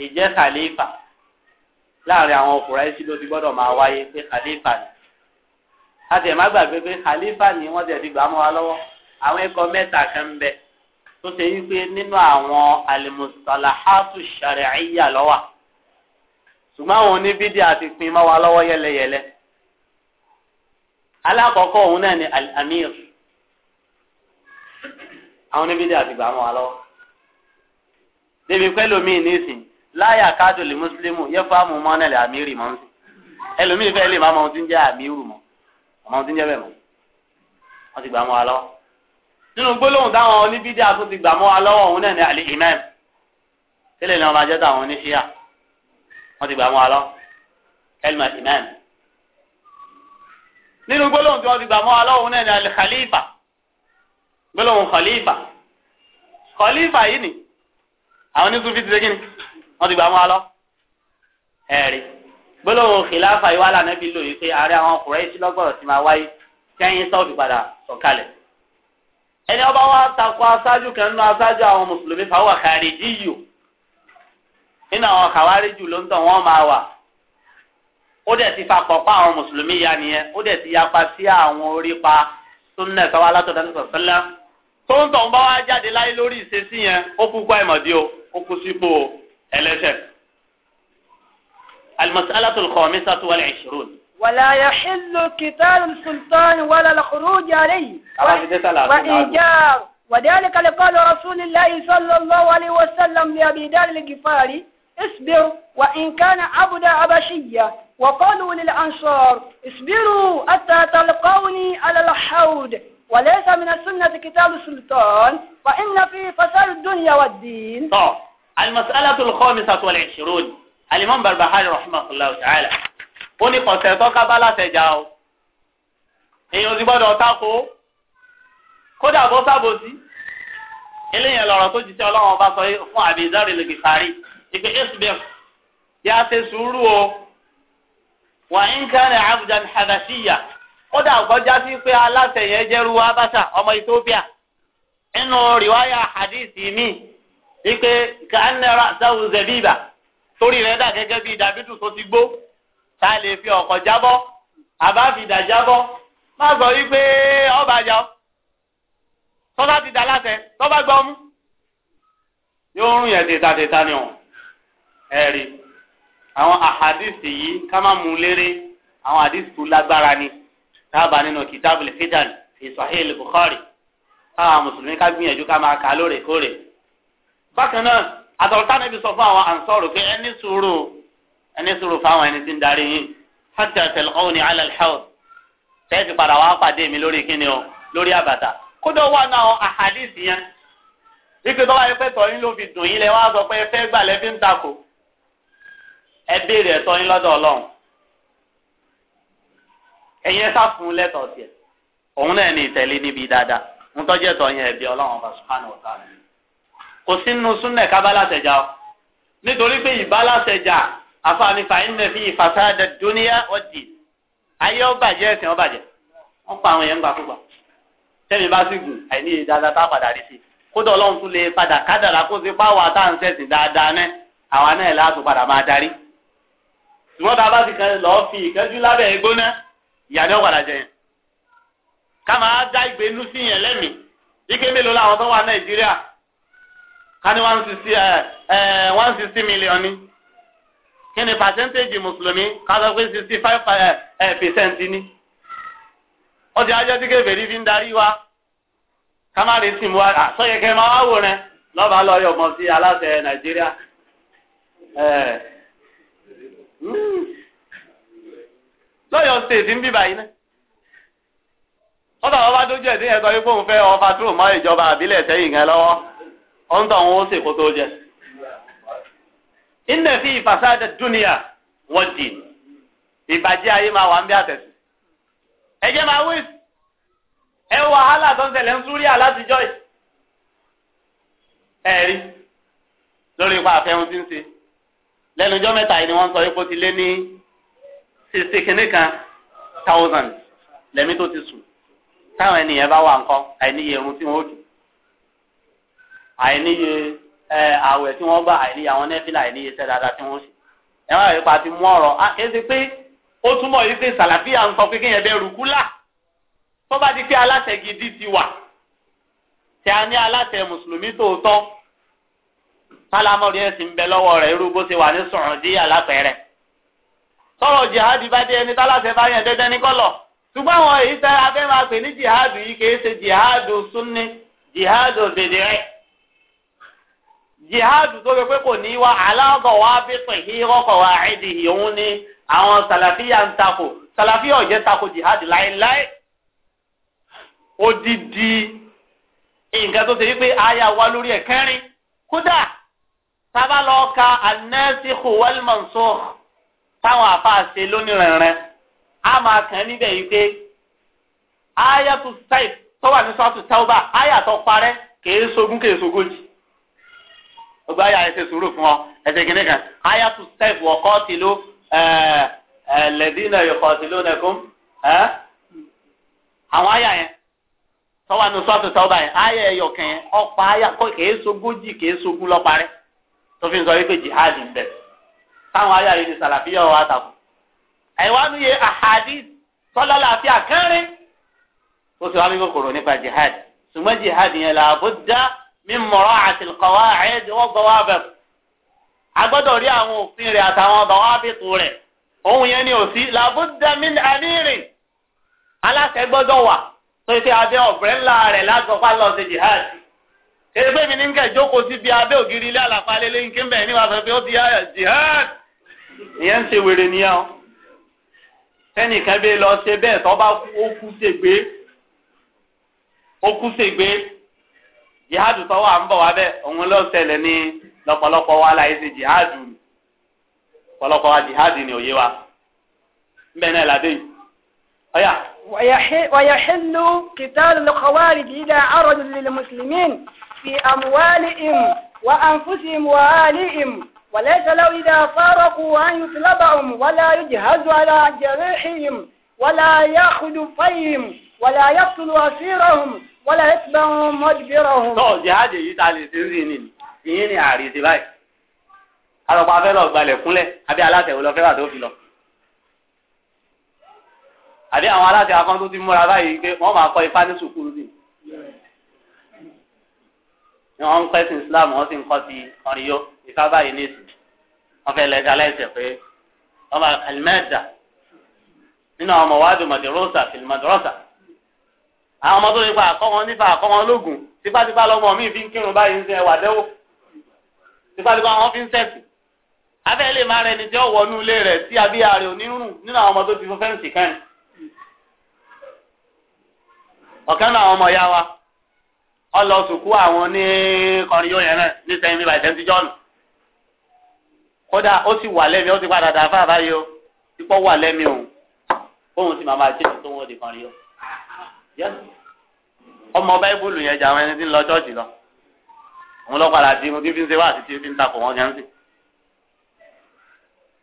ìjẹ́ khalifa láàrin àwọn ọkùnrin ẹ̀sìn ló ti gbọ́dọ̀ máa wáyé pé khalifa ni a tẹ̀ má gbàgbé pé khalifa ni wọ́n tẹ̀ ti gbà mọ́ wa lọ́wọ́ àwọn ikọ̀ mẹ́ta kan ń bẹ tó ṣe wípé nínú àwọn alimusalahatu shari'iyya lọ́wà ṣùgbọ́n àwọn oníbídìí àti pin mọ́ wa lọ́wọ́ yẹlẹyẹlẹ alákọ̀ọ́kọ́ òun náà ni amir àwọn oníbídìí àti gbà mọ́ lọ́wọ́ débi pẹ́lú mi nísìn láyà káàdùn lè mùsùlùmù yẹ fún àmú mọ́ náà lè amírì mọ́ ma ẹlòmíì fẹ́ lè má mọ́ ohun jẹ́ mọ́ ọmọ jẹ́ bẹ́ẹ̀ mọ́ wọ́n ti nínú gbólóhùn táwọn oníbídé àtúntì gbà mọ́ wa lọ́wọ́ òun náà ní àlè imam tẹ́lẹ̀ ní ọmọ ajẹ́tà àwọn oníṣíà wọ́n ti gbà mọ́ wa lọ elma imam nínú gbólóhùn tí wọ́n ti gbà mọ́ wa lọ́wọ́ òun náà ní àlè khalifa gbólóhùn khalifa khalifa yìí ni àwọn oníṣùfì ti ṣe wọ́n ti gbà mọ́ wa lọ ẹ̀rí gbólóhùn khilafa yìí wà lánàá bí lòye pé àárẹ̀ àwọn ọkùnrin ìṣílọ́gbọ̀rọ̀ ti máa wáyé kẹ́yìn sọ́ọ̀fì padà sọ̀kalẹ̀ ẹni ọba wa takọ aṣáájú kan nínú aṣáájú àwọn mùsùlùmí fáwọn kàrídì yìí nínú àwọn kàwárí jù ló ń tàn wọ́n máa wà ó dẹ̀ ti papọ̀ pa àwọn mùsùlùmí ya nìyẹn ó dẹ̀ ti yapa sí àwọn orí pa tó ń nẹ̀sọ́ wa látọ̀dá ní sọ̀sẹ́lẹ̀ tó ń tàn bá wa jáde láyé lórí ìṣesí yẹn ó kú gbọ́ ìmọ̀dí o ó kú sípò ẹlẹ́sẹ̀. al-mas'alatu al-khamisatu wal-'ishrun ولا يحل قتال السلطان ولا الخروج عليه وإيجار وذلك لقال رسول الله صلى الله عليه وسلم لأبي دار الغفاري اصبر وإن كان عبد أبشية وقالوا للأنصار اصبروا حتى تلقوني على الحوض وليس من السنة كتاب السلطان فإن في فساد الدنيا والدين طب المسألة الخامسة والعشرون الإمام بربحاري رحمه الله تعالى ó ní kọ̀sẹ̀ tọ́ka bá látẹ̀jà o èèyàn ti gbọ́dọ̀ tako kódà bó sábòsí eléyìí lọ̀rọ̀ tó jíṣẹ́ ọlọ́run bá sọ fún àbíjárì lè kìfàrí ìpè esbir yà á ṣe sùúrù o wà ń kárẹ̀ àbújá ní hadasiya kódà gbọ́já sí pé aláṣẹ yẹn jẹ́rú abáṣà ọmọ ethiopia nínú rìwáyà hadithi mi ìpè kàánẹ́rà sáwù zẹ̀bíbà torí rẹ̀ dà gẹ́gẹ́ bí dàbídù tó ti gbó. tá a lè fi ọkọ̀ jábọ́ àbáfìdà jábọ́ má sọ wípé ọba jà ọ tọ́lá ti dà láṣẹ tọ́ba gbọ́ mú yóò rún yẹn tètà tètà ni ọ ẹ̀rí àwọn àhàdìsì yìí ká má mú léré àwọn àdìsì tó lágbára ni tábà nínú kìtàbùlì fìdàn ìsọ̀hìlì Bukhari káwọn mùsùlùmí ká gbìyànjú ká máa kà lóòrèkóòrè bákan náà àtọ̀tá níbi sọ fún àwọn ànsọ́rù pé ẹni sùúrù ẹni sùúrù fáwọn ẹni tí ń darí yín hatta talqawni ala al-hawd tẹ́ẹ̀tì padà wá pàdé mi lórí kíni o lórí àbàtà kódà wà náà àhàdìs yẹn wípé tọ́wá yẹn pẹ́ tọ́yìn ló fi dùn yín lẹ wá sọ pé ẹ fẹ́ gbà lẹ́fí ń takò ẹ béèrè ẹ̀tọ́ yín lọ́dọ̀ ọlọ́run ẹ̀yin ẹ sá fún lẹ́tọ̀ọ́ tiẹ̀ òun náà ní ìtẹ̀lé níbi dáadáa ń tọ́jú ẹ̀tọ́ yẹn ẹ̀bí ọlọ́run ọba subhanahu wa ta'ala kò sínú súnnẹ̀ kábàlásẹ̀já o nítorí pé ìbálásẹ̀já afaani fàyín mẹ́fì ìfàsáàdà dúníyà ọ̀dì ayé ó bàjẹ́ ẹ̀sìn ó bàjẹ́ wọ́n pa àwọn yẹn ń gbà fúgbà tẹ́mi bá sì gùn àìní yìí dáadáa tá a padà rí sí i kódà ọlọ́run tún lè padà kádàrá kó ṣe báwa tá à ń sẹ̀sìn dáadáa náà àwa náà láti padà máa darí ṣùgbọ́n tá a bá ti kan lọ́ọ́ fi ìkẹ́jú lábẹ́ ìgbóná ìyá ni jẹ yẹn ká máa dá ìgbénú sí yẹn lẹ́mìí ike mélòó làwọn tó wà Nàìjíríà ká ní one sixty eh, eh, million ni kini ni pàṣẹ́ntéèjì mùsùlùmí ká pé sixty five eh, eh, percent ni wọ́n ti ajọ́ tí kébèrè fi ń darí wa wa máa wá wò rẹ sí aláṣẹ Nàìjíríà. Eh. Hmm. stéètì ń bí báyìí dójú sí yẹn sọ pé fóun inna fi ìfàsáàdà dúnìyà wọ́n dì ní ìbàjẹ́ ayé máa wà ń bí àtẹ̀sí. ẹ jẹ́ máa wí ẹ wàhálà tó ń tẹ̀lé ń súrí àlátijọ́ yìí. ẹ rí lórí ipa àfẹ́hùn tí ń ṣe lẹ́nu ọjọ́ mẹ́ta yìí ni wọ́n sọ epo ti lé ní sixty kìíní kan thousand lẹ́mí tó ti sùn táwọn ènìyàn bá wà ńkọ́ àìníye irun tí wọ́n ó dùn àìníye àwẹ̀ tí wọ́n gbà àìní àwọn nẹ́fìlà àìní iṣẹ́ dáadáa tí wọ́n ṣe ẹ má rí pa ti mú ọ̀rọ̀ ẹ ti pé ó túmọ̀ yìí pé sàlàfíà ń sọ pé kéèyàn bẹ́ẹ̀ rúkú là tó bá di pé aláṣẹ gidi ti wà tí a ní aláṣẹ mùsùlùmí tòótọ́ sálámọ̀rí ẹ̀sìn ń bẹ lọ́wọ́ rẹ̀ irú bó ṣe wà ní sọ̀rọ̀dí alápẹ̀rẹ̀ sọ̀rọ̀ jihadi bá dé ẹni táláṣẹ bá yẹn dẹ́dẹ́ ní kọ́lọ̀ ṣùgbọ́n àwọn èyí tẹ́ abẹ́ máa pè ní jihadu yìí kì í ṣe jihadu sunni jihadu bèdè rẹ̀ jihad tó fẹ́ pé kò ní wá aláàbọ̀ wá bí pèhí rọ́kọ̀ wá ẹ̀dì òun ni àwọn sàlàfíà ń takò sàlàfíà ọ̀jẹ́ takò jihad láéláé odidi nǹkan tó ṣe wípé aya wá lórí ẹ̀ kẹrin kódà sábà lọ ka anẹ́sìkò wẹ́lmọ̀nsó táwọn àfàṣe lónìrẹ̀rẹ̀ a máa kàn níbẹ̀ yìí pé aya tó sáì tọ́wà ní sọ́ọ̀tù tẹ́wọ́ bá aya tó parẹ́ kèé sogún kèé sogójì gbogbo ayé àyẹ̀sẹ̀ sùúrù fún ọ ẹsẹ̀ kìnìún kan ayé tó sẹ́ẹ̀f wọ̀ kọ́ ti ló lẹ́dínà yóò kọ́ ti ló nẹ̀kún àwọn ayé yẹn tọ́wọ́ àti sọ́ọ̀tù tọ́ba yẹn ayé ẹ̀yọ̀ kẹ́yìn ọ̀pọ̀ ayé kèé sogójì kèé sogún lọ́parẹ́ tó fi ń sọ wípé jihad ń bẹ̀ táwọn ayé yìí ni sàlàfíà wà tàkùn àìwá nu yẹ àhàdí tọ́lá làáfíà ó sì wá mí kòkòrò nípa jihad ṣùgbọ́n jihad yẹn làbó dá min mura'ati al-qawa'id wa dawabit agbọ́dọ̀ rí àwọn òfin rẹ̀ àtàwọn dawabit rẹ̀ ohun yẹn ni ò sí làbúdà min amírin aláṣẹ gbọ́dọ̀ wà tó ṣe abẹ́ ọ̀bẹ ńlá rẹ̀ lágbọ́pá lọ sí jihad kébé mi ní ń kẹ́ jókòó sí bí abẹ́ ògiri ilé àlàfà lélẹ́ ní kébẹ̀ ní wàá sọ pé ó ti jihad ìyẹn jihadu tọwọ à ń bọ̀ wá bẹ òun ló ń ṣẹlẹ̀ ní lọ́pọ̀lọpọ̀ wa láyé sí jihadu lọ́pọ̀lọpọ̀ wa jihadu ni òye wa mbẹ náà ládé yìí ọyà. ويحل قتال الخوارج إذا عرضوا للمسلمين في أموالهم وأنفسهم وآلهم وليس له إذا فارقوا أن يطلبهم ولا يجهز على جريحهم ولا يأخذ فيهم ولا يقتل أسيرهم wọ́n lè ti bá wọn mọ́dìbírọ̀ wọn. tọ́ọ̀ jihad yìí ta lè ṣe sí ni ìyín ni àrètí báyìí alọ́pàá afẹ́ lọ gbalẹ̀ kúnlẹ̀ àbí alátẹ̀wò lọ fẹ́ bàtó fi lọ. àbí àwọn alátẹ̀ akọ́ tó ti múra báyìí pé wọ́n máa kọ́ ifá ní sùkúrú bì. ni wọ́n ń kọ́ ẹ̀sìn Islam wọ́n sì ń kọ́ sí ọ̀rìn yó báyìí ní ìsìn wọ́n fẹ́ lẹ́ga lẹ́sẹ̀ pé wọ́n máa kàlímẹ́ẹ̀dà nínú àwọn ọmọ wáàdù mọ̀dẹ́rọ́sà fìlímọ̀dẹ́rọ́sà àwọn ọmọ tó nípa àkọ́ wọn nípa àkọ́ wọn lóògùn tipátipá lọ́mọ mi fi ń kírun báyìí ń sẹ́ wà dẹ́wò tipátipá wọn fi ń sẹ́sì abẹ́ lè máa rẹ ẹni tí ó wọnú ilé rẹ̀ sí abíyá rẹ̀ onírúurú nínú àwọn ọmọ tó ti fún fẹ́ǹsì kan ọ̀kan náà àwọn ọmọ ya wa ọ lọ sùkú àwọn ní kọrin yóò yẹn náà ní sẹ́yìn bíbá ìtẹ́ntí jọ́ọ̀nù kódà ó sì wà lẹ́mi ó ti padà dà fáà báyìí o ipò wà lẹ́mi òun òun sì máa máa ṣètò ọmọ báíbùlù yẹn jà ẹni tí ń lọ ṣọ́ọ̀ṣì lọ òun lọ padà di mo tí fi ń ṣe wá àti tí fi ń takò wọn yẹn ń sè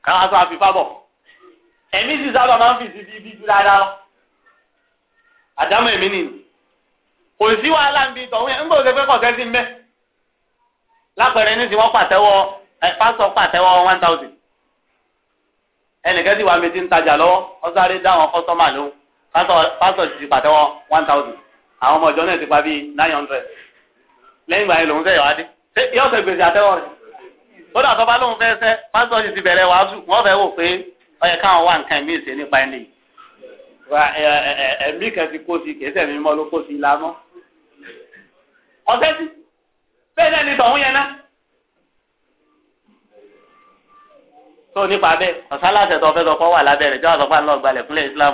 káwá sọ àfipá bọ̀ ẹ̀mí sì sábà máa ń fi sí ibi ju dáadáa lọ àdámọ̀ ẹ̀mí nìyí kò sí wàhálà ń bi tọ̀hún yẹn ń gbọ́dọ̀ pé kọ̀ọ̀kẹ́ sí ń bẹ́ ní ti wọ́n pàtẹ́wọ́ ẹ pásọ̀ pàtẹ́wọ́ one thousand ẹnìkan sì wà mí ti ń tajà lọ́wọ́ ọ sáré dá kọ́sọ́mà lóhùn pásítọ̀ ti pàtẹ́wọ́ one thousand àwọn ọmọ ìjọ náà ti pa bíi nine hundred lẹ́yìn ìgbà yẹn lòún fẹ́ yọ̀wá dé yóò fẹ́ gbèsè àtẹ́wọ́ rẹ̀ kódà tó bá lóun fẹ́ sẹ́ pásítọ̀ ti ti bẹ̀rẹ̀ wàásù wọ́n fẹ́ wò pé ó káwọn wá nǹkan míì ṣe nípa ẹni ẹ̀mí kan ti kó sí kìí sẹ́mi mọ́ ló kó sí lánàá ọ̀sẹ̀ tí bẹ́ẹ̀ náà ni tọ̀hún yẹn náà. tó nípa bẹ́ẹ̀ ọ̀sán láṣẹ tó fẹ́ sọ fọ́ wà lábẹ́rẹ̀ jọ́wọ́ sọ fún àlọ́ ìgbàlẹ̀ fúnlẹ̀ Islam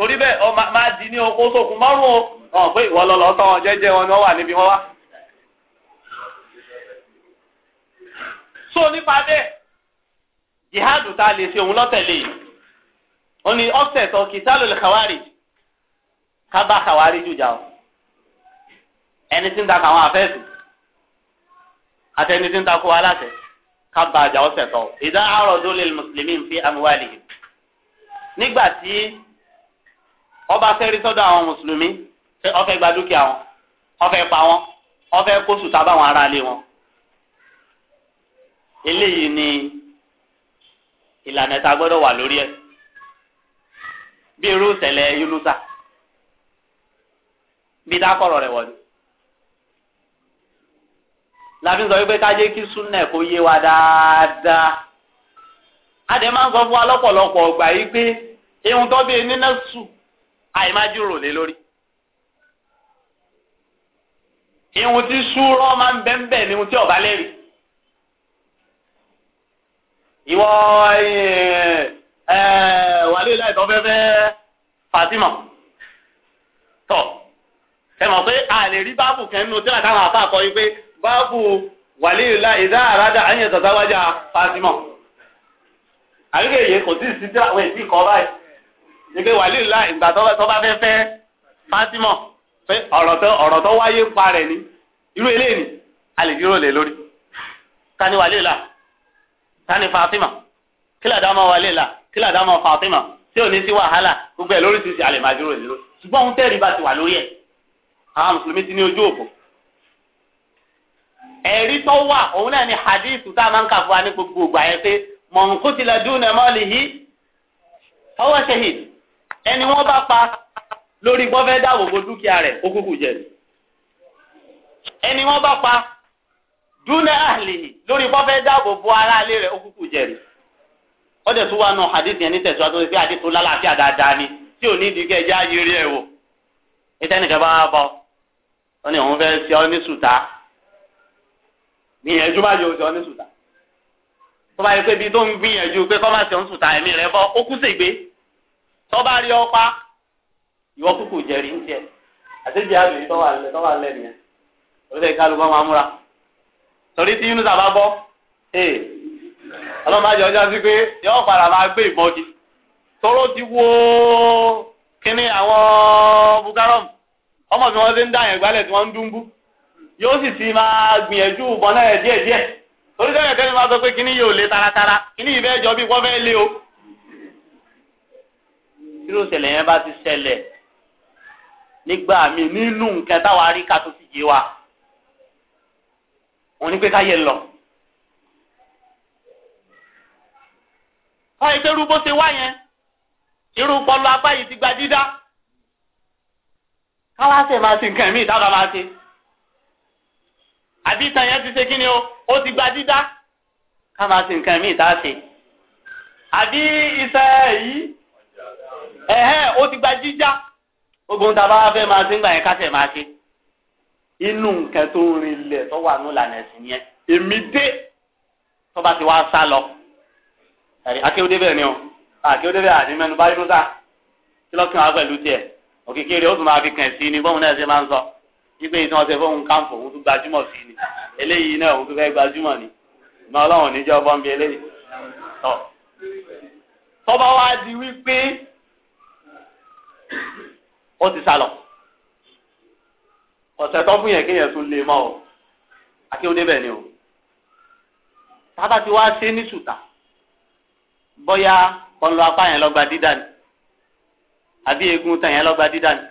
torí bẹ́ẹ̀ ọ máa di ní oko sókun márùn-ún o pé ìwọ lọ lọ́ọ́ tọ́wọ́ jẹ́jẹ́ wọn ni wọ́n wà níbi wọn wá. so nípa bẹ́ẹ̀ jihadu tá lè ṣe òun lọ́tẹ̀lé yìí wọ́n ní ọ̀sẹ̀ sọ kìtàlù lè kàwárì ká bá kàwárì jùjà o ẹni tí ń takò àwọn àfẹ́sì àti ẹni tí ń takò aláṣẹ ká bá àjà ọ̀sẹ̀ sọ ìdá àròdó lè mùsùlùmí fi àmúwálì nígbà tí ọba fẹ́ rí sọ́dọ̀ àwọn mùsùlùmí ó fẹ́ gba dúkìá wọn ó fẹ́ pa wọn ó fẹ́ kó sùtà báwọn aráalé wọn. eléyìí ni ìlànà tá a gbọ́dọ̀ wà lórí ẹ̀ bí irú ìṣẹ̀lẹ̀ Yunusa bí dákọ̀rọ̀ rẹ̀ wọ̀nyí. làbí sọ wípé ká jẹ́ kí súnà kó yé wa dáadáa. a dẹ̀ máa ń sọ fún wa lọ́pọ̀lọpọ̀ ọgbà yìí pé ihun tó bí nínú sùn. àyè má jíròrò lé lórí. ìhun tí súrọ́ máa ń bẹ́ńbẹ́ ni ìhun tí ọ̀bá lẹ́rì. ìwọ wàlẹ́ láì tọ́ fẹ́fẹ́ Fatima tọ̀ ẹ mọ̀ pé a lè rí báàbù kẹ́nu tí àtàwọn àfa kọ́ yìí pé báàbù wàlẹ́ láì ìdá àràdà àyẹ̀tọ̀ sáwájà Fatima. àríkèyè kò tí ì sí tí àwọn èsì kọ́ báyìí. ìgbé wàlíì ńlá ìgbà tó bá fẹ́ fẹ́ Fátímọ̀ pé ọ̀rọ̀ tó ọ̀rọ̀ tó wáyé pa rẹ̀ ni irú eléyìí ni a lè dúró lé lórí tani wàlíì ńlá tani Fátímà kílà dámọ̀ wàlíì ńlá kílà dámọ̀ Fátímà tí ò ní sí wàhálà gbogbo ẹ̀ lórí ti ṣe a lè máa dúró lé lórí ṣùgbọ́n òun tẹ́rì bá ti wà lórí ẹ̀ àwọn mùsùlùmí ti ní ojú òpó ẹ̀rí tó wà òun náà ni hadithu tá a máa ń kà fún wa ní gbogbo ìgbà yẹn pé mọ̀nkútìlá dúnà mọ́lì yìí fọwọ́ ṣe hìí ẹni wọ́n bá pa lórí wọ́n fẹ́ dáàbò bo dúkìá rẹ̀ ó kúkú jẹ ẹni wọ́n bá pa dúnà àlè lórí wọ́n fẹ́ dáàbò bo aráalé rẹ̀ ó kúkú jẹ ó dẹ̀ tún wà nù hadith yẹn ní tẹ̀síwájú pé hadith tó lálàáfíà dáadáa ni tí ò ní ìdíkẹ́ ẹjẹ́ ayérí ẹ̀ wò ìtẹ́nìkan bá bọ̀ ó ní òun fẹ́ ṣe ọ ní sùtá gbìyànjú bá yọ ọ ṣe ọ ní sùtá tó bá yẹ pé ibi tó ń gbìyànjú pé kọ́ máa ṣe ọ ní sùtá ẹ̀mí rẹ̀ bọ́ ó kú sí ìgbé. tọ́ba rí ọpá ìwọ kúkú jẹ̀rí ń tiẹ̀ àtẹ̀jẹ̀ àgbẹ̀ tọ́wà lẹ́nu yẹn orílẹ̀ kálukọ́ máa múra torí tí yunus àbá bọ́ ee eh, ọlọ́mọ àjọ ọjọ́ sí pé yọ padà máa gbé ti wo kíní àwọn bukarom ọmọ bí wọn ti ń dá yẹn gbálẹ̀ tí wọ́n ń dúnbú yóò sì ti máa gbìyànjú ìbọn náà torí sẹ́yìn sọ pé kíní yóò taratara irú ìṣẹ̀lẹ̀ yẹn bá ti ṣẹlẹ̀ nígbà míì nínú nǹkan táwa rí ká tó ti yé wa òun ni pé ká yẹ lọ. wọ́n yìí pẹ́rú bó ṣe wá yẹn irú pọlọ apá yìí ti gba dídá káwá máa ṣe nǹkan míì táwa máa ṣe àbí ìtàn yẹn ti ṣe kí ni o ó ti gba dídá ká máa ṣe nǹkan míì tá ṣe àbí ìṣe yìí ẹ̀hẹ́ o ti gba jíjá ogun tá a bá fẹ́ máa ṣe ń gbà yẹn kásẹ̀ máa ṣe inú nǹkan tó ń rinlẹ̀ tó wà ní ìlànà ẹ̀sìn yẹn èmi dé tó bá ti wá sá lọ akéwòdé bẹ́ẹ̀ ni o akéwòdé bẹ́ẹ̀ àti mẹ́nu báyìí lóta kí lọ́kàn wá pẹ̀lú tiẹ̀ òkèkèrè ó tún máa fi kàn sí ni bọ́ọ̀mù náà ṣe máa ń sọ wípé ìtàn ọ̀sẹ̀ fóun káńpọ̀ òun tún gbajúmọ̀ sí ni eléyìí náà òun tún fẹ́ gbajúmọ̀ ni ìmọ̀ ọlọ́run níjọ́ bọ́m̀bì eléyìí tọ́ tọ́ba wá di wípé ó ti sálọ ọ̀sẹ̀ tó fún yẹn kéèyàn tún lè mọ́ o akéwòdé bẹ́ẹ̀ ni o tábà tí wàá ṣe ní sùtà bóyá ọlọ apá yẹn lọ́gba dídà ni àbí egun tàn yẹn lọ́gba dídà ni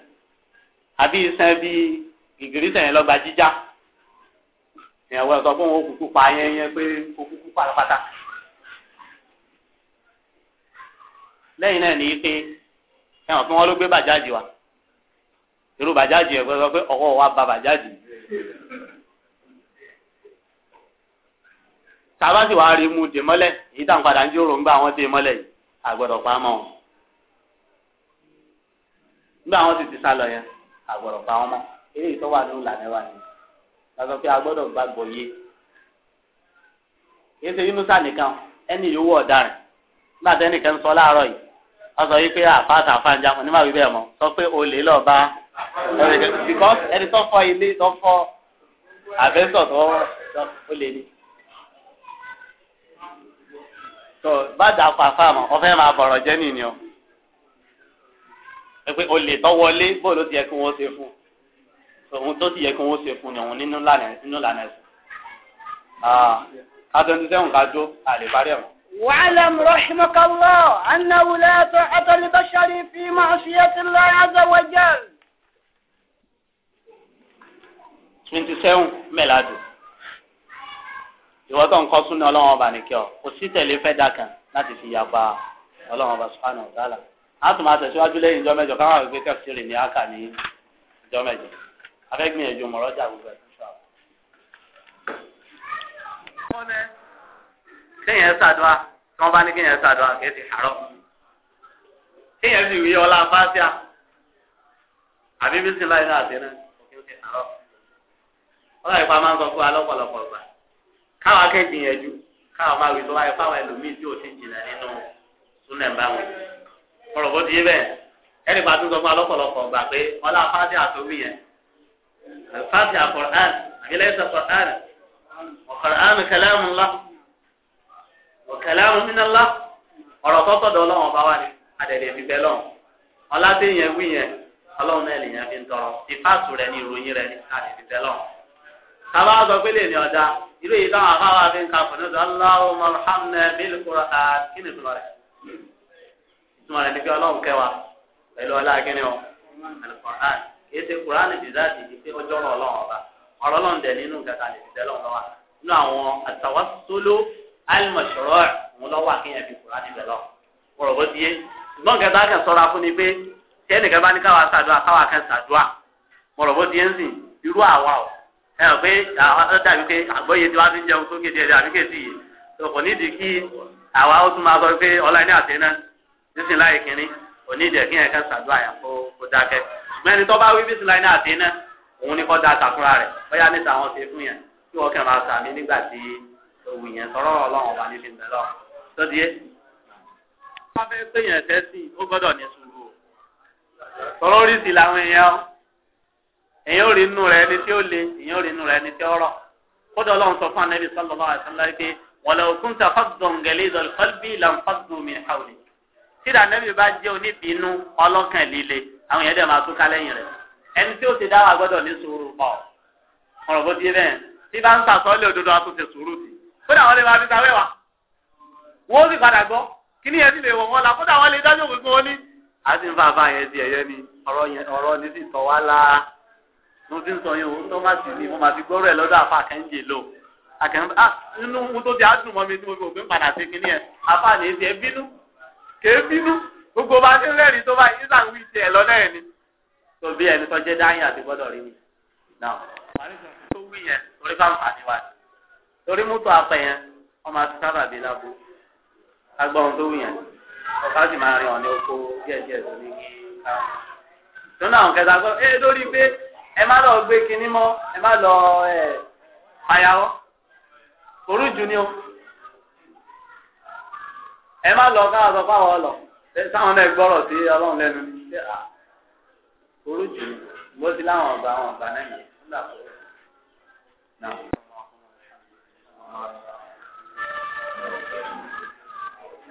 àbí iṣan bí gìgìrì tàn yẹn lọ́gba jíjá ìyàwó ẹ̀ sọ fún òun òkùnkùn pa yẹn yẹn pé òkùnkùn pa pátá lẹ́yìn náà ní pé. ẹ̀wọ̀n fún wọn ló gbé bàjáàjì wa irú bàjáàjì ẹ̀ gbọ́dọ̀ pé wa ba bàjáàjì. tàbá wàá rí mu dè mọ́lẹ̀ èyí tá à ń padà ń jòrò wọn dè mọ́lẹ̀ yìí àgbọ̀dọ̀ pa mọ́ wọn. wọn ti yẹn pa wọn wà nínú wa ni pé yé ṣe wọ́n sọ wípé àfáàtà àfáàjà mo ní màá wí bẹ́ẹ̀ mọ́ sọ pé olè lọ bá ẹni tó fọ́ ilé tó fọ́ àfẹ́sọ̀ tó olè ni. tó bá dàpọ̀ àfáàmọ̀ ọ̀fẹ́ máa bọ̀rọ̀ jẹ́ nìyí o pé olè tó wọlé bóòlù ti yẹ kí wọ́n ṣe fún òun tó ti yẹ kí wọ́n ṣe fún ni òun nínú lànà ẹ̀sìn. Ah, ká tó ń tẹ́wọ̀n ká jó àlè parí ẹ̀wọ̀n. واعلم رحمك الله أنه لا طاعة لبشر في معصية الله عز وجل. 27 tó ń kọ́ súnú ọlọ́run ọba nìkẹ́ ọ kò sí tẹ̀lé fẹ́ dà láti fi yapa ọlọ́run ọba sùpánù ọ̀dàlà á máa tẹ̀síwájú lẹ́yìn ìjọ mẹ́jọ káwọn àgbẹ̀ kẹ́fì rè ní áká ní ìjọ mẹ́jọ afẹ́gbìyànjú mọ̀rọ́jà gbogbo ẹ̀ tó ṣọ́ kéèyàn ṣàdúrà tí wọ́n bá ní kéèyàn ti kéèyàn sì wí ọlá fásíà àbí bí àti máa ń sọ fún wa lọ́pọ̀lọpọ̀ gbà káwa gbìyànjú káwa máa wí ẹlòmíì tí ò ti jìnà nínú ọ̀rọ̀ bó ti yé bẹ́ẹ̀ ẹnì bá tún sọ fún wa lọ́pọ̀lọpọ̀ gbà pé ọlá fásíà tó yẹn fásíà kọ̀ọ̀án àbí lẹ́sẹ̀ kọ̀ọ̀án ọ̀kẹ́láhùn nínú ńlá ọ̀rọ̀ tọ́tọ̀dọ̀ ọlọ́run ọba wa ni adẹ̀lẹ̀ mi bẹ́ lọ́run ọládé yẹn wí yẹn ọlọ́run náà fi ń tọrọ ìfàtù rẹ ni ìròyìn rẹ ni adẹ̀ mi bẹ́ sábà sọ pé lè ní ọjà irú èyí táwọn afáwà fi ń ka fún ni pé ọlọ́run kẹwàá pẹ̀lú ọlá akínní o alukoran kìí ṣe kuran bizaati pé ọjọ́ ọba nínú alimọ̀ṣọ̀rọ̀ òun lọ́wọ́ àkínyàn fi kura níbẹ̀ lọ. wọ́n bó ti yé ṣùgbọ́n kẹta kan sọ̀rọ̀ fún ni pé tí ẹnìkan bá ní káwa ṣàdúrà káwa kan ṣàdúrà wọ́n bó ti yé ń sìn irú àwa o ẹ hàn pé àwọn dàbí pé àgbọ̀yé tí wọ́n fi ń jẹun sókè díẹ̀ dàbí kèsì yìí kò ní ìdí kí àwa ó tún máa sọ pé ọlá ní àtẹ náà nísìn láì kínní kò ní ìdí kíyàn kan ṣàdúrà yẹn kó dákẹ́ ṣùgbọ́n ẹni tó bá wí bísí láì ní àtẹ òun ni kò àtàkùnra rẹ̀ bóyá níta àwọn ṣe fún yẹn kí wọ́n kàn máa sàmì nígbà tí òwò yẹn tọrọ ọlọ́run ọba níbi ìbẹ lọ sọdí ẹ wọn fẹẹ pé yẹn tẹsí ó gbọ́dọ̀ ní sùúrù o tọrọ oríṣi làwọn èèyàn èèyàn ò rí inú rẹ ẹni tí ó le èèyàn ò rí inú rẹ ẹni tí ó rọ̀ kódà ọlọ́run sọ fún anabi sọlọ lọ àti ńlá pé walau kunta faddan ghalizal qalbi lanfaddu min hawli tíra anabi bá jẹ oníbínú ọlọ́kàn líle àwọn yẹn dẹ máa tún kálẹyìn rẹ ẹni tí ó ti dáwà gbọ́dọ̀ ní sùúrù pọ ọ̀rọ̀ bó ti bẹ́ẹ̀ tí bá ń sàsọlẹ òdodo a tún ti sùúrù sí kódà wọn lè máa fi ta wẹ́wà wọ́n sì padà gbọ́ kí ni ẹtí lè wọ̀ wọn la kódà wọn lè dájọ́ gbogbo wọn ní. àti ń fàáfà yẹn ti ẹ̀yẹ ni ọ̀rọ̀ yẹn ọ̀rọ̀ ni sì tọ̀ wá la mo ti ń sọ yẹn o tó má sì ni mo máa fi gbọ́rọ̀ ẹ̀ lọ́dọ̀ àfa kẹ́ńjẹ lò àkẹ́ńjẹ ah inú ohun tó ti àdùn mọ́ mi tí mo fi òfin padà sí kinní ẹ̀ àfa ni èsì ẹ bínú kè é bínú gbogbo bá ti rẹ́rìn tó bá yín sàn wí tiẹ̀ lọ́dọ̀ ẹ̀ ni. tó bí ẹni tó jẹ́ dáhìn àti gbọ́dọ̀ rí mi torí mútu apẹ̀yẹn wọ́n máa sábà bí lábú agbọ́n tó wùyàn ọ̀ká sì máa rìn ọ̀nà oko díẹ̀díẹ̀ tó ní kí káwọn. tóun náà kẹta gbọ́ ẹ lórí pé ẹ má lọ gbé kinní mọ́ ẹ má lọ ẹ fàyàwọ́ torú jù ni o ẹ má lọ káwọn sọ fáwọn ọlọ sáwọn náà gbọ́rọ̀ sí ọlọ́run lẹ́nu ní torú jù ni bó ti láwọn ọgbà àwọn ọgbà náà yẹn nígbà tó náà. Amen.